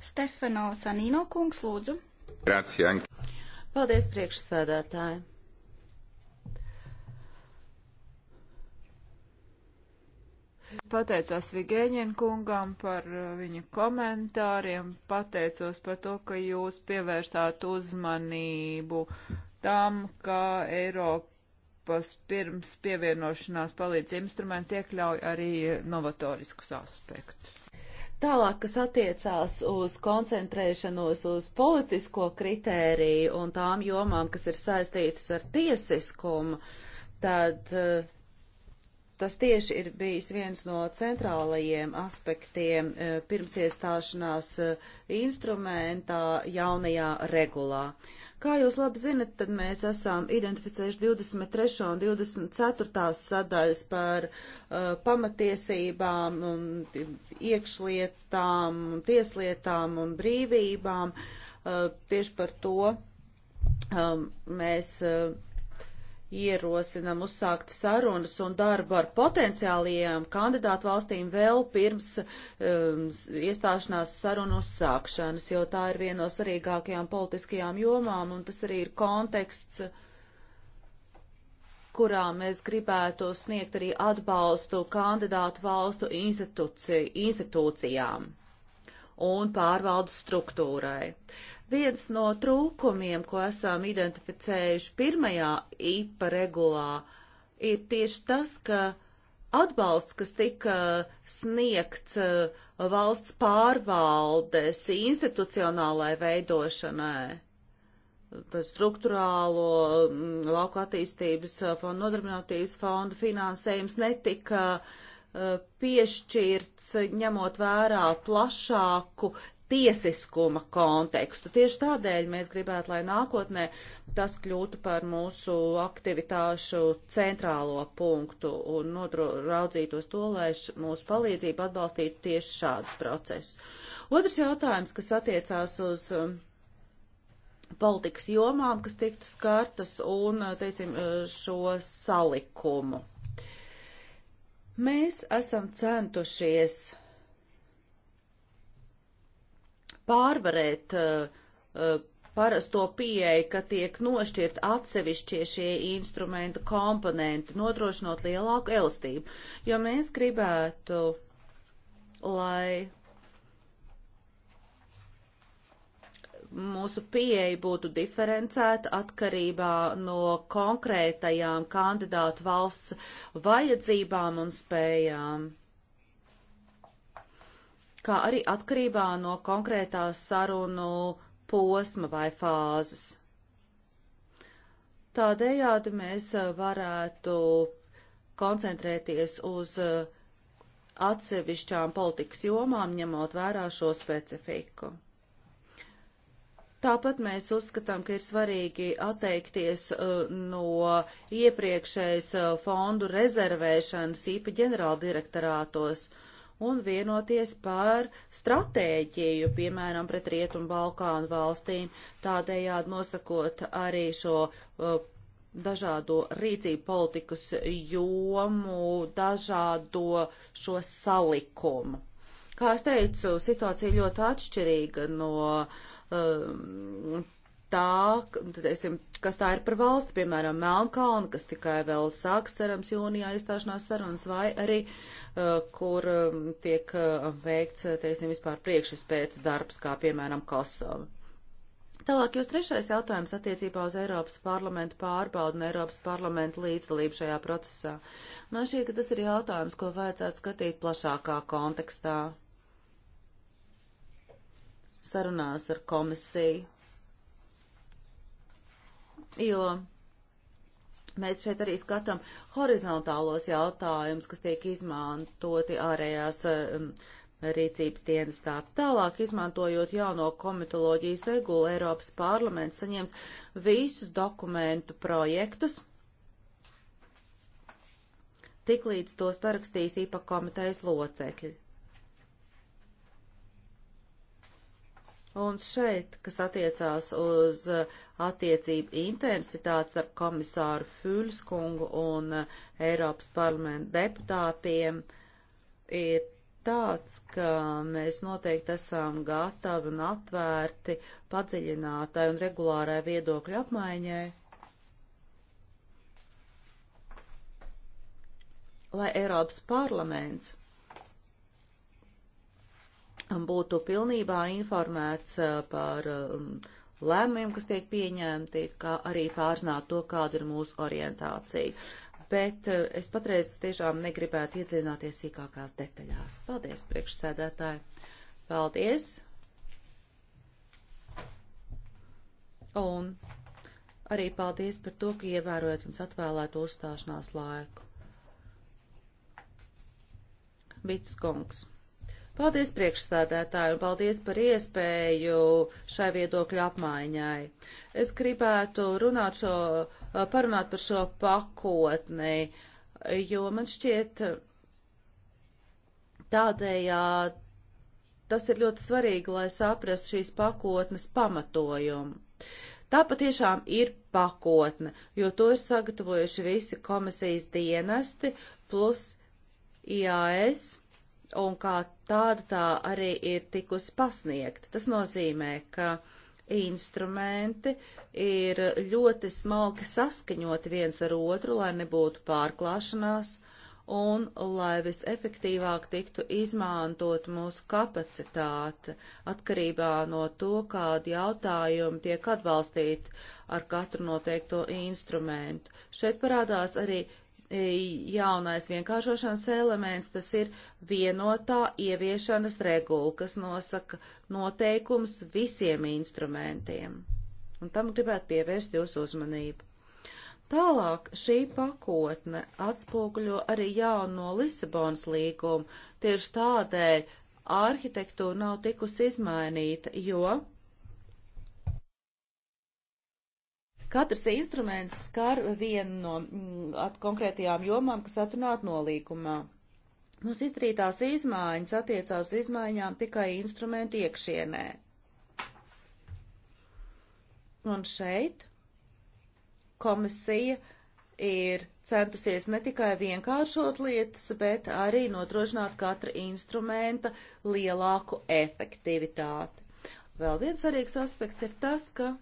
Stefano Sanino kungs, lūdzu. Paldies, priekšsēdētāji! Pateicos Vigēņien kungam par uh, viņa komentāriem, pateicos par to, ka jūs pievērsāt uzmanību tam, ka Eiropas pirms pievienošanās palīdz instruments iekļauj arī novatoriskus aspektus. Tālāk, kas attiecās uz koncentrēšanos uz politisko kritēriju un tām jomām, kas ir saistītas ar tiesiskumu, tad eh, tas tieši ir bijis viens no centrālajiem aspektiem eh, pirms iestāšanās eh, instrumentā jaunajā regulā. Kā jūs labi zinat, tad mēs esam identificējuši 23. un 24. sadaļas par uh, pamatiesībām, un iekšlietām, un tieslietām un brīvībām. Uh, tieši par to um, mēs. Uh, ierosinam uzsākt sarunas un darbu ar potenciālajiem kandidātu valstīm vēl pirms um, iestāšanās sarunu uzsākšanas, jo tā ir viena no svarīgākajām politiskajām jomām, un tas arī ir konteksts, kurā mēs gribētu sniegt arī atbalstu kandidātu valstu institūcijām un pārvaldes struktūrai. Viens no trūkumiem, ko esam identificējuši pirmajā IPA regulā, ir tieši tas, ka atbalsts, kas tika sniegts uh, valsts pārvaldes institucionālai veidošanai, struktūrālo um, lauku attīstības uh, fondu, nodarbinātības fondu finansējums netika uh, piešķirts ņemot vērā plašāku tiesiskuma kontekstu. Tieši tādēļ mēs gribētu, lai nākotnē tas kļūtu par mūsu aktivitāšu centrālo punktu un raudzītos to, lai mūsu palīdzību atbalstītu tieši šādus procesus. Otrs jautājums, kas attiecās uz um, politikas jomām, kas tiktu skartas un, uh, teiksim, uh, šo salikumu. Mēs esam centušies pārvarēt uh, parasto pieeju, ka tiek nošķirt atsevišķie šie instrumentu komponenti, nodrošinot lielāku elastību, jo mēs gribētu, lai mūsu pieeja būtu diferencēta atkarībā no konkrētajām kandidātu valsts vajadzībām un spējām kā arī atkarībā no konkrētās sarunu posma vai fāzes. Tādējādi mēs uh, varētu koncentrēties uz uh, atsevišķām politikas jomām, ņemot vērā šo specifiku. Tāpat mēs uzskatām, ka ir svarīgi atteikties uh, no iepriekšējas fondu rezervēšanas īpa ģenerāldirektorātos direktorātos un vienoties par stratēģiju, piemēram, pret Rietumu Balkānu valstīm, tādējādi nosakot arī šo uh, dažādo rīcību politikas jomu, dažādo šo salikumu. Kā es teicu, situācija ļoti atšķirīga no um, tā, nu, teiksim, kas tā ir par valsti, piemēram, Melnkalna, kas tikai vēl sāks, cerams, jūnijā izstāšanās sarunas, vai arī, uh, kur um, tiek uh, veikts, uh, teiksim, vispār priekšespēc darbs, kā, piemēram, Kosova. Tālāk jūs trešais jautājums attiecībā uz Eiropas parlamentu pārbaudu un Eiropas parlamentu līdzdalību šajā procesā. Man šķiet, ka tas ir jautājums, ko vajadzētu skatīt plašākā kontekstā sarunās ar komisiju jo mēs šeit arī skatām horizontālos jautājumus, kas tiek izmantoti ārējās um, rīcības dienestā. Tālāk, izmantojot jauno komitoloģijas regulu, Eiropas parlaments saņems visus dokumentu projektus, tiklīdz tos parakstīs IPA komitejas locekļi. Un šeit, kas attiecās uz uh, attiecību intensitāti starp komisāru Fülskungu un eh, Eiropas parlamenta deputātiem ir tāds, ka mēs noteikti esam gatavi un atvērti padziļinātai un regulārai viedokļu apmaiņai. Lai Eiropas parlaments būtu pilnībā informēts eh, par um, lēmumiem, kas tiek pieņemti, kā arī pārzināt to, kāda ir mūsu orientācija. Bet eh, es patreiz tiešām negribētu iedzināties sīkākās detaļās. Paldies, priekšsēdētāji! Paldies! Un arī paldies par to, ka ievērojat jums atvēlēto uzstāšanās laiku. Vits Kongs. Paldies priekšsādētāju un paldies par iespēju šai viedokļu apmaiņai. Es gribētu runāt šo, parunāt par šo pakotni, jo man šķiet tādējādi tas ir ļoti svarīgi, lai saprastu šīs pakotnes pamatojumu. Tā patiešām ir pakotne, jo to ir sagatavojuši visi komisijas dienesti plus IAS un kā tāda tā arī ir tikusi pasniegta. Tas nozīmē, ka instrumenti ir ļoti smalki saskaņoti viens ar otru, lai nebūtu pārklāšanās un lai visefektīvāk tiktu izmantot mūsu kapacitāte atkarībā no to, kādi jautājumi tiek atbalstīti ar katru noteikto instrumentu. Šeit parādās arī jaunais vienkāršošanas elements, tas ir vienotā ieviešanas regula, kas nosaka noteikums visiem instrumentiem. Un tam gribētu pievērst jūsu uzmanību. Tālāk šī pakotne atspoguļo arī jauno Lisabonas līgumu, tieši tādēļ arhitektūra nav tikusi izmainīta, jo Katrs instruments skar vienu no mm, konkrētajām jomām, kas atrunāt nolīkumā. Mūsu izdarītās izmaiņas attiecās izmaiņām tikai instrumentu iekšienē. Un šeit komisija ir centusies ne tikai vienkāršot lietas, bet arī nodrošināt katra instrumenta lielāku efektivitāti. Vēl viens svarīgs aspekts ir tas, ka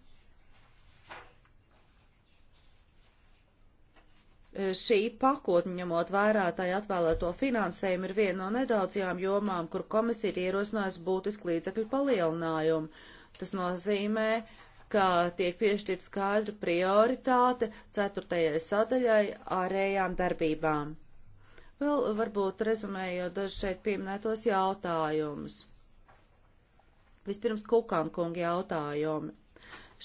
šī pakotne, ņemot vērā tai atvēlēto finansējumu, ir viena no nedaudzajām jomām, kur komisija ir ierosinājusi būtisku līdzekļu palielinājumu. Tas nozīmē, ka tiek piešķirta skaidra prioritāte ceturtajai sadaļai ārējām darbībām. Vēl varbūt rezumējot dažus šeit pieminētos jautājumus. Vispirms Kukankunga jautājumi.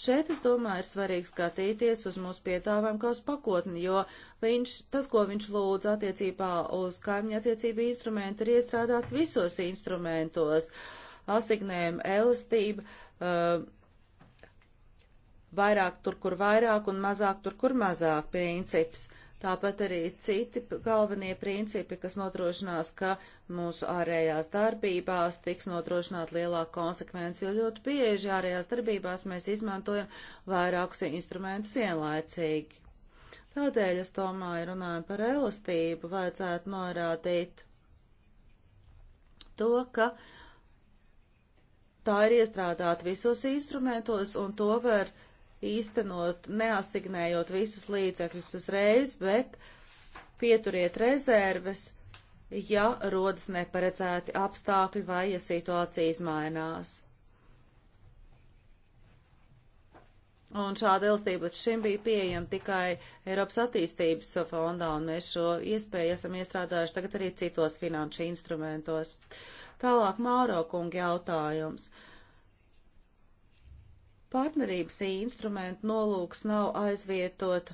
Šeit, es domāju, ir svarīgi skatīties uz mūsu pietāvājumu kā uz pakotni, jo viņš, tas, ko viņš lūdz attiecībā uz kaimiņu attiecību instrumentu, ir iestrādāts visos instrumentos - asignējuma elastība, uh, vairāk tur, kur vairāk un mazāk tur, kur mazāk princips. Uh, tāpat arī citi galvenie principi, kas nodrošinās, ka mūsu ārējās darbībās tiks nodrošināt lielāka konsekvence, jo ļoti bieži ārējās darbībās mēs izmantojam vairākus instrumentus vienlaicīgi. Tādēļ es domāju, runājot par elastību, vajadzētu norādīt to, ka tā ir iestrādāta visos instrumentos un to var uh, īstenot, neasignējot visus līdzekļus uzreiz, bet pieturiet rezerves, ja rodas neparedzēti apstākļi vai ja situācija izmainās. Un šāda elastība līdz šim bija pieejama tikai Eiropas attīstības fondā, un mēs šo iespēju esam iestrādājuši tagad arī citos finanšu instrumentos. Tālāk Māro kunga jautājums. Uh, Partnerības instrumentu nolūks nav aizvietot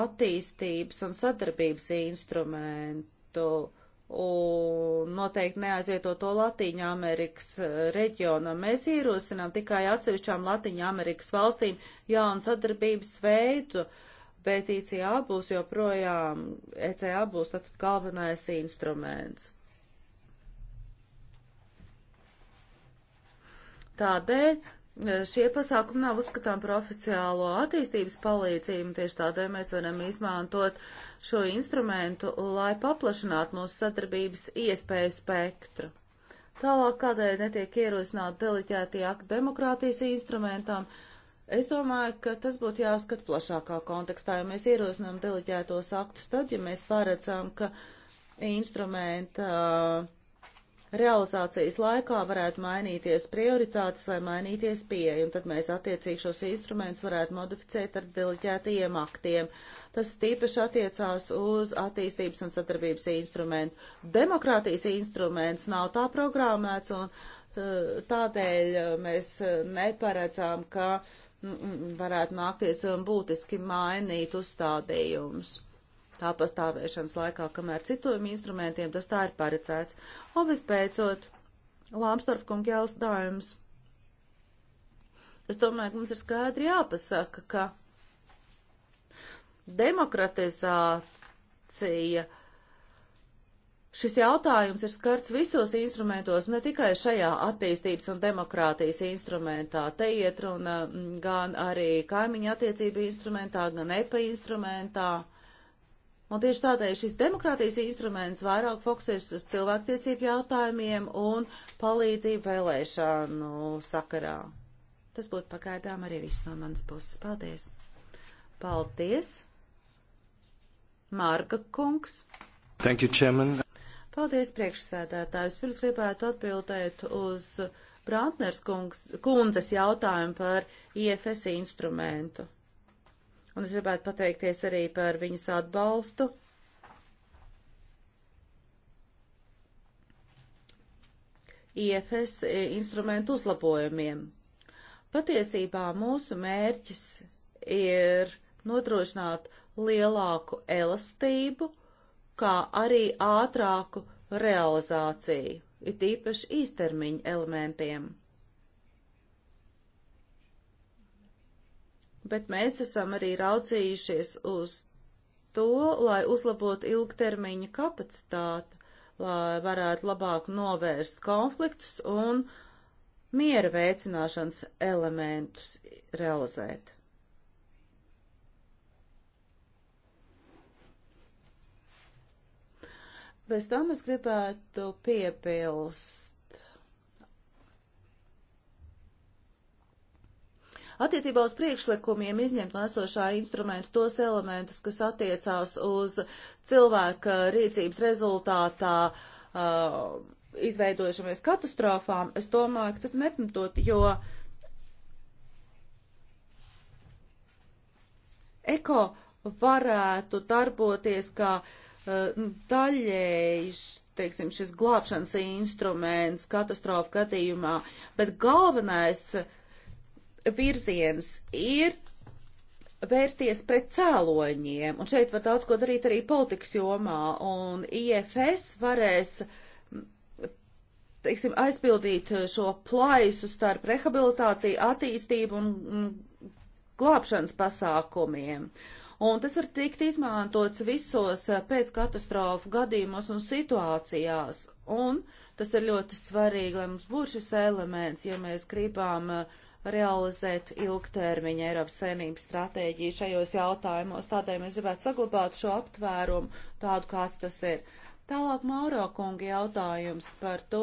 attīstības un sadarbības instrumentu un noteikti neaizvieto to Latīņa Amerikas eh, reģionam. Mēs ierosinām tikai atsevišķām Latīņa Amerikas valstīm jaunu sadarbības veidu, bet ICA būs joprojām, ECA būs tad galvenais instruments. Tādēļ Šie pasākumi nav uzskatām par oficiālo attīstības palīdzību, tieši tādēļ mēs varam izmantot šo instrumentu, lai paplašinātu mūsu sadarbības iespēju spektru. Tālāk, kādēļ netiek ierosināt deliķētie akti demokrātijas instrumentam, es domāju, ka tas būtu jāskat plašākā kontekstā, ja mēs ierosinām deliķētos aktus tad, ja mēs paredzam, ka instrumenta uh, realizācijas laikā varētu mainīties prioritātes vai mainīties pieeja, un tad mēs attiecīgi šos instrumentus varētu modificēt ar deliģētajiem aktiem. Tas tīpaši attiecās uz attīstības un sadarbības instrumentu. Demokrātijas instruments nav tā programmēts, un eh, tādēļ eh, mēs eh, neparedzām, ka mm, mm, varētu nākties būtiski mainīt uzstādījumus tā pastāvēšanas laikā, kamēr citiem instrumentiem tas tā ir paredzēts. Un vispēcot, Lāmstorf kungi jautājums. Es domāju, ka mums ir skaidri jāpasaka, ka demokratizācija. Šis jautājums ir skarts visos instrumentos, ne tikai šajā attīstības un demokrātijas instrumentā. Te iet runa gan arī kaimiņa attiecību instrumentā, gan EPA instrumentā. Un tieši tādēļ šis demokrātijas instruments vairāk fokusēs uz cilvēktiesību jautājumiem un palīdzību vēlēšanu sakarā. Tas būtu pagaidām arī viss no manas puses. Paldies! Paldies! Marga kungs! Thank you, Chairman! Paldies, priekšsēdētājs! Pirms gribētu atbildēt uz Brantners kungs, kundzes jautājumu par IFS instrumentu un es gribētu pateikties arī par viņas atbalstu. IFS instrumentu uzlabojumiem. Patiesībā mūsu mērķis ir nodrošināt lielāku elastību, kā arī ātrāku realizāciju, it īpaši īstermiņa elementiem. bet mēs esam arī raucījušies uz to, lai uzlabotu ilgtermiņa kapacitāti, lai varētu labāk novērst konfliktus un miera veicināšanas elementus realizēt. Bez tam es gribētu piebilst Attiecībā uz priekšlikumiem izņemt no esošā instrumenta tos elementus, kas attiecās uz cilvēka rīcības rezultātā uh, izveidošamies katastrofām, es domāju, ka tas nepamatot, jo eko varētu darboties kā uh, daļēji, teiksim, šis glābšanas instruments katastrofu gadījumā, bet galvenais uh, virziens ir vērsties pret cēloņiem, un šeit var daudz ko darīt arī politikas jomā, un IFS varēs, teiksim, aizpildīt šo plaisu starp rehabilitāciju, attīstību un glābšanas pasākumiem. Un tas var tikt izmantots visos pēckatastrofu gadījumos un situācijās, un tas ir ļoti svarīgi, lai mums būtu šis elements, ja mēs gribam uh, realizēt ilgtermiņa Eiropas saimnības stratēģiju šajos jautājumos. Tādēļ mēs gribētu saglabāt šo aptvērumu tādu, kāds tas ir. Tālāk Mauro kunga jautājums par to,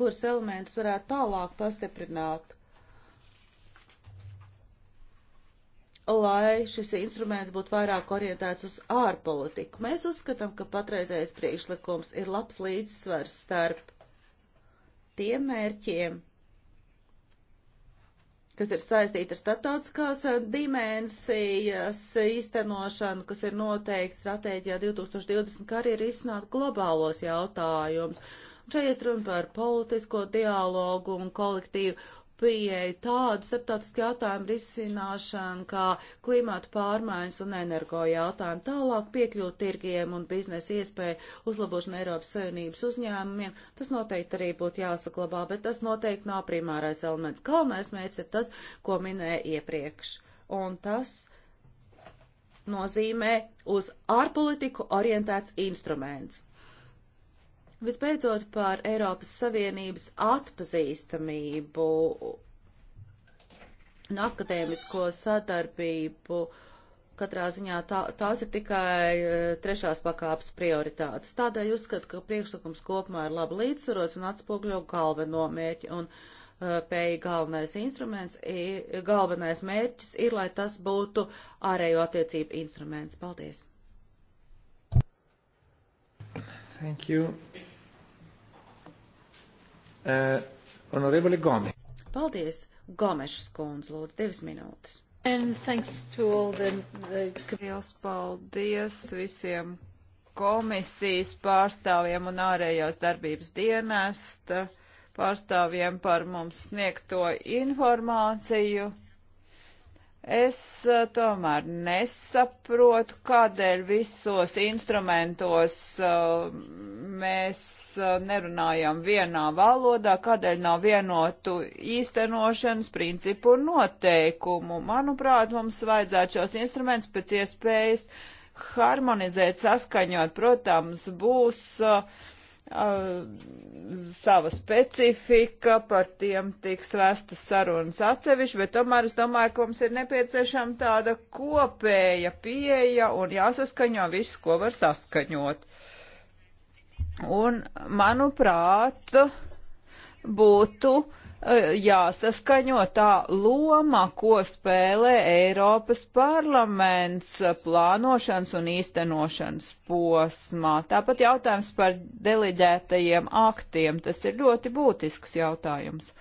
kurus elementus varētu tālāk pastiprināt, lai šis instruments būtu vairāk orientēts uz ārpolitiku. Mēs uzskatām, ka patreizējais priekšlikums ir labs līdzsvars starp tiem mērķiem, kas ir saistīta ar statautiskās eh, dimensijas īstenošanu, kas ir noteikti stratēģijā 2020, kā arī risināt globālos jautājumus. Šeit runa par politisko dialogu un kolektīvu pieeju tādu starptautisku jautājumu risināšanu kā klimatu pārmaiņas un energo jautājumu, tālāk piekļūt tirgiem un biznesa iespēju uzlabošanu Eiropas Savienības uzņēmumiem. Tas noteikti arī būtu jāsaklabā, bet tas noteikti nav primārais elements. Galvenais mērķis ir tas, ko minēja iepriekš. Un tas nozīmē uz ārpolitiku orientēts instruments. Visbeidzot par Eiropas Savienības atpazīstamību un akadēmisko sadarbību. Katrā ziņā tā, tās ir tikai e, trešās pakāpes prioritātes. Tādēļ uzskatu, ka priekšlikums kopumā ir labi līdzsvarots un atspogļo galveno mērķi. Un e, pēja galvenais instruments, galvenais mērķis ir, lai tas būtu ārējo attiecību instruments. Paldies! Thank you. Uh, eh, Honorable Gomes. Paldies, Gomešas kundze, lūdzu, divas minūtes. And thanks to all the... Liels paldies visiem komisijas pārstāvjiem un ārējās darbības dienesta pārstāvjiem par mums sniegto informāciju. Es eh, tomēr nesaprotu, kādēļ visos instrumentos eh, mēs eh, nerunājam vienā valodā, kādēļ nav vienotu īstenošanas principu un noteikumu. Manuprāt, mums vajadzētu šos instrumentus pēc iespējas harmonizēt, saskaņot. Protams, būs uh, sava specifika, par tiem tiks vēstas sarunas atsevišķi, bet tomēr es domāju, ka mums ir nepieciešama tāda kopēja pieeja un jāsaskaņo viss, ko var saskaņot. Un, manuprāt, būtu uh, Eh, jāsaskaņo tā loma, ko spēlē Eiropas parlaments plānošanas un īstenošanas posmā. Tāpat jautājums par deleģētajiem aktiem. Tas ir ļoti būtisks jautājums.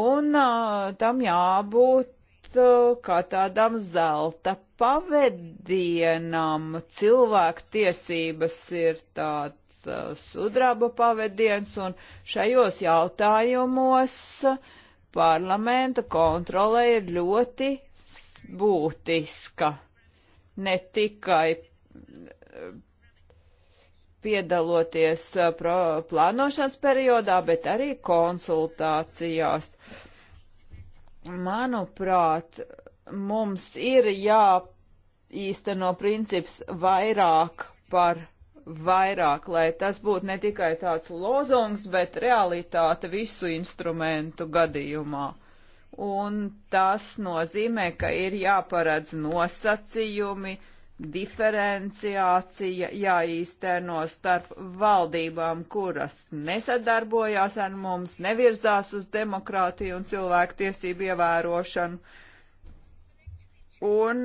Un uh, tam jābūt uh, kā tādam zelta pavadienam. Cilvēku tiesības ir tāda Uh, sudraba pavadiens, un šajos jautājumos parlamenta kontrole ir ļoti būtiska. Ne tikai uh, piedaloties uh, plānošanas periodā, bet arī konsultācijās. Manuprāt, mums ir jāīsteno princips vairāk par vairāk, lai tas būtu ne tikai tāds lozungs, bet realitāte visu instrumentu gadījumā. Un tas nozīmē, ka ir jāparedz nosacījumi, diferenciācija jāīsteno starp valdībām, kuras nesadarbojās ar mums, nevirzās uz demokrātiju un cilvēktiesību ievērošanu, un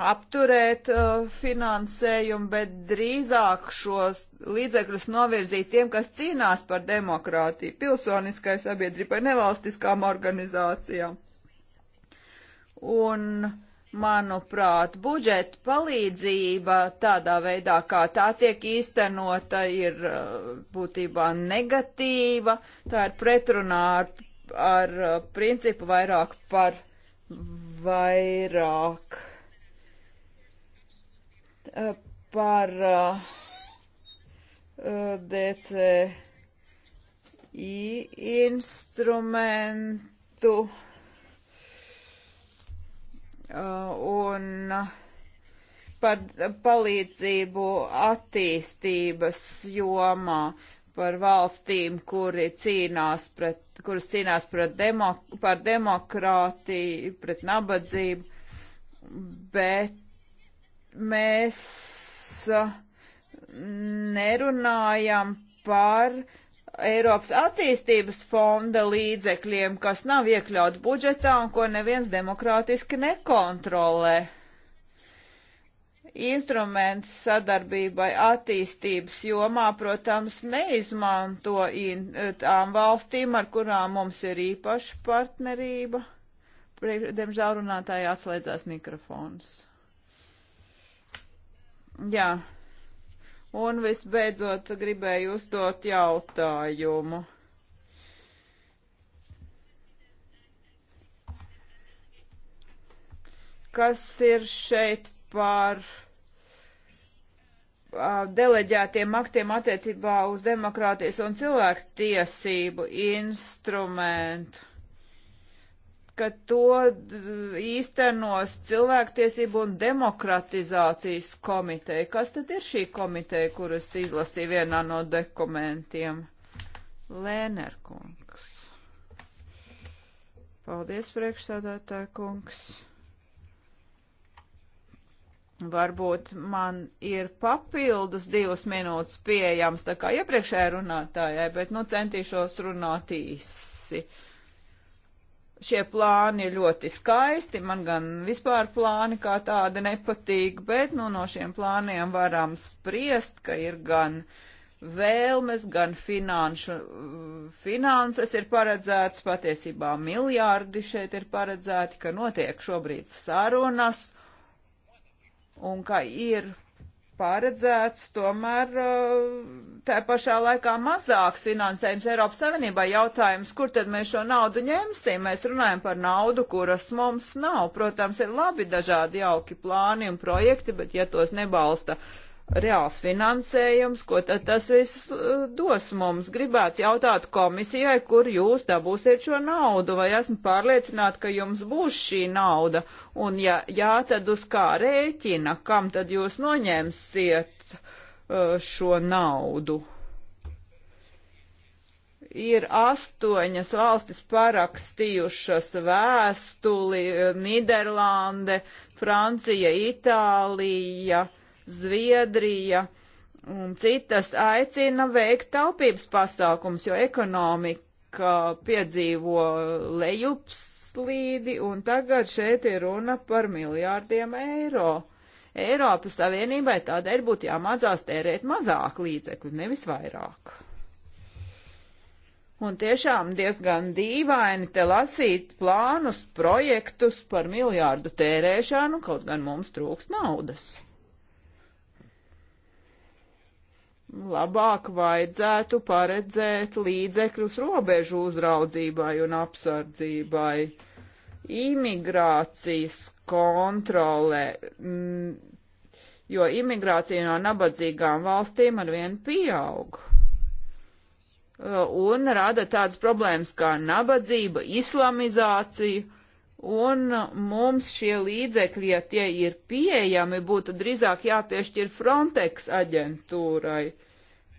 apturēt uh, finansējumu, bet drīzāk šos līdzekļus novirzīt tiem, kas cīnās par demokrātiju, pilsoniskai sabiedrībai, nevalstiskām organizācijām. Un, manuprāt, budžeta palīdzība tādā veidā, kā tā tiek īstenota, ir uh, būtībā negatīva, tā ir pretrunā ar, ar uh, principu vairāk par vairāk Eh, par eh, eh, DCI instrumentu un par palīdzību attīstības jomā par valstīm, kuri cīnās pret, kuras cīnās pret demok par demokrātiju, pret nabadzību, bet mēs uh, nerunājam par Eiropas attīstības fonda līdzekļiem, kas nav iekļauti budžetā un ko neviens demokrātiski nekontrolē. Instruments sadarbībai attīstības jomā, protams, neizmanto in, eh, tām valstīm, ar kurām mums ir īpaša partnerība. Diemžēl runātāji atslēdzās mikrofons. Jā. Un visbeidzot gribēju uzdot jautājumu. Kas ir šeit par deleģētiem aktiem attiecībā uz demokrātijas un cilvēku tiesību instrumentu? ka to īstenos cilvēktiesību un demokratizācijas komiteja. Kas tad ir šī komiteja, kuras izlasīju vienā no dokumentiem? Lēnerkungs. Paldies, priekšsādātāja kungs. Varbūt man ir papildus divas minūtes pieejams, tā kā iepriekšējā runātājai, bet nu centīšos runāt īsi. Uh, Šie plāni ir ļoti skaisti, man gan vispār plāni kā tādi nepatīk, bet nu, no šiem plāniem varam spriest, ka ir gan vēlmes, gan finanšu, finanses ir paredzētas, patiesībā miljārdi šeit ir paredzēti, ka notiek šobrīd sarunas un ka ir paredzēts tomēr uh, tā pašā laikā mazāks finansējums Eiropas Savienībā. Jautājums, kur tad mēs šo naudu ņemsim? Mēs runājam par naudu, kuras mums nav. Protams, ir labi dažādi jauki plāni un projekti, bet ja tos nebalsta reāls finansējums, ko tad tas viss uh, dos mums. Gribētu jautāt komisijai, kur jūs dabūsiet šo naudu, vai esmu pārliecināta, ka jums būs šī nauda, un ja jā, tad uz kā rēķina, kam tad jūs noņemsiet uh, šo naudu. Ir astoņas valstis parakstījušas vēstuli, Niderlande, Francija, Itālija, uh, Zviedrija un citas aicina veikt taupības pasākums, jo ekonomika piedzīvo lejupslīdi, un tagad šeit ir runa par miljārdiem eiro. Eiropas Savienībai tādēļ būtu jāmācās tērēt mazāk līdzekļu, nevis vairāk. Un tiešām diezgan dīvaini te lasīt plānus, projektus par miljārdu tērēšanu, kaut gan mums trūks naudas. labāk vajadzētu paredzēt līdzekļus robežu uzraudzībai un apsardzībai, imigrācijas kontrolē, mm, jo imigrācija no nabadzīgām valstīm arvien pieaug uh, un rada tādas problēmas kā nabadzība, islamizācija Un mums šie līdzekļi, ja tie ir pieejami, būtu drīzāk jāpiešķir Frontex aģentūrai.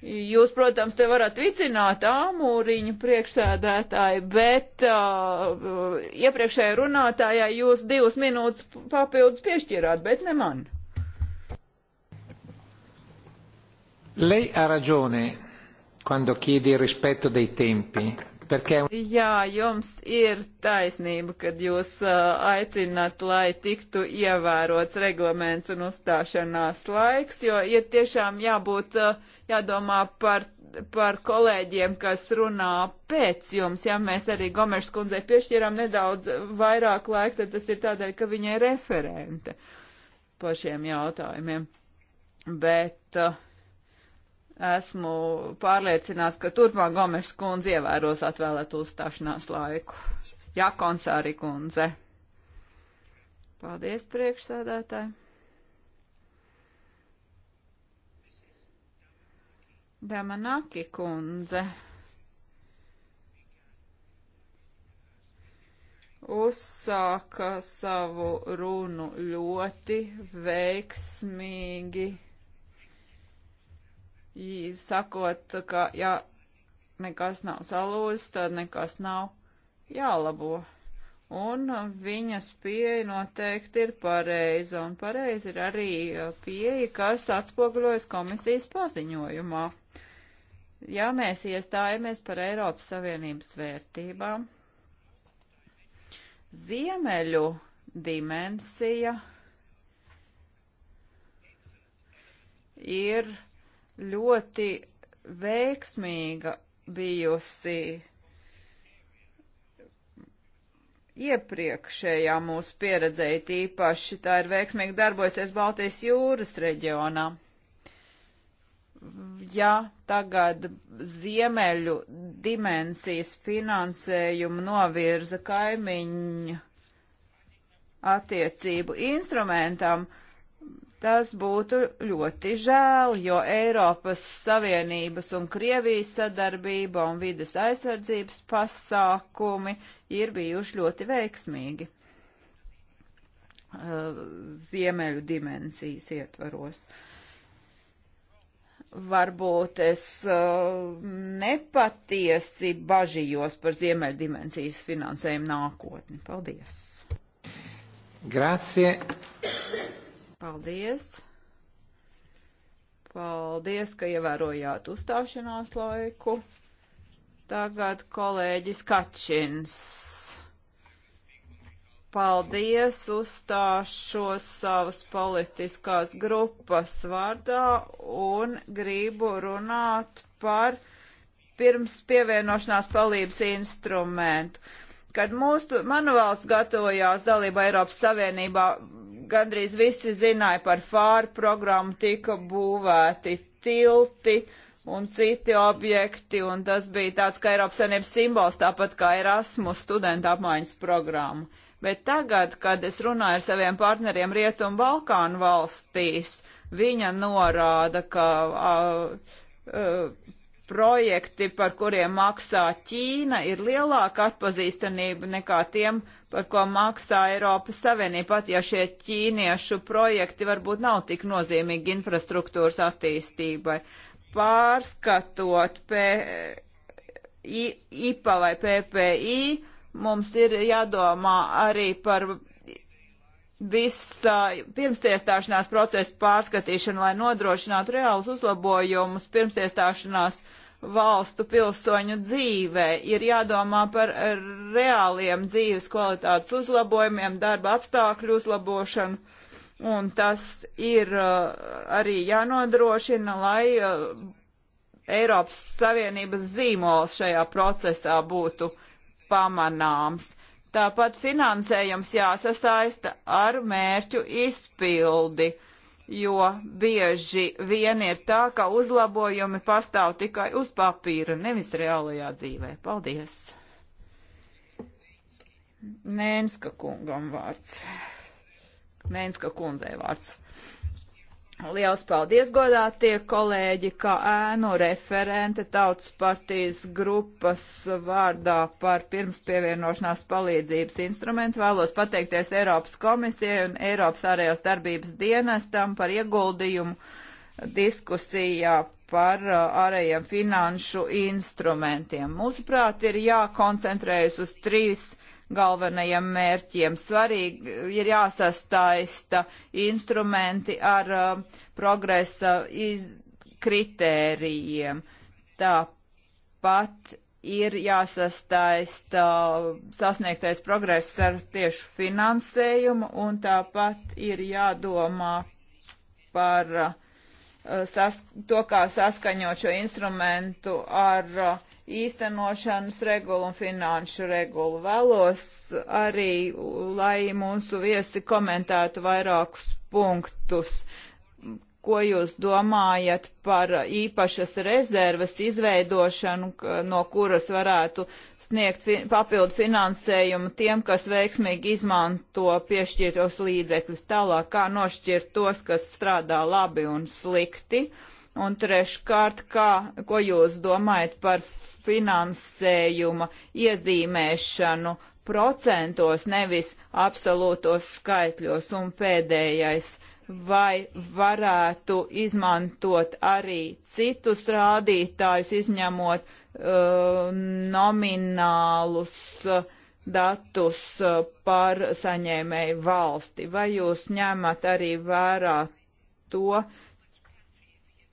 Jūs, protams, te varat vicināt āmūriņu priekšsēdētāji, bet uh, iepriekšējai runātājai jūs divas minūtes papildus piešķirāt, bet ne man. Lei ha ragione quando chiede il rispetto dei tempi. Perché... Jā, jums ir taisnība, kad jūs uh, aicināt, lai tiktu ievērots reglaments un uzstāšanās laiks, jo ir tiešām jābūt, uh, jādomā par, par kolēģiem, kas runā pēc jums. Ja mēs arī Gomešs kundzei piešķirām nedaudz vairāk laika, tad tas ir tādēļ, ka viņa ir referente par šiem jautājumiem. Bet uh, Esmu pārliecināts, ka turpmāk Gomes kundze ievēros atvēlētu uzstāšanās laiku. Jā, koncāri kundze. Paldies, priekšsēdētāji. Damanaki kundze uzsāka savu runu ļoti veiksmīgi sakot, ka ja nekas nav salūzis, tad nekas nav jālabo. Un viņas pieeja noteikti ir pareiza, un pareizi ir arī uh, pieeja, kas atspoguļojas komisijas paziņojumā. Ja mēs iestājamies par Eiropas Savienības vērtībām, ziemeļu dimensija ir ļoti veiksmīga bijusi iepriekšējā mūsu pieredzē, tīpaši tā ir veiksmīgi darbojusies Baltijas jūras reģionā. Ja tagad ziemeļu dimensijas finansējumu novirza kaimiņu attiecību instrumentam, uh, Tas būtu ļoti žēl, jo Eiropas Savienības un Krievijas sadarbība un vidas aizsardzības pasākumi ir bijuši ļoti veiksmīgi uh, ziemeļu dimensijas ietvaros. Varbūt es uh, nepatiesi bažījos par ziemeļu dimensijas finansējumu nākotni. Paldies! Grazie! Paldies! Paldies, ka ievērojāt uzstāšanās laiku. Tagad kolēģis Kačins. Paldies, uzstāšos savas politiskās grupas vārdā un gribu runāt par pirms pievienošanās palīdzības instrumentu. Kad mūsu, manu valsts gatavojās dalība Eiropas Savienībā, gandrīz visi zināja par fāru programmu, tika būvēti tilti un citi objekti, un tas bija tāds kā Eiropas Savienības simbols, tāpat kā Erasmus studenta apmaiņas programma. Bet tagad, kad es runāju ar saviem partneriem Rietumu Balkānu valstīs, viņa norāda, ka a, a, projekti, par kuriem maksā Ķīna, ir lielāka atpazīstamība nekā tiem par ko maksā Eiropas Savienība, pat ja šie ķīniešu projekti varbūt nav tik nozīmīgi infrastruktūras attīstībai. Pārskatot P, I, IPA vai PPI, mums ir jādomā arī par viss pirmstiestāšanās procesu pārskatīšanu, lai nodrošinātu reālus uzlabojumus pirmstiestāšanās procesu valstu pilsoņu dzīvē. Ir jādomā par reāliem dzīves kvalitātes uzlabojumiem, darba apstākļu uzlabošanu. Un tas ir uh, arī jānodrošina, lai uh, Eiropas Savienības zīmols šajā procesā būtu pamanāms. Tāpat finansējums jāsasaista ar mērķu izpildi. Uh, jo bieži vien ir tā, ka uzlabojumi pastāv tikai uz papīra, nevis reālajā dzīvē. Paldies! Nēnska kungam vārds. Nēnska kundzei vārds. Liels paldies, godātie kolēģi, kā ēnu referente Tautas partijas grupas vārdā par pirmspievienošanās palīdzības instrumentu. Vēlos pateikties Eiropas komisijai un Eiropas ārējās darbības dienestam par ieguldījumu diskusijā par uh, ārējiem finanšu instrumentiem. Mūsuprāt, ir jākoncentrējas uz trīs galvenajiem mērķiem. Svarīgi eh, ir jāsastaista instrumenti ar uh, progresa iz, kritērijiem. Tāpat ir jāsastaista eh, sasniegtais progress ar tiešu finansējumu un tāpat ir jādomā par uh, sas, to, kā saskaņot šo instrumentu ar uh, īstenošanas regulu un finanšu regulu. Vēlos arī, lai mūsu viesi komentētu vairākus punktus. Ko jūs domājat par īpašas rezerves izveidošanu, no kuras varētu sniegt fi papildu finansējumu tiem, kas veiksmīgi izmanto piešķirtos līdzekļus tālāk, kā nošķirt tos, kas strādā labi un slikti? Uh, Un treškārt, kā, ko jūs domājat par finansējuma iezīmēšanu procentos, nevis absolūtos skaitļos? Un pēdējais, vai varētu izmantot arī citus rādītājus, izņemot uh, nominālus uh, datus uh, par saņēmēju valsti? Vai jūs ņemat arī vērā to, uh,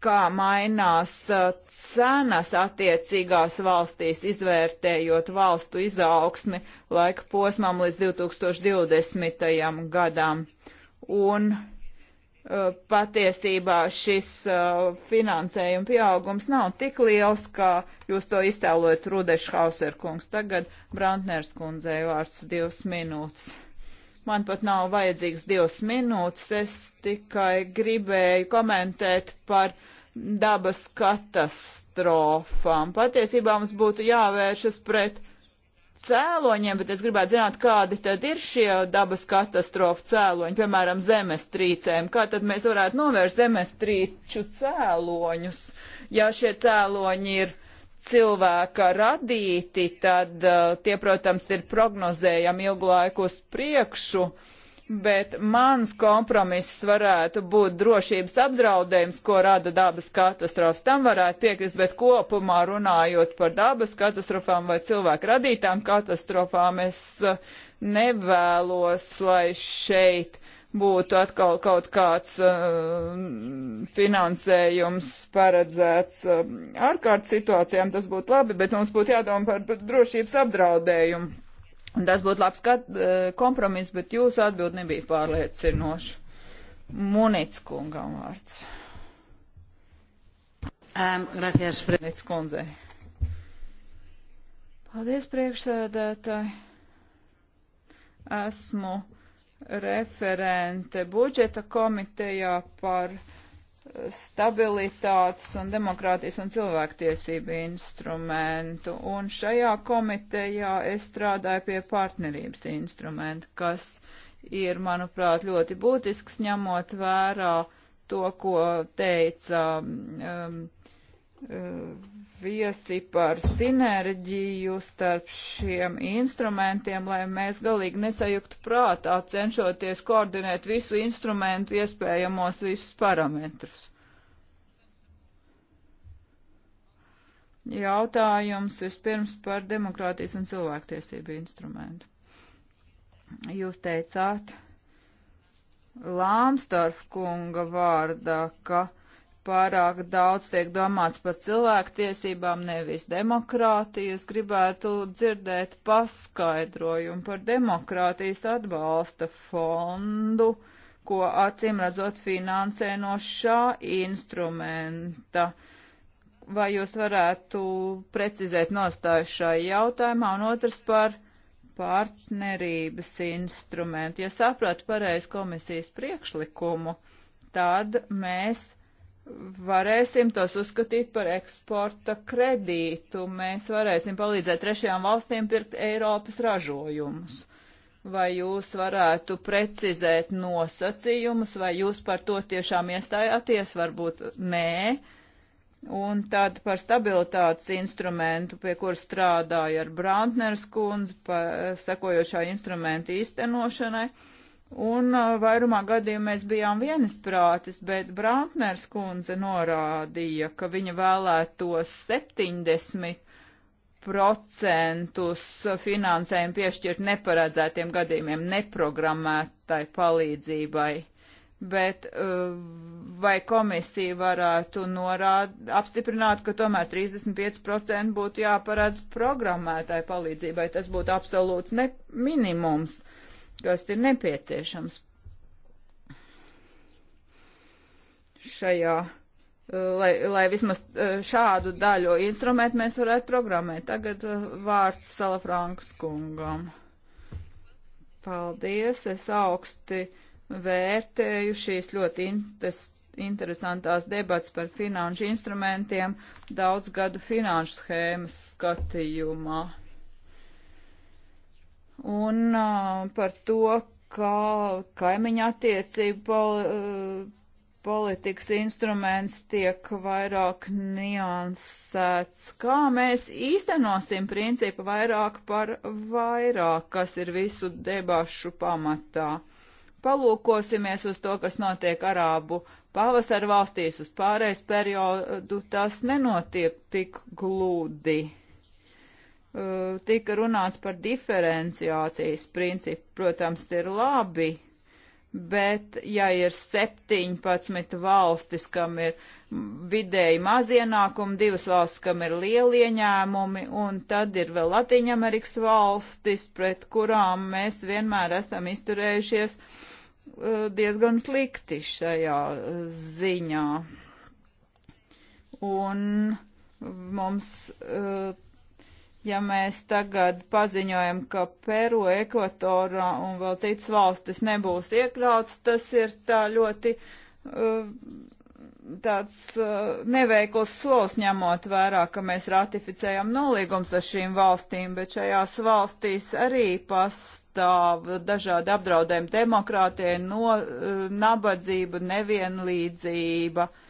kā mainās uh, cenas attiecīgās valstīs, izvērtējot valstu izaugsmi laika posmam līdz 2020. gadam. Un uh, patiesībā šis uh, finansējuma pieaugums nav tik liels, kā jūs to iztēlojat Rudešhauser kungs. Tagad Brantners kundzei vārds divas minūtes. Man pat nav vajadzīgs divas minūtes. Es tikai gribēju komentēt par dabas katastrofām. Patiesībā mums būtu jāvēršas pret cēloņiem, bet es gribētu zināt, kādi tad ir šie dabas katastrofu cēloņi, piemēram, zemestrīcēm. Kā tad mēs varētu novērst zemestrīču cēloņus, ja šie cēloņi ir cilvēka radīti, tad eh, tie, protams, ir prognozējami ilgu laiku uz priekšu, bet mans kompromiss varētu būt drošības apdraudējums, ko rada dabas katastrofas. Tam varētu piekrist, bet kopumā runājot par dabas katastrofām vai cilvēku radītām katastrofām, es eh, nevēlos, lai šeit uh, būtu atkal kaut kāds uh, finansējums paredzēts uh, ārkārtas situācijām, tas būtu labi, bet mums būtu jādomā par, par drošības apdraudējumu. Un tas būtu labs kat, uh, kompromiss, bet jūsu atbild nebija pārliecinoša. Munits kungam vārds. Um, gracias, Munits kundzei. Paldies, priekšsēdētāji. Esmu referente budžeta komitejā par stabilitātes un demokrātijas un cilvēktiesību instrumentu. Un šajā komitejā es strādāju pie partnerības instrumenta, kas ir, manuprāt, ļoti būtisks, ņemot vērā to, ko teica um, um, viesi par sinerģiju starp šiem instrumentiem, lai mēs galīgi nesajuktu prātā, cenšoties koordinēt visu instrumentu iespējamos visus parametrus. Jautājums vispirms par demokrātijas un cilvēktiesību instrumentu. Jūs teicāt Lāmstarf kunga vārdā, ka pārāk daudz tiek domāts par cilvēktiesībām, nevis demokrātiju. Es gribētu dzirdēt paskaidrojumu par demokrātijas atbalsta fondu, ko acīm redzot finansē no šā instrumenta. Vai jūs varētu precizēt nostāju šai jautājumā un otrs par partnerības instrumentu? Ja sapratu pareizi komisijas priekšlikumu, tad mēs varēsim tos uzskatīt par eksporta kredītu. Mēs varēsim palīdzēt trešajām valstīm pirkt Eiropas ražojumus. Vai jūs varētu precizēt nosacījumus, vai jūs par to tiešām iestājāties? Varbūt nē. Un tad par stabilitātes instrumentu, pie kur strādāja ar Brantners kundzi, sekojošā instrumenta īstenošanai. Uh, Un vairumā gadījumā mēs bijām vienisprātis, bet Brantners kundze norādīja, ka viņa vēlētos 70% finansējumu piešķirt neparedzētiem gadījumiem, neprogrammētai palīdzībai. Bet vai komisija varētu norād, apstiprināt, ka tomēr 35% būtu jāparādz programmētai palīdzībai? Tas būtu absolūts ne minimums. Uh, kas ir nepieciešams šajā eh, lai, lai vismaz eh, šādu daļu instrumentu mēs varētu programmēt. Tagad eh, vārds Salafrankas kungam. Paldies, es augsti vērtēju šīs ļoti intes, interesantās debats par finanšu instrumentiem daudz gadu finanšu schēmas skatījumā un uh, par to, kā kaimiņa attiecību poli politikas instruments tiek vairāk niansēts. Kā mēs īstenosim principu vairāk par vairāk, kas ir visu debašu pamatā? Palūkosimies uz to, kas notiek Arābu pavasaru valstīs uz pārējais periodu, tas nenotiek tik glūdi. Eh, tika runāts par diferenciācijas principu. Protams, ir labi, bet ja ir 17 valstis, kam ir vidēji mazienākumi, divas valstis, kam ir lieli ieņēmumi, un tad ir vēl Latīņamerikas valstis, pret kurām mēs vienmēr esam izturējušies eh, diezgan slikti šajā eh, ziņā. Un mums uh, ja mēs tagad paziņojam, ka Peru, Ekvatora un vēl citas valstis nebūs iekļauts, tas ir tā ļoti uh, tāds uh, neveikls solis ņemot vērā, ka mēs ratificējam nolīgums ar šīm valstīm, bet šajās valstīs arī pastāv dažādi apdraudējumi demokrātijai, no, uh, nabadzība, nevienlīdzība. Uh,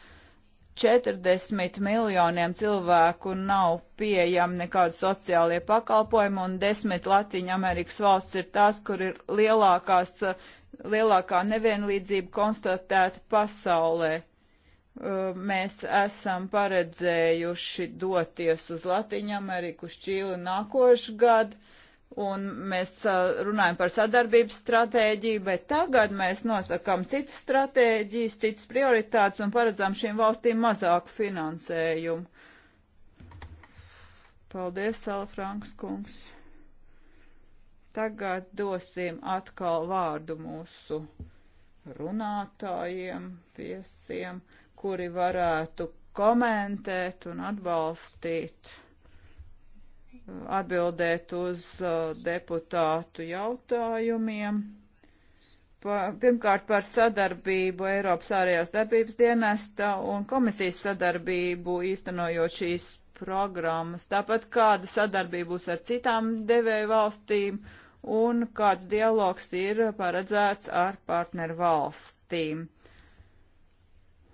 40 miljoniem cilvēku nav pieejami nekādi sociālie pakalpojumi, un desmit Latīņa Amerikas valsts ir tās, kur ir lielākās, lielākā nevienlīdzība konstatēta pasaulē. Uh, mēs esam paredzējuši doties uz Latīņu Ameriku, uz Čīli nākošu gadu un mēs runājam par sadarbības stratēģiju, bet tagad mēs nosakām citas stratēģijas, citas prioritātes un paredzam šīm valstīm mazāku finansējumu. Paldies, Alfrānks kungs. Tagad dosim atkal vārdu mūsu runātājiem, viesiem, kuri varētu komentēt un atbalstīt atbildēt uz uh, deputātu jautājumiem. Pa, pirmkārt par sadarbību Eiropas ārējās darbības dienesta un komisijas sadarbību īstenojot šīs programmas, tāpat kāda sadarbība būs ar citām devēju valstīm un kāds dialogs ir paredzēts ar partneru valstīm.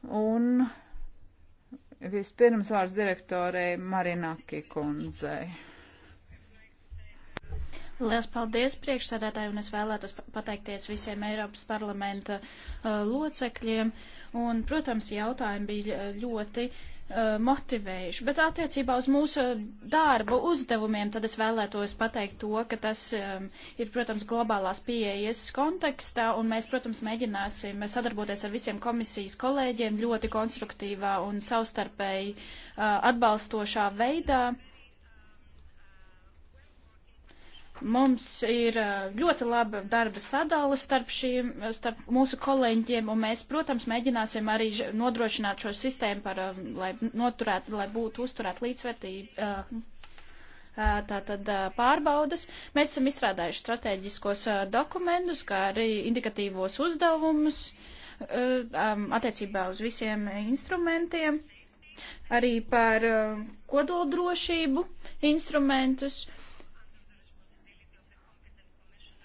Un vispirms vārds direktorei Marinaki kundzei. Liels paldies priekšsēdētāji, un es vēlētos pateikties visiem Eiropas parlamenta uh, locekļiem. Un, protams, jautājumi bija uh, ļoti uh, motivējuši, bet attiecībā uz mūsu darbu uzdevumiem, tad es vēlētos pateikt to, ka tas um, ir, protams, globālās pieejas kontekstā, un mēs, protams, mēģināsim sadarboties ar visiem komisijas kolēģiem ļoti konstruktīvā un savstarpēji uh, atbalstošā veidā. Uh, Mums ir ļoti laba darba sadala starp, šīm, starp mūsu kolēģiem, un mēs, protams, mēģināsim arī nodrošināt šo sistēmu, par, lai, noturēt, lai būtu uzturēt līdzvērtību. Tātad pārbaudas. Mēs esam izstrādājuši strateģiskos dokumentus, kā arī indikatīvos uzdevumus attiecībā uz visiem instrumentiem, arī par kodoldrošību instrumentus. Uh,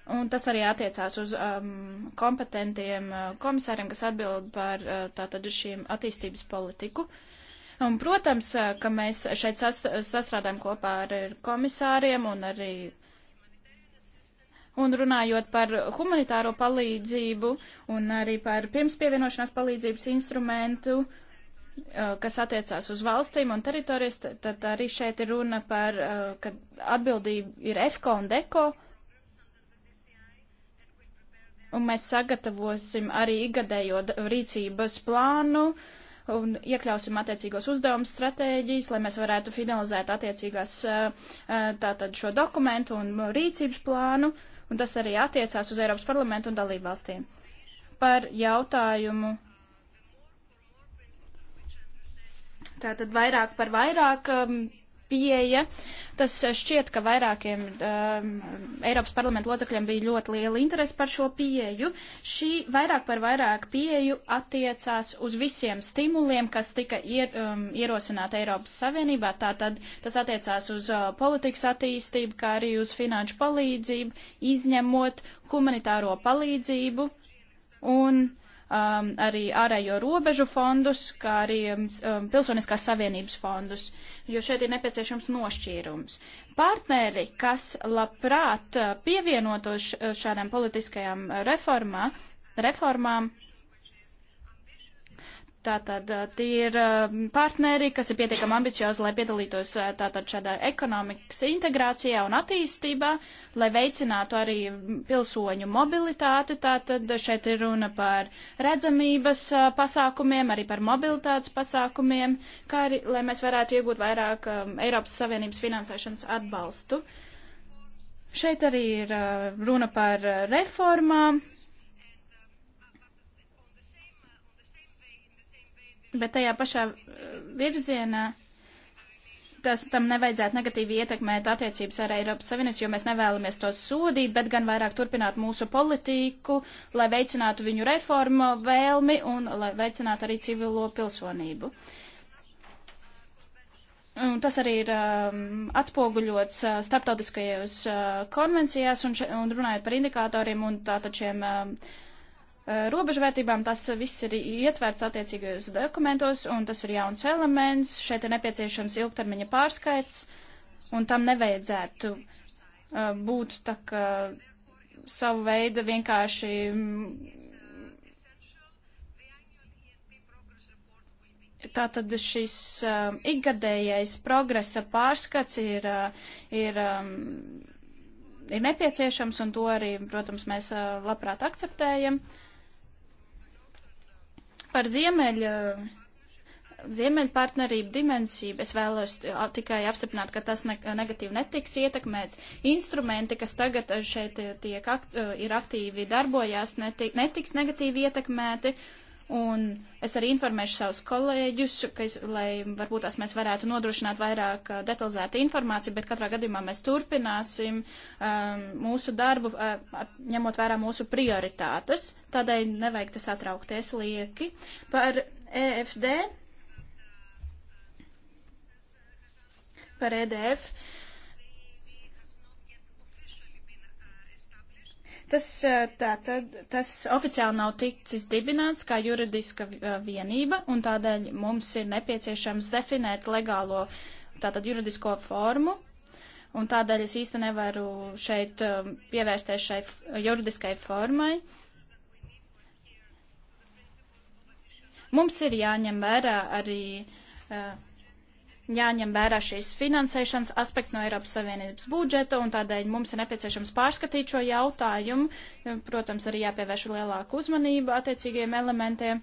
Un tas arī attiecās uz um, kompetentiem uh, komisāriem, kas atbild par uh, tātad šīm attīstības politiku. Un, protams, uh, ka mēs šeit sas, sastrādājam kopā ar komisāriem un arī Un runājot par humanitāro palīdzību un arī par pirmspievienošanās palīdzības instrumentu, kas attiecās uz valstīm un teritorijas, tad arī šeit ir runa par, ka atbildība ir EFKO un DEKO. Uh, un mēs sagatavosim arī igadējo rīcības plānu un iekļausim attiecīgos uzdevumus stratēģijas, lai mēs varētu finalizēt attiecīgās tātad šo dokumentu un rīcības plānu, un tas arī attiecās uz Eiropas parlamentu un dalību valstīm. Par jautājumu. Tātad vairāk par vairāk, pieeja. Tas eh, šķiet, ka vairākiem um, Eiropas parlamenta locekļiem bija ļoti liela interese par šo pieeju. Šī vairāk par vairāk pieeju attiecās uz visiem stimuliem, kas tika ier, um, ierosināti Eiropas Savienībā. Tātad tas attiecās uz uh, politikas attīstību, kā arī uz finanšu palīdzību, izņemot humanitāro palīdzību un uh, um, arī ārējo robežu fondus, kā arī um, um, pilsoniskās savienības fondus, jo šeit ir nepieciešams nošķīrums. Partneri, kas labprāt uh, pievienotos uh, šādām politiskajām uh, reformā, reformām, Tātad tie ir partneri, kas ir pietiekami ambiciozi, lai piedalītos tātad šādā ekonomikas integrācijā un attīstībā, lai veicinātu arī pilsoņu mobilitāti. Tātad šeit ir runa par redzamības pasākumiem, arī par mobilitātes pasākumiem, kā arī, lai mēs varētu iegūt vairāk Eiropas Savienības finansēšanas atbalstu. Šeit arī ir runa par reformām, bet tajā pašā eh, virzienā tas tam nevajadzētu negatīvi ietekmēt attiecības ar Eiropas Savienības, jo mēs nevēlamies tos sodīt, bet gan vairāk turpināt mūsu politiku, lai veicinātu viņu reformu vēlmi un lai veicinātu arī civilo pilsonību. Un tas arī ir um, atspoguļots uh, starptautiskajos uh, konvencijās un, še, un runājot par indikatoriem un tātad šiem uh, robežvērtībām. Tas viss ir ietverts attiecīgajos dokumentos, un tas ir jauns elements. Šeit ir nepieciešams ilgtermiņa pārskaits, un tam nevajadzētu uh, būt tā kā savu veidu vienkārši mm, Tātad šis um, ikgadējais progresa pārskats ir, uh, ir, um, ir nepieciešams, un to arī, protams, mēs uh, labprāt akceptējam. Uh, Par ziemeļa, eh, ziemeļa partnerību dimensiju es vēlos eh, tikai apstiprināt, ka tas ne, negatīvi netiks ietekmēts. Instrumenti, kas tagad eh, šeit tiek, akt, ir aktīvi darbojās, netiks, netiks negatīvi ietekmēti. Uh, Un es arī informēšu savus kolēģus, ka es, lai varbūt tās mēs varētu nodrošināt vairāk uh, detalizētu informāciju, bet katrā gadījumā mēs turpināsim um, mūsu darbu, uh, ņemot vērā mūsu prioritātes. Tādēļ nevajag tas atraukties lieki. Par EFD, par EDF. Uh, Tas, tātad, tas oficiāli nav ticis dibināts kā juridiska vienība, un tādēļ mums ir nepieciešams definēt legālo tātad juridisko formu, un tādēļ es īsti nevaru šeit pievērsties šai juridiskai formai. Mums ir jāņem vērā arī uh, jāņem vērā šīs finansēšanas aspekts no Eiropas Savienības budžeta, un tādēļ mums ir nepieciešams pārskatīt šo jautājumu. Protams, arī jāpievērš lielāka uzmanība attiecīgiem elementiem.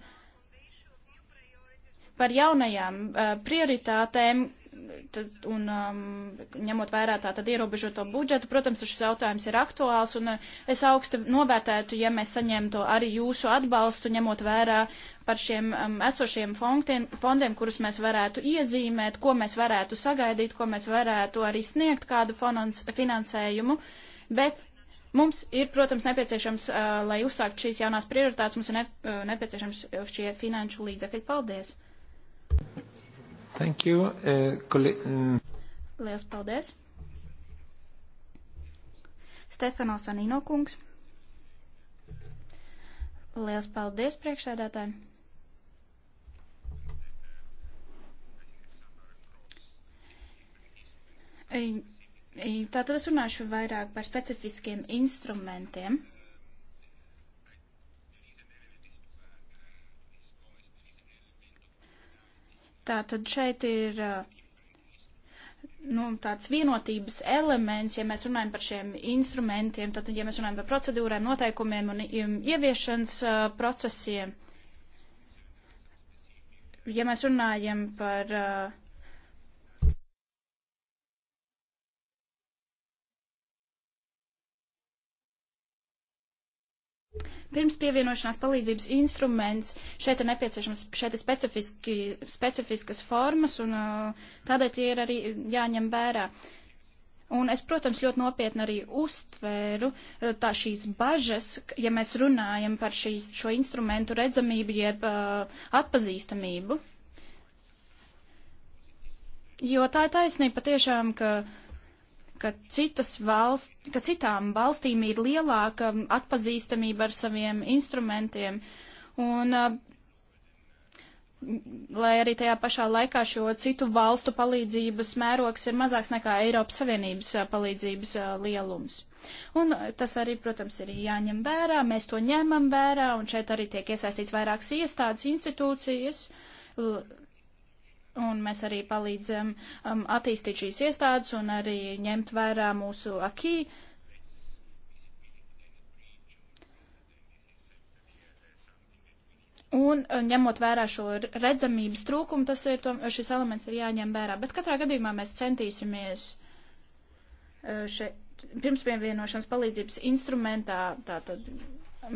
Par jaunajām uh, prioritātēm, tad, un um, ņemot vērā tā tad ierobežoto budžetu, protams, šis jautājums ir aktuāls, un uh, es augsti novērtētu, ja mēs saņemtu arī jūsu atbalstu, ņemot vērā par šiem um, esošiem fondiem, fondiem, kurus mēs varētu iezīmēt, ko mēs varētu sagaidīt, ko mēs varētu arī sniegt kādu fonons, finansējumu, bet mums ir, protams, nepieciešams, uh, lai uzsākt šīs jaunās prioritātes, mums ir ne, uh, nepieciešams šie finanšu līdzekļi. Paldies! Thank you. Uh, koli... Mm. Lielas paldies. Stefanos Anino kungs. Lielas paldies priekšsēdētājiem. Tātad es runāšu vairāk par specifiskiem instrumentiem. Tātad šeit ir eh, nu, tāds vienotības elements, ja mēs runājam par šiem instrumentiem, tad, ja mēs runājam par procedūrām, noteikumiem un um, ieviešanas uh, procesiem, ja mēs runājam par uh, Pirms pievienošanās palīdzības instruments šeit ir nepieciešams, šeit ir specifiski, specifiskas formas un uh, tādēļ tie ir arī jāņem vērā. Un es, protams, ļoti nopietni arī uztvēru uh, tā šīs bažas, ja mēs runājam par šīs, šo instrumentu redzamību jeb uh, atpazīstamību. Jo tā ir taisnība patiešām, ka uh, ka, valst, ka citām valstīm ir lielāka atpazīstamība ar saviem instrumentiem. Un, lai arī tajā pašā laikā šo citu valstu palīdzības mērogs ir mazāks nekā Eiropas Savienības palīdzības lielums. Un tas arī, protams, ir jāņem vērā, mēs to ņemam vērā, un šeit arī tiek iesaistīts vairākas iestādes, institūcijas, Un mēs arī palīdzam um, attīstīt šīs iestādes un arī ņemt vērā mūsu akī. Un uh, ņemot vērā šo redzamības trūkumu, tas ir, šis elements ir jāņem vērā. Bet katrā gadījumā mēs centīsimies uh, šeit pirms pievienošanas palīdzības instrumentā tātad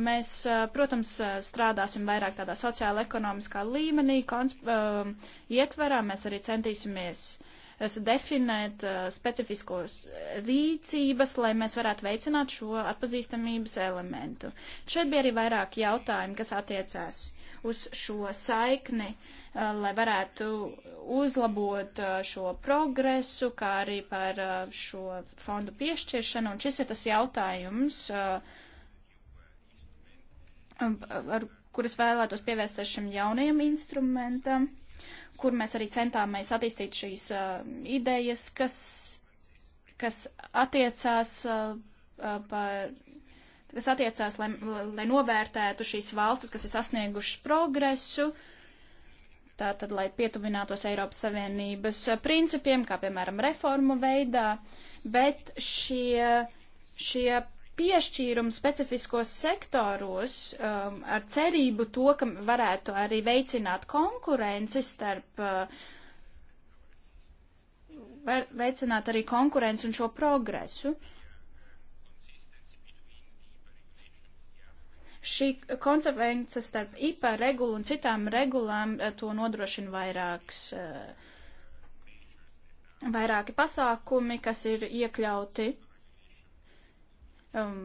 Mēs, protams, strādāsim vairāk tādā sociāla ekonomiskā līmenī, um, ietverā. Mēs arī centīsimies definēt uh, specifiskos rīcības, lai mēs varētu veicināt šo atpazīstamības elementu. Šeit bija arī vairāk jautājumu, kas attiecās uz šo saikni, uh, lai varētu uzlabot uh, šo progresu, kā arī par šo fondu piešķiršanu. Un šis ir tas jautājums. Uh, ar kuras vēlētos pievērsties šim jaunajam instrumentam, kur mēs arī centāmies attīstīt šīs uh, idejas, kas, kas attiecās uh, par kas attiecās, lai, lai novērtētu šīs valstis, kas ir sasniegušas progresu, tātad, lai pietuvinātos Eiropas Savienības principiem, kā piemēram reformu veidā, bet šie, šie piešķīrumu specifiskos sektoros um, ar cerību to, ka varētu arī veicināt konkurenci starp, uh, veicināt arī konkurenci un šo progresu. Šī konsekvence starp IPA regulu un citām regulām uh, to nodrošina vairāks, uh, vairāki pasākumi, kas ir iekļauti um,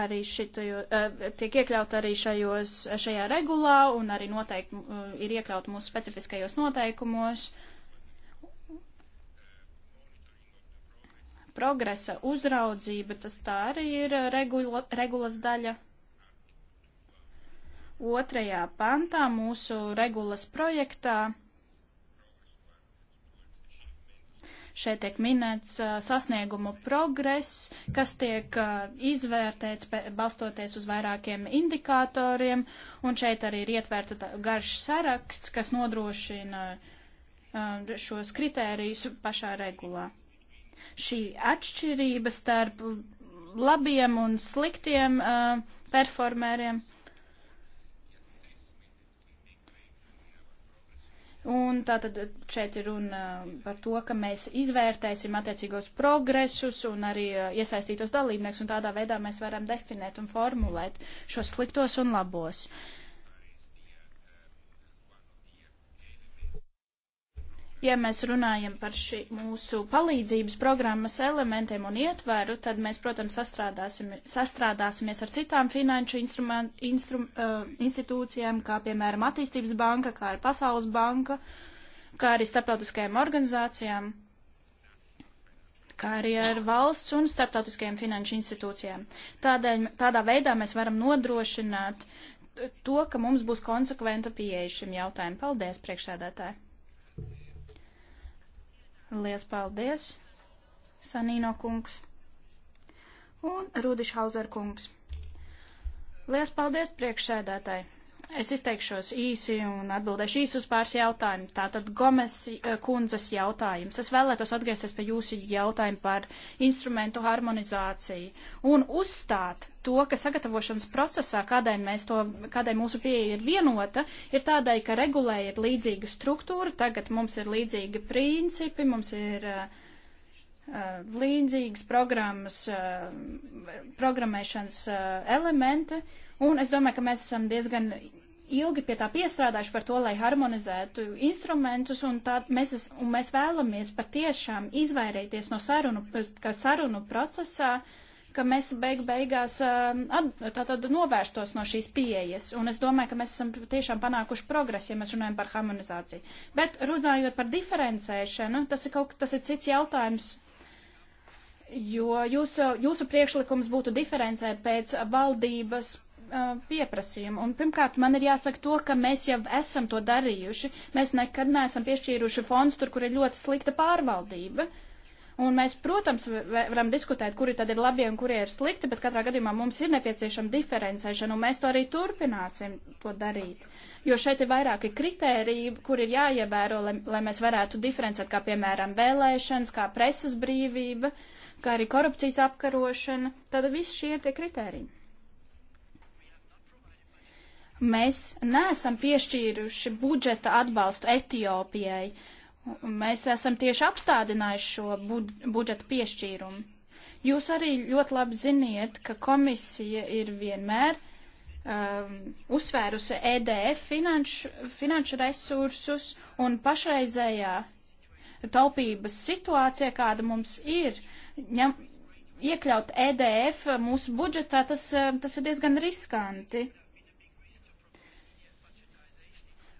arī šitajo, uh, tiek iekļaut arī šajos, šajā regulā un arī noteikti uh, ir iekļaut mūsu specifiskajos noteikumos. Progresa uzraudzība, tas tā arī ir regula, regulas daļa. Otrajā pantā mūsu regulas projektā Šeit tiek minēts sasniegumu progress, kas tiek izvērtēts balstoties uz vairākiem indikatoriem, un šeit arī ir ietverta garš saraksts, kas nodrošina šos kritērijus pašā regulā. Šī atšķirība starp labiem un sliktiem uh, performēriem Un tātad šeit ir runa par to, ka mēs izvērtēsim attiecīgos progresus un arī eh, iesaistītos dalībnieks, un tādā veidā mēs varam definēt un formulēt šos sliktos un labos. Uh, ja mēs runājam par šī mūsu palīdzības programmas elementiem un ietveru, tad mēs, protams, sastrādāsim, sastrādāsimies ar citām finanšu instrum, uh, institūcijām, kā piemēram Attīstības banka, kā arī Pasaules banka, kā arī starptautiskajām organizācijām, kā arī ar valsts un starptautiskajām finanšu institūcijām. Tādēļ, tādā veidā mēs varam nodrošināt to, ka mums būs konsekventa pieeja šim jautājumam. Paldies, priekšsēdētāji! Lies paldies, Sanīno kungs un Rudišhauser kungs. Lies paldies priekšsēdētāji! Es izteikšos īsi un atbildēšu īsi uz pāris jautājumu. Tātad Gomes eh, kundzes jautājums. Es vēlētos atgriezties pie jūsu jautājumu par instrumentu harmonizāciju un uzstāt to, ka sagatavošanas procesā, kādēļ, mēs to, kādēļ mūsu pieeja ir vienota, ir tādai, ka regulēja ir līdzīga struktūra, tagad mums ir līdzīgi principi, mums ir uh, līdzīgas programmas, programmēšanas elementi, un es domāju, ka mēs esam diezgan ilgi pie tā piestrādājuši par to, lai harmonizētu instrumentus, un, tā, mēs, es, un mēs vēlamies patiešām izvairīties no sarunu, sarunu procesā, ka mēs beig beigās um, tātad novērstos no šīs pieejas, un es domāju, ka mēs esam tiešām panākuši progresu, ja mēs runājam par harmonizāciju. Bet runājot par diferencēšanu, tas ir kaut kas cits jautājums, jo jūsu, jūsu priekšlikums būtu diferencēt pēc valdības uh, pieprasījumu. Un pirmkārt, man ir jāsaka to, ka mēs jau esam to darījuši. Mēs nekad neesam piešķīruši fondus tur, kur ir ļoti slikta pārvaldība. Un mēs, protams, varam diskutēt, kuri tad ir labi un kuri ir slikti, bet katrā gadījumā mums ir nepieciešama diferencēšana, un mēs to arī turpināsim to darīt. Jo šeit ir vairāki kritēriji, kur ir jāievēro, lai, lai mēs varētu diferencēt, kā piemēram vēlēšanas, kā presas brīvība, kā arī korupcijas apkarošana. Tad viss šie ir tie kritēriji. Mēs neesam piešķīruši budžeta atbalstu Etiopijai. Mēs esam tieši apstādinājuši šo bud budžeta piešķīrumu. Jūs arī ļoti labi ziniet, ka komisija ir vienmēr um, uzsvērusi EDF finanšu, finanšu resursus un pašreizējā taupības situācija, kāda mums ir, ņem, iekļaut EDF mūsu budžetā, tas, um, tas ir diezgan riskanti.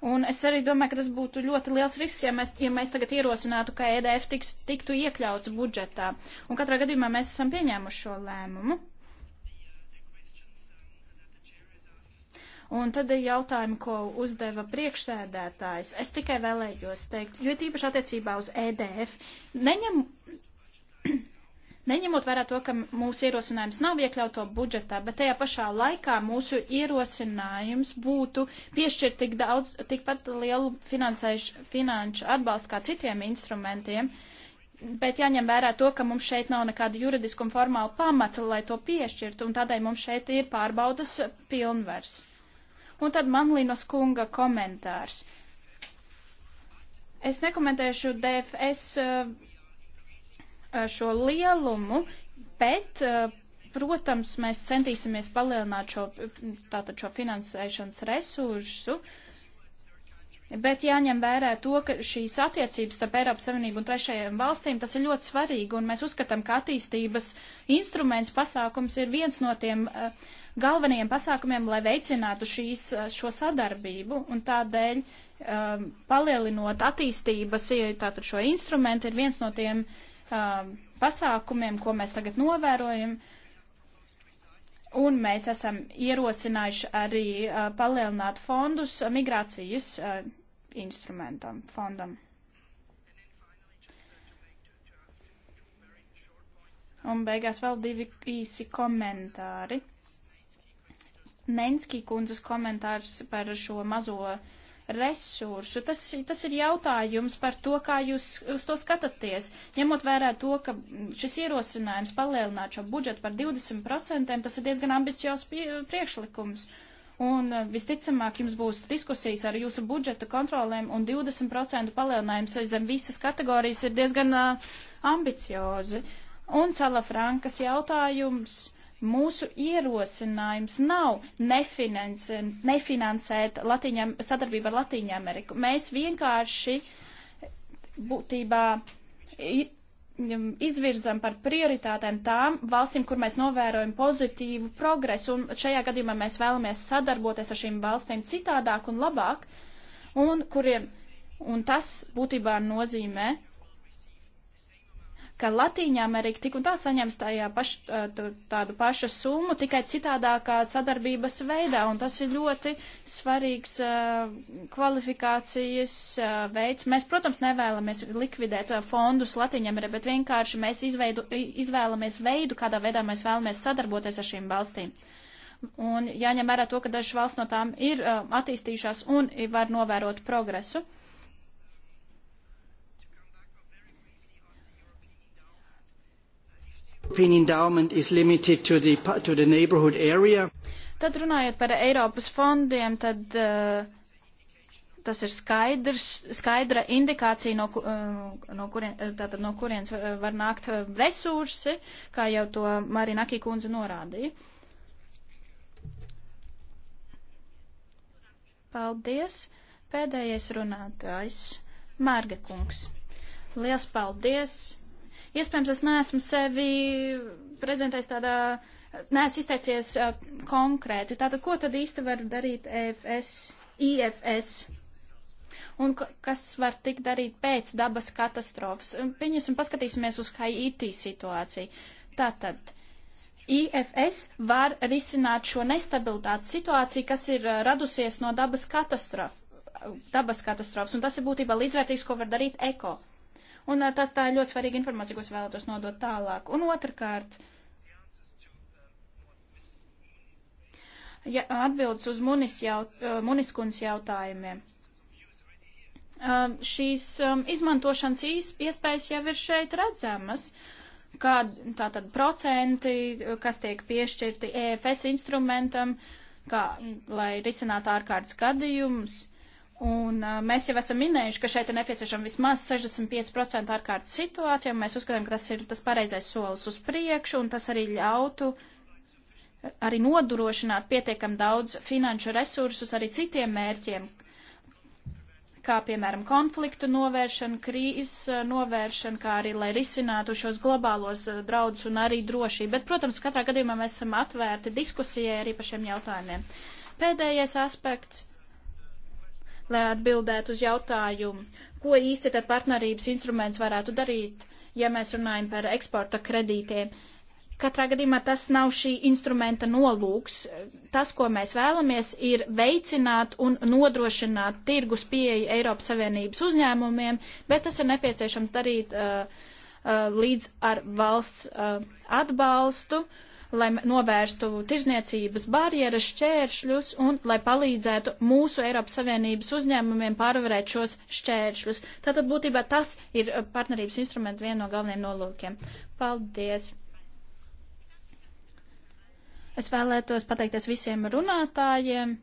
Un es arī domāju, ka tas būtu ļoti liels risks, ja mēs, ja mēs tagad ierosinātu, ka EDF tiks, tiktu iekļauts budžetā. Un katrā gadījumā mēs esam pieņēmuši šo lēmumu. Un tad ir jautājumi, ko uzdeva priekšsēdētājs. Es tikai vēlējos teikt, jo tīpaši attiecībā uz EDF neņem. Neņemot vērā to, ka mūsu ierosinājums nav iekļauto budžetā, bet tajā pašā laikā mūsu ierosinājums būtu piešķirt tik daudz, tikpat lielu finanšu atbalstu kā citiem instrumentiem, bet jāņem vērā to, ka mums šeit nav nekāda juridiska un formāla pamata, lai to piešķirtu, un tādēļ mums šeit ir pārbaudas pilnvers. Un tad Manlinos kunga komentārs. Es nekomentēšu DFS Eh, šo lielumu, bet, eh, protams, mēs centīsimies palielināt šo, tātad šo finansēšanas resursu, bet jāņem vērā to, ka šīs attiecības starp Eiropas Savienību un trešajiem valstīm, tas ir ļoti svarīgi, un mēs uzskatām, ka attīstības instruments pasākums ir viens no tiem eh, galvenajiem pasākumiem, lai veicinātu šīs, šo sadarbību, un tādēļ um, palielinot attīstības, tātad šo instrumentu, ir viens no tiem uh, uh, pasākumiem, ko mēs tagad novērojam. Un mēs esam ierosinājuši arī uh, palielināt fondus uh, migrācijas uh, instrumentam, fondam. Un beigās vēl divi īsi komentāri. Nenskī kundzes komentārs par šo mazo uh, resursu. Tas, tas ir jautājums par to, kā jūs uz to skatāties. Ņemot vērā to, ka šis ierosinājums palielināt šo budžetu par 20%, tas ir diezgan ambiciozs priekšlikums. Un uh, visticamāk jums būs diskusijas ar jūsu budžeta kontrolēm un 20% palielinājums zem visas kategorijas ir diezgan uh, ambiciozi. Un Sala Frankas jautājums. Uh, Mūsu ierosinājums nav nefinansēt Latiņam, sadarbību ar Latīņu Ameriku. Mēs vienkārši būtībā izvirzam par prioritātēm tām valstīm, kur mēs novērojam pozitīvu progresu, un šajā gadījumā mēs vēlamies sadarboties ar šīm valstīm citādāk un labāk, un kuriem, un tas būtībā nozīmē ka Latīņa Amerika tik un tā saņems paš, tādu pašu summu, tikai citādākā sadarbības veidā, un tas ir ļoti svarīgs uh, kvalifikācijas uh, veids. Mēs, protams, nevēlamies likvidēt uh, fondus Latīņa Amerikā, bet vienkārši mēs izveidu, izvēlamies veidu, kādā veidā mēs vēlamies sadarboties ar šīm valstīm. Un jāņem vērā to, ka dažas valsts no tām ir attīstījušās un var novērot progresu. Uh, endowment is limited to the, to the neighborhood area. Tad runājot par Eiropas fondiem, tad uh, tas ir skaidrs, skaidra indikācija, no, uh, no, kurien, eh, tātad, no kurienes var nākt resursi, kā jau to Marina Akī kundze norādīja. Paldies. Pēdējais runātājs Mārga kungs. Liels paldies! Iespējams, es neesmu sevi prezentējis tādā, neesmu izteicies uh, konkrēti. Tātad, ko tad īsti var darīt EFS, IFS? Un kas var tikt darīt pēc dabas katastrofas? Pieņemsim, paskatīsimies uz Haiti situāciju. Tātad. IFS var risināt šo nestabilitātes situāciju, kas ir radusies no dabas, katastrof, dabas katastrofas, un tas ir būtībā līdzvērtīgs, ko var darīt eko. Un eh, tas tā ir ļoti svarīga informācija, ko es vēlētos nodot tālāk. Un otrkārt, ja, atbildes uz munis jaut, eh, muniskunas jautājumiem. Eh, šīs izmantošanas iespējas jau ir šeit redzamas. Kādi tātad procenti, kas tiek piešķirti EFS instrumentam, kā, lai risinātu ārkārtas gadījumus. Uh, Un mēs jau esam minējuši, ka šeit ir nepieciešama vismaz 65% ārkārtas situācija, un mēs uzskatām, ka tas ir tas pareizais solis uz priekšu, un tas arī ļautu arī nodrošināt pietiekam daudz finanšu resursus arī citiem mērķiem, kā piemēram konfliktu novēršana, krīzes novēršana, kā arī lai risinātu šos globālos draudus un arī drošību. Bet, protams, katrā gadījumā mēs esam atvērti diskusijai arī par šiem jautājumiem. Pēdējais aspekts lai atbildētu uz jautājumu, ko īsti tad partnerības instruments varētu darīt, ja mēs runājam par eksporta kredītiem. Katrā gadījumā tas nav šī instrumenta nolūks. Tas, ko mēs vēlamies, ir veicināt un nodrošināt tirgus pieeju Eiropas Savienības uzņēmumiem, bet tas ir nepieciešams darīt uh, uh, līdz ar valsts uh, atbalstu. Uh, lai novērstu tirzniecības barjeras, šķēršļus un lai palīdzētu mūsu Eiropas Savienības uzņēmumiem pārvarēt šos šķēršļus. Tātad būtībā tas ir uh, partnerības instruments viena no galvenajiem nolūkiem. Paldies! Es vēlētos pateikties visiem runātājiem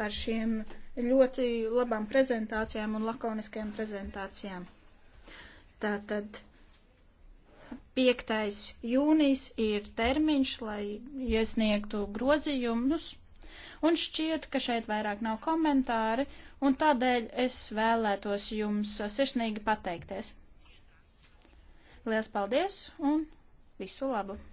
par šiem ļoti labām prezentācijām un lakoniskajām prezentācijām. Tātad 5. jūnijas ir termiņš, lai iesniegtu grozījumus, un šķiet, ka šeit vairāk nav komentāri, un tādēļ es vēlētos jums sirsnīgi pateikties. Lielas paldies un visu labu!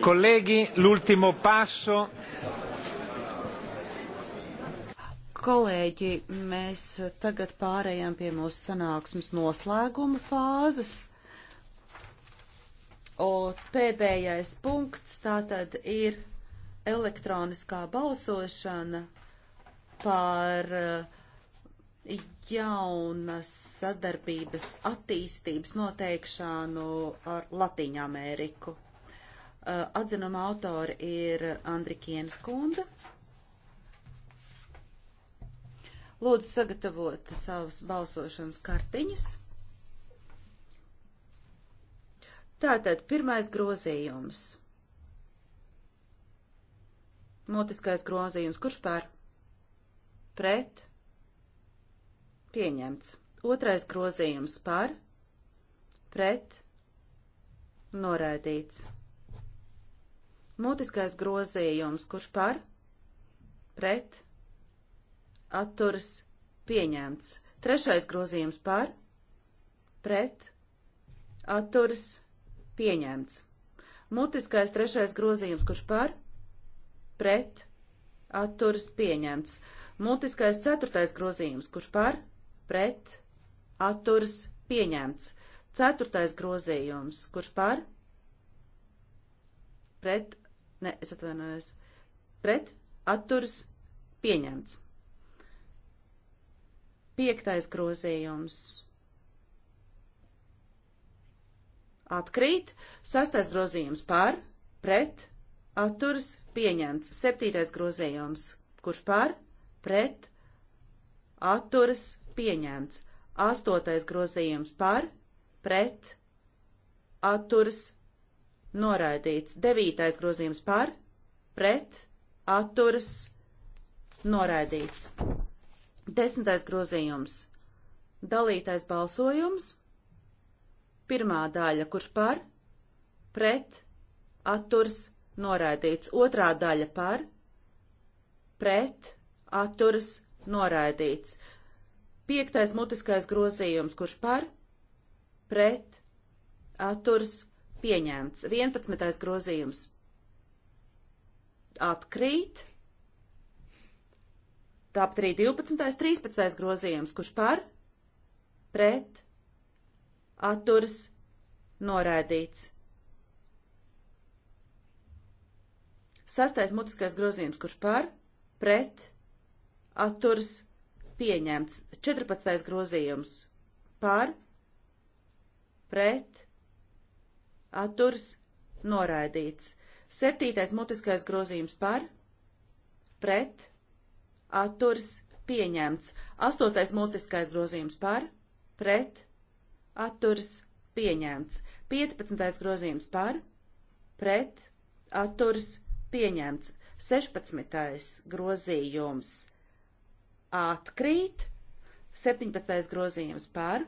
Colleghi, l'ultimo passo. Kolēģi, mēs tagad pārējām pie mūsu sanāksmes noslēguma fāzes. O, pēdējais punkts tātad ir elektroniskā balsošana par eh, jaunas sadarbības attīstības noteikšanu ar Latīņu Ameriku. Uh, atzinuma autori ir Andrikienas kundze. Lūdzu sagatavot savas balsošanas kartiņas. Tātad pirmais grozījums. Mutiskais grozījums. Kurš pār? Pret. Pieņemts. Otrais grozījums par. Pret. Noraidīts. Mutiskais grozījums, kurš par, pret, atturas, pieņemts. Trešais grozījums par, pret, atturas, pieņemts. Mutiskais trešais grozījums, kurš par, pret, atturas, pieņemts. Mutiskais ceturtais grozījums, kurš par, pret, atturas, pieņemts. Ceturtais grozījums, kurš par, pret, Nē, es atvainojos. Pret atturs pieņemts. Piektais grozījums. Atkrīt. Sastais grozījums par, pret, atturs pieņemts. Septītais grozījums. Kurš par, pret, atturas pieņemts. Astotais grozījums par, pret, atturas noraidīts. Devītais grozījums par, pret, atturas, noraidīts. Desmitais grozījums - dalītais balsojums. Pirmā daļa, kurš par, pret, atturas, noraidīts. Otrā daļa par, pret, atturas, noraidīts. Piektais mutiskais grozījums, kurš par, pret, atturas, noraidīts Pieņemts. 11. grozījums atkrīt. Tāpat arī 12. 13. grozījums, kurš par, pret, atturas, noraidīts. Sastais mutiskais grozījums, kurš par, pret, atturas, pieņemts. 14. grozījums par, pret, atturs noraidīts. Septītais mutiskais grozījums par, pret, atturs, pieņemts. Astotais mutiskais grozījums par, pret, atturs, pieņemts. Piecpadsmitais grozījums par, pret, atturs, pieņemts. Sešpadsmitais grozījums atkrīt. Septiņpadsmitais grozījums par,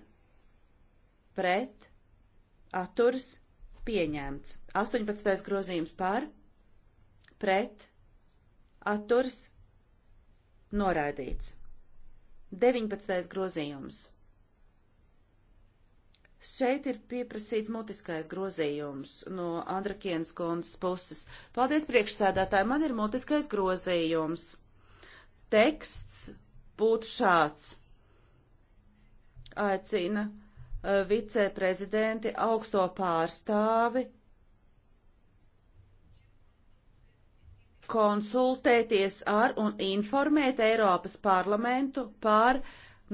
pret, atturs, pieņemts pieņemts. 18. grozījums par, pret, atturs, noraidīts. 19. grozījums. Šeit ir pieprasīts mutiskais grozījums no Andrakienas kundzes puses. Paldies priekšsēdētāji, man ir mutiskais grozījums. Teksts būtu šāds. Aicina Eh, viceprezidenti, augsto pārstāvi, konsultēties ar un informēt Eiropas parlamentu par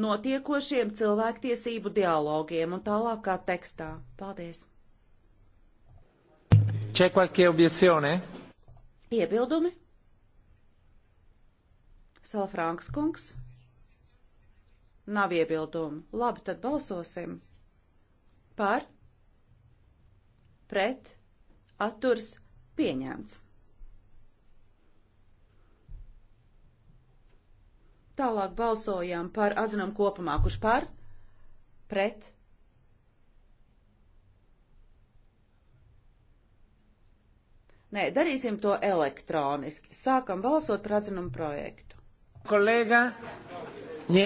notiekošiem cilvēktiesību dialogiem un tālākā tekstā. Paldies! C'è qualche obiezione? Iebildumi? Salafranks kungs? Nav iebildumu. Labi, tad balsosim par pret atturs pieņemts. Tālāk balsojām par atzinumu kopumā, kurš par pret Nē, darīsim to elektroniski. Sākam balsot par atzinumu projektu. Kolēga, ne.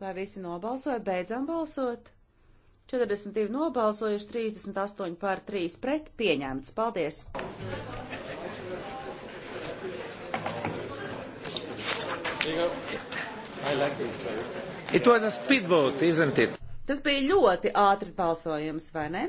Vai visi nobalsoja? Beidzam balsot. 42 nobalsojuši, 38 pār 3 pret pieņemts. Paldies! Like it. It vote, Tas bija ļoti ātrs balsojums, vai ne?